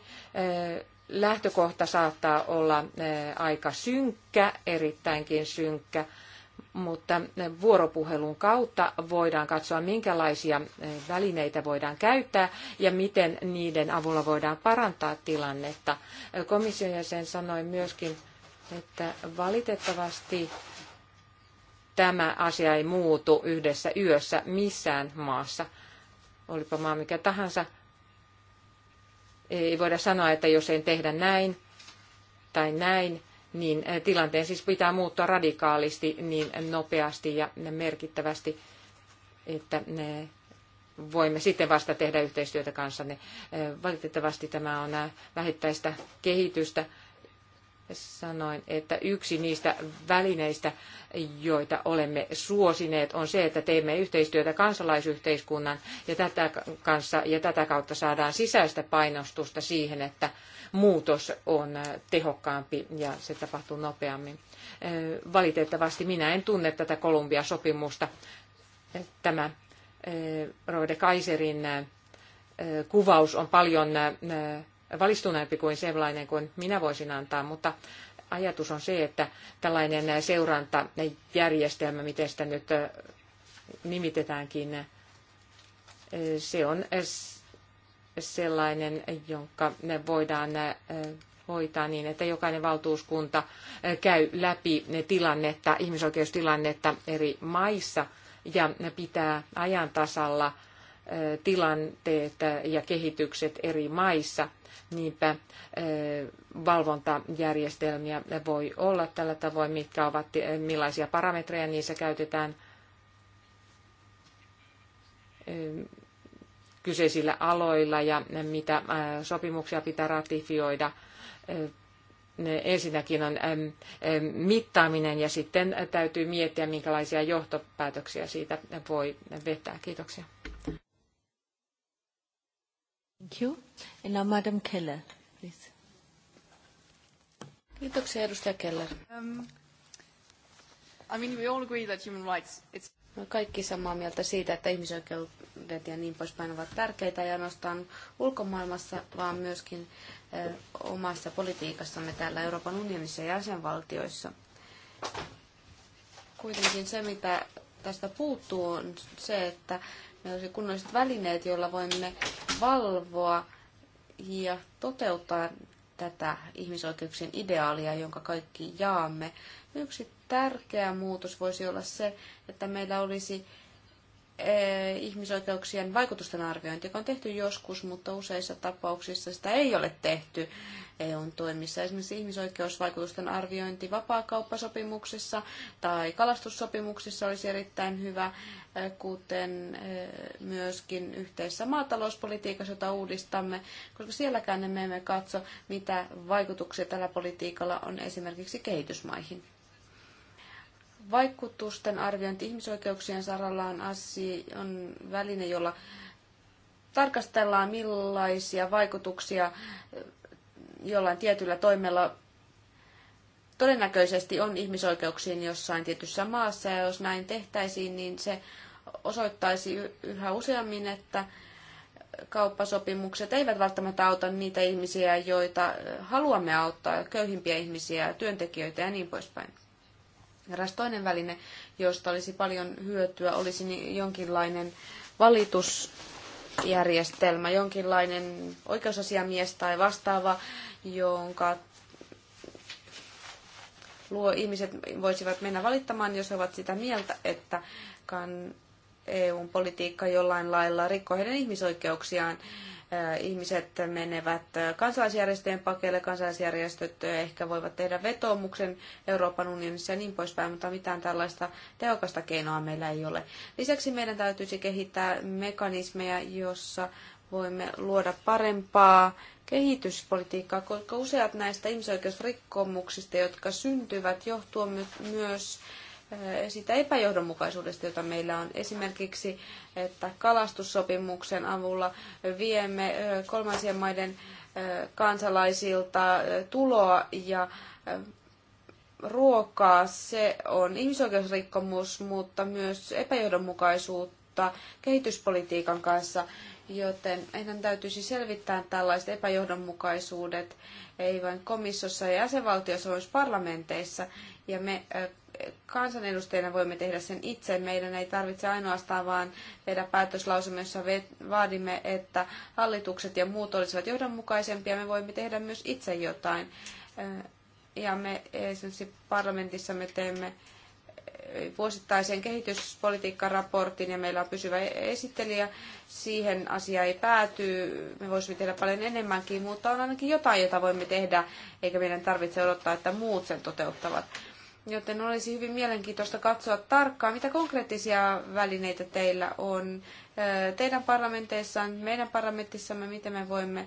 Lähtökohta saattaa olla aika synkkä, erittäinkin synkkä mutta vuoropuhelun kautta voidaan katsoa, minkälaisia välineitä voidaan käyttää ja miten niiden avulla voidaan parantaa tilannetta. Komission jäsen sanoi myöskin, että valitettavasti tämä asia ei muutu yhdessä yössä missään maassa. Olipa maa mikä tahansa. Ei voida sanoa, että jos ei tehdä näin tai näin, niin eh, tilanteen siis pitää muuttua radikaalisti niin nopeasti ja merkittävästi, että ne eh, voimme sitten vasta tehdä yhteistyötä kanssanne. Eh, valitettavasti tämä on vähittäistä kehitystä sanoin, että yksi niistä välineistä, joita olemme suosineet, on se, että teemme yhteistyötä kansalaisyhteiskunnan ja tätä kanssa ja tätä kautta saadaan sisäistä painostusta siihen, että muutos on tehokkaampi ja se tapahtuu nopeammin. Valitettavasti minä en tunne tätä Kolumbia-sopimusta. Tämä Rode Kaiserin kuvaus on paljon valistuneempi kuin sellainen kuin minä voisin antaa, mutta ajatus on se, että tällainen seurantajärjestelmä, miten sitä nyt nimitetäänkin, se on sellainen, jonka ne voidaan hoitaa niin, että jokainen valtuuskunta käy läpi tilannetta, ihmisoikeustilannetta eri maissa ja pitää ajan tasalla – tilanteet ja kehitykset eri maissa. Niinpä valvontajärjestelmiä voi olla tällä tavoin, mitkä ovat, millaisia parametreja niissä käytetään kyseisillä aloilla ja mitä sopimuksia pitää ratifioida. Ensinnäkin on mittaaminen ja sitten täytyy miettiä, minkälaisia johtopäätöksiä siitä voi vetää. Kiitoksia. Thank you. And now Madam Keller, please. Kiitoksia, edustaja Keller. Um, I mean, we all agree that human rights, it's... Me kaikki samaa mieltä siitä, että ihmisoikeudet ja niin poispäin ovat tärkeitä ja nostan ulkomaailmassa, vaan myöskin ö, eh, omassa politiikassamme täällä Euroopan unionissa ja jäsenvaltioissa. Kuitenkin se, mitä tästä puuttuu, on se, että meillä olisi kunnolliset välineet, joilla voimme valvoa ja toteuttaa tätä ihmisoikeuksien ideaalia, jonka kaikki jaamme. Yksi tärkeä muutos voisi olla se, että meillä olisi e, ihmisoikeuksien vaikutusten arviointi, joka on tehty joskus, mutta useissa tapauksissa sitä ei ole tehty. EUn toimissa, esimerkiksi ihmisoikeusvaikutusten arviointi vapaakauppasopimuksissa tai kalastussopimuksissa olisi erittäin hyvä, äh, kuten äh, myöskin yhteisessä maatalouspolitiikassa, jota uudistamme, koska sielläkään emme emme katso, mitä vaikutuksia tällä politiikalla on esimerkiksi kehitysmaihin vaikutusten arviointi ihmisoikeuksien saralla on, asia, on väline, jolla tarkastellaan millaisia vaikutuksia jollain tietyllä toimella todennäköisesti on ihmisoikeuksiin jossain tietyssä maassa, ja jos näin tehtäisiin, niin se osoittaisi yhä useammin, että kauppasopimukset eivät välttämättä auta niitä ihmisiä, joita haluamme auttaa, köyhimpiä ihmisiä, työntekijöitä ja niin poispäin. Eräs toinen väline, josta olisi paljon hyötyä, olisi jonkinlainen valitusjärjestelmä, jonkinlainen oikeusasiamies tai vastaava jonka luo ihmiset voisivat mennä valittamaan, jos he ovat sitä mieltä, että EUn politiikka jollain lailla rikkoo heidän ihmisoikeuksiaan. Äh, ihmiset menevät äh, kansalaisjärjestöjen pakeille, kansalaisjärjestöt äh, ehkä voivat tehdä vetoomuksen Euroopan unionissa ja niin poispäin, mutta mitään tällaista tehokasta keinoa meillä ei ole. Lisäksi meidän täytyisi kehittää mekanismeja, jossa voimme luoda parempaa kehityspolitiikkaa, koska useat näistä ihmisoikeusrikkomuksista, jotka syntyvät, johtuu myös eh, sitä epäjohdonmukaisuudesta, jota meillä on. Esimerkiksi, että kalastussopimuksen avulla viemme eh, kolmansien maiden eh, kansalaisilta tuloa ja ruokaa. Se on ihmisoikeusrikkomus, mutta myös epäjohdonmukaisuutta kehityspolitiikan kanssa joten meidän täytyisi selvittää tällaiset epäjohdonmukaisuudet, ei vain komissiossa ja jäsenvaltiossa, vaan myös parlamenteissa. Ja me kansanedustajina voimme tehdä sen itse. Meidän ei tarvitse ainoastaan vaan tehdä päätöslausumme, jossa vaadimme, että hallitukset ja muut olisivat johdonmukaisempia. Me voimme tehdä myös itse jotain. Ja me esimerkiksi parlamentissa me teemme vuosittaisen kehityspolitiikkaraportin ja meillä on pysyvä esittelijä. Siihen asia ei pääty. Me voisimme tehdä paljon enemmänkin, mutta on ainakin jotain, jota voimme tehdä, eikä meidän tarvitse odottaa, että muut sen toteuttavat. Joten olisi hyvin mielenkiintoista katsoa tarkkaan, mitä konkreettisia välineitä teillä on teidän parlamenteissaan, meidän parlamentissamme, miten me voimme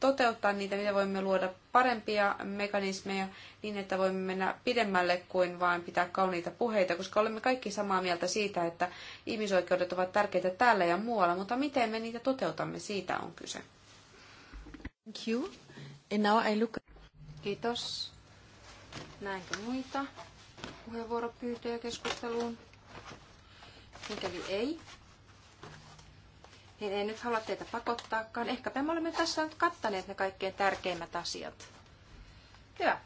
toteuttaa niitä, miten niin voimme luoda parempia mekanismeja niin, että voimme mennä pidemmälle kuin vain pitää kauniita puheita, koska olemme kaikki samaa mieltä siitä, että ihmisoikeudet ovat tärkeitä täällä ja muualla, mutta miten me niitä toteutamme, siitä on kyse. Thank you. And now I look... Kiitos. Näinkö muita puheenvuoropyyntöjä keskusteluun? Mikäli ei, niin en nyt halua teitä pakottaakaan. Ehkäpä me olemme tässä nyt kattaneet ne kaikkein tärkeimmät asiat. Hyvä.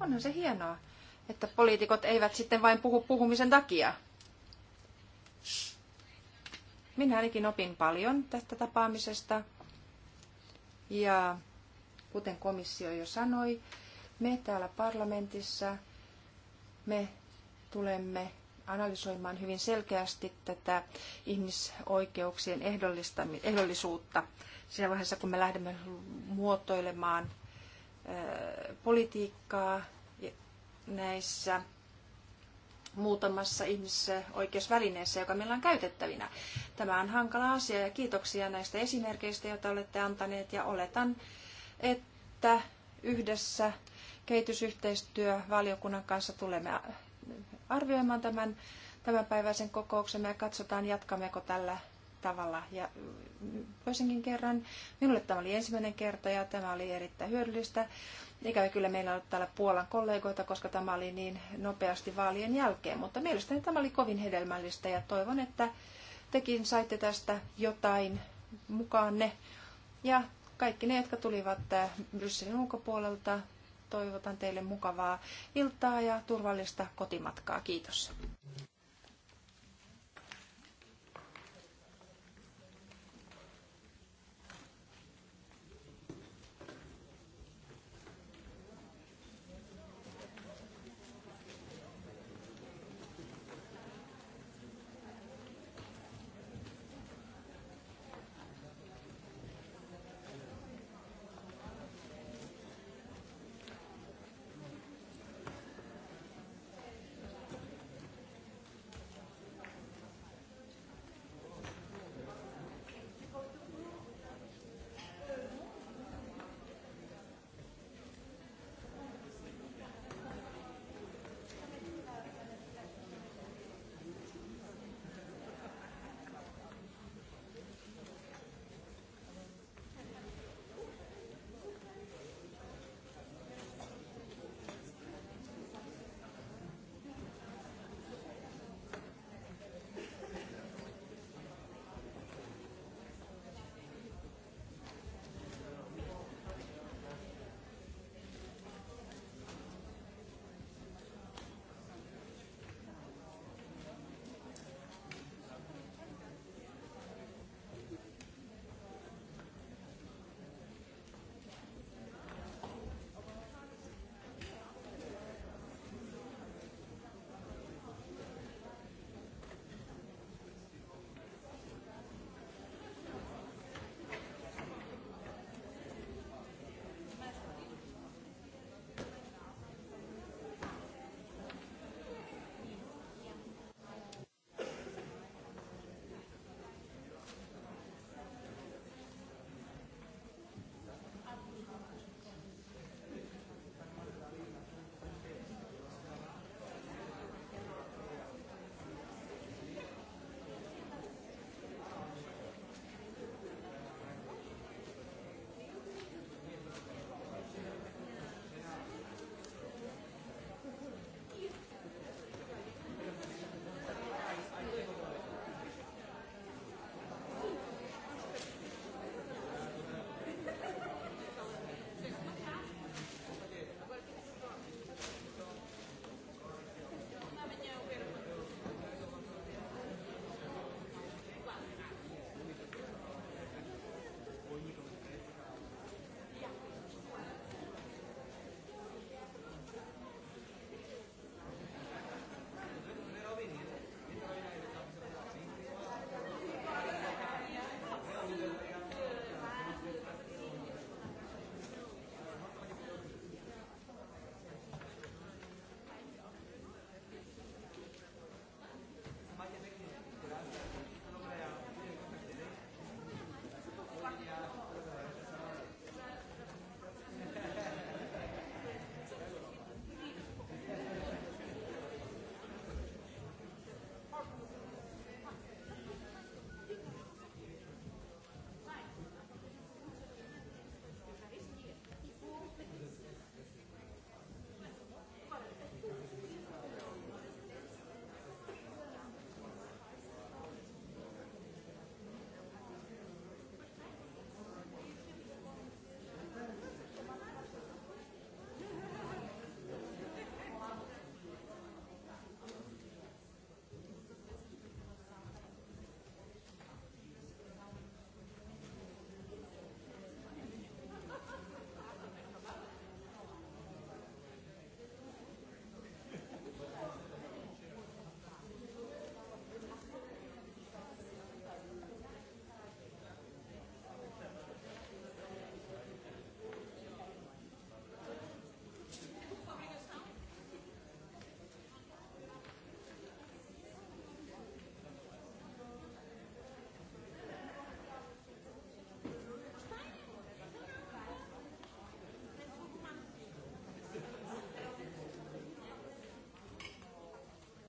Onhan se hienoa, että poliitikot eivät sitten vain puhu puhumisen takia. Minä ainakin opin paljon tästä tapaamisesta. Ja kuten komissio jo sanoi, me täällä parlamentissa, me tulemme analysoimaan hyvin selkeästi tätä ihmisoikeuksien ehdollisuutta siinä vaiheessa, kun me lähdemme muotoilemaan politiikkaa näissä muutamassa ihmisoikeusvälineessä, joka meillä on käytettävinä. Tämä on hankala asia ja kiitoksia näistä esimerkkeistä, joita olette antaneet ja oletan, että yhdessä kehitysyhteistyövaliokunnan kanssa tulemme arvioimaan tämän tämänpäiväisen kokouksen ja katsotaan, jatkammeko tällä tavalla. Ja toisenkin mm, kerran, minulle tämä oli ensimmäinen kerta ja tämä oli erittäin hyödyllistä. Ikävä kyllä meillä on täällä Puolan kollegoita, koska tämä oli niin nopeasti vaalien jälkeen, mutta mielestäni tämä oli kovin hedelmällistä ja toivon, että tekin saitte tästä jotain mukaanne. Ja kaikki ne, jotka tulivat äh, Brysselin ulkopuolelta, Toivotan teille mukavaa iltaa ja turvallista kotimatkaa. Kiitos.